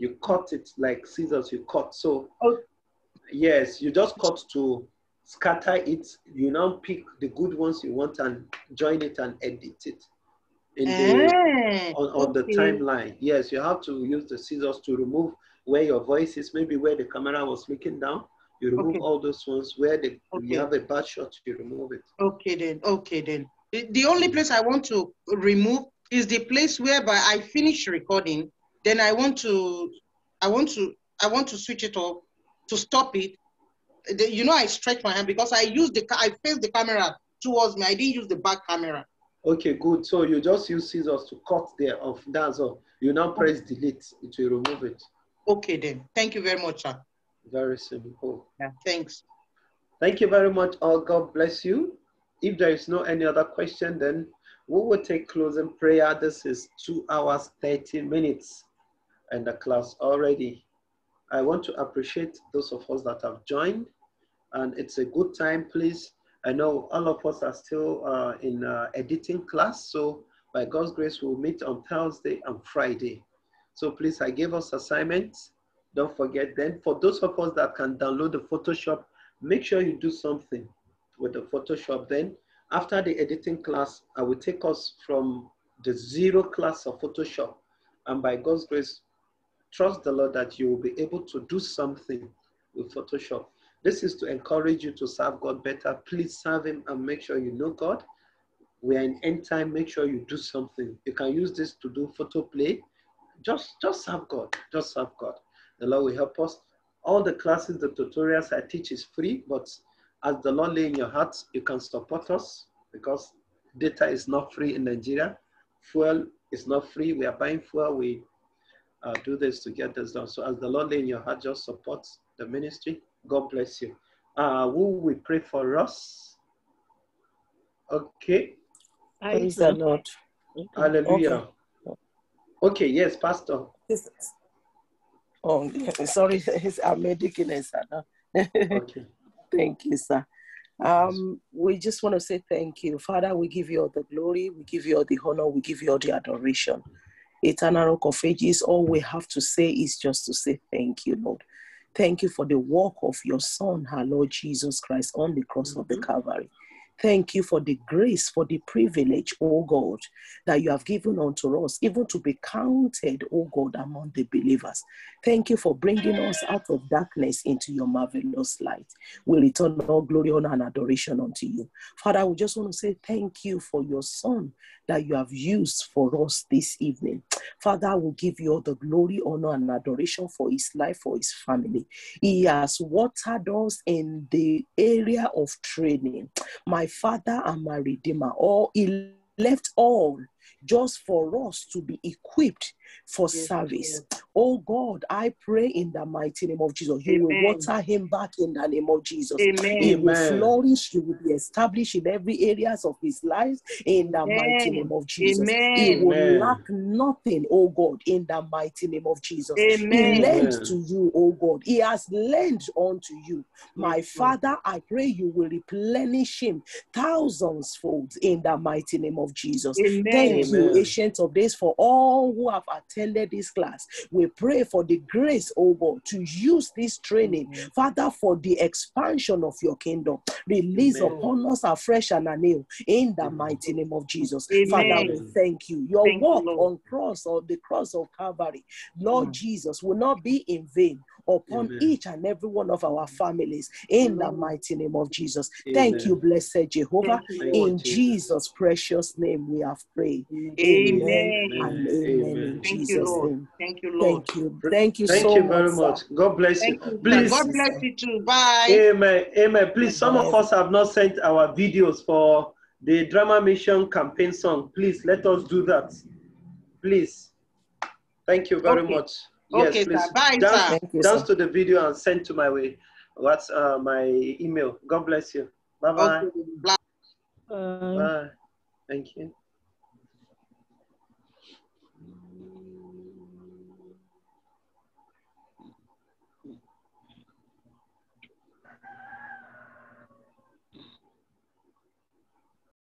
You cut it like scissors, you cut. So, oh. yes, you just cut to scatter it. You now pick the good ones you want and join it and edit it. In the, eh, on, on okay. the timeline. Yes, you have to use the scissors to remove where your voice is, maybe where the camera was looking down. You remove okay. all those ones where the, okay. you have a bad shot, you remove it. Okay then, okay then. The, the only mm. place I want to remove is the place whereby I finish recording then I want to, I want to, I want to switch it off to stop it. The, you know, I stretch my hand because I use the, I face the camera towards me. I didn't use the back camera. Okay, good. So you just use scissors to cut there off. That's all. You now press delete. It will remove it. Okay then. Thank you very much, sir. Very simple. Yeah, thanks. Thank you very much. All God bless you. If there is no any other question, then we will take closing prayer. This is two hours, 30 minutes in the class already. I want to appreciate those of us that have joined and it's a good time, please. I know all of us are still uh, in uh, editing class, so by God's grace, we'll meet on Thursday and Friday. So please, I gave us assignments. Don't forget then, for those of us that can download the Photoshop, make sure you do something with the Photoshop then. After the editing class, I will take us from the zero class of Photoshop. And by God's grace, trust the Lord that you will be able to do something with Photoshop. This is to encourage you to serve God better. Please serve Him and make sure you know God. We are in end time. Make sure you do something. You can use this to do photo play. Just, just serve God. Just serve God. The Lord will help us. All the classes, the tutorials I teach is free, but as the Lord lay in your heart, you can support us because data is not free in Nigeria. Fuel is not free. We are buying fuel. We uh, do this to get this done. So as the Lord in your heart just supports the ministry, God bless you. Uh, we pray for us? Okay. Praise the Lord. Hallelujah. Okay. okay, yes, Pastor. This, oh, sorry, it's our medicines. okay. Thank you, sir. Um, we just want to say thank you. Father, we give you all the glory, we give you all the honor, we give you all the adoration eternal rock of ages, all we have to say is just to say thank you, Lord. Thank you for the work of your Son, our Lord Jesus Christ, on the cross mm-hmm. of the mm-hmm. Calvary. Thank you for the grace, for the privilege, O God, that you have given unto us, even to be counted, O God, among the believers. Thank you for bringing us out of darkness into your marvelous light. We return all glory, honor, and adoration unto you. Father, we just want to say thank you for your Son that you have used for us this evening. Father, I will give you all the glory, honor, and adoration for his life, for his family. He has watered us in the area of training. My Father and my Redeemer, all he left all just for us to be equipped for yes, service. Yes. Oh God, I pray in the mighty name of Jesus. You Amen. will water him back in the name of Jesus. Amen. He will flourish. He will be established in every areas of his life in the Amen. mighty name of Jesus. Amen. He will lack nothing, oh God, in the mighty name of Jesus. Amen. He lent to you, oh God. He has lent unto you. My Father, I pray you will replenish him thousands fold in the mighty name of Jesus. Thank you, Ancient of Days, for all who have attended this class. We pray for the grace, oh God, to use this training, mm-hmm. Father, for the expansion of your kingdom. Release Amen. upon us afresh and anew in the mighty name of Jesus. Amen. Father, we thank you. Your thank work you, on cross or the cross of Calvary, Lord mm-hmm. Jesus, will not be in vain upon Amen. each and every one of our families in the mighty name of Jesus. Amen. Thank you, blessed Jehovah. You, in Jesus. Jesus' precious name we have prayed. Amen. Amen. And amen. In Thank Jesus' you, Lord. name. Thank you, Lord. Thank you. Thank you Thank so you very much. Sir. God bless Thank you. Please. God bless you too. Bye. Amen. Amen. Please, some Bye. of us have not sent our videos for the drama mission campaign song. Please let us do that. Please. Thank you very okay. much. Yes, okay, please. sir. Bye, dance, sir. You, dance sir. to the video and send to my way. What's uh, my email? God bless you. Bye bye. Bye. Thank you.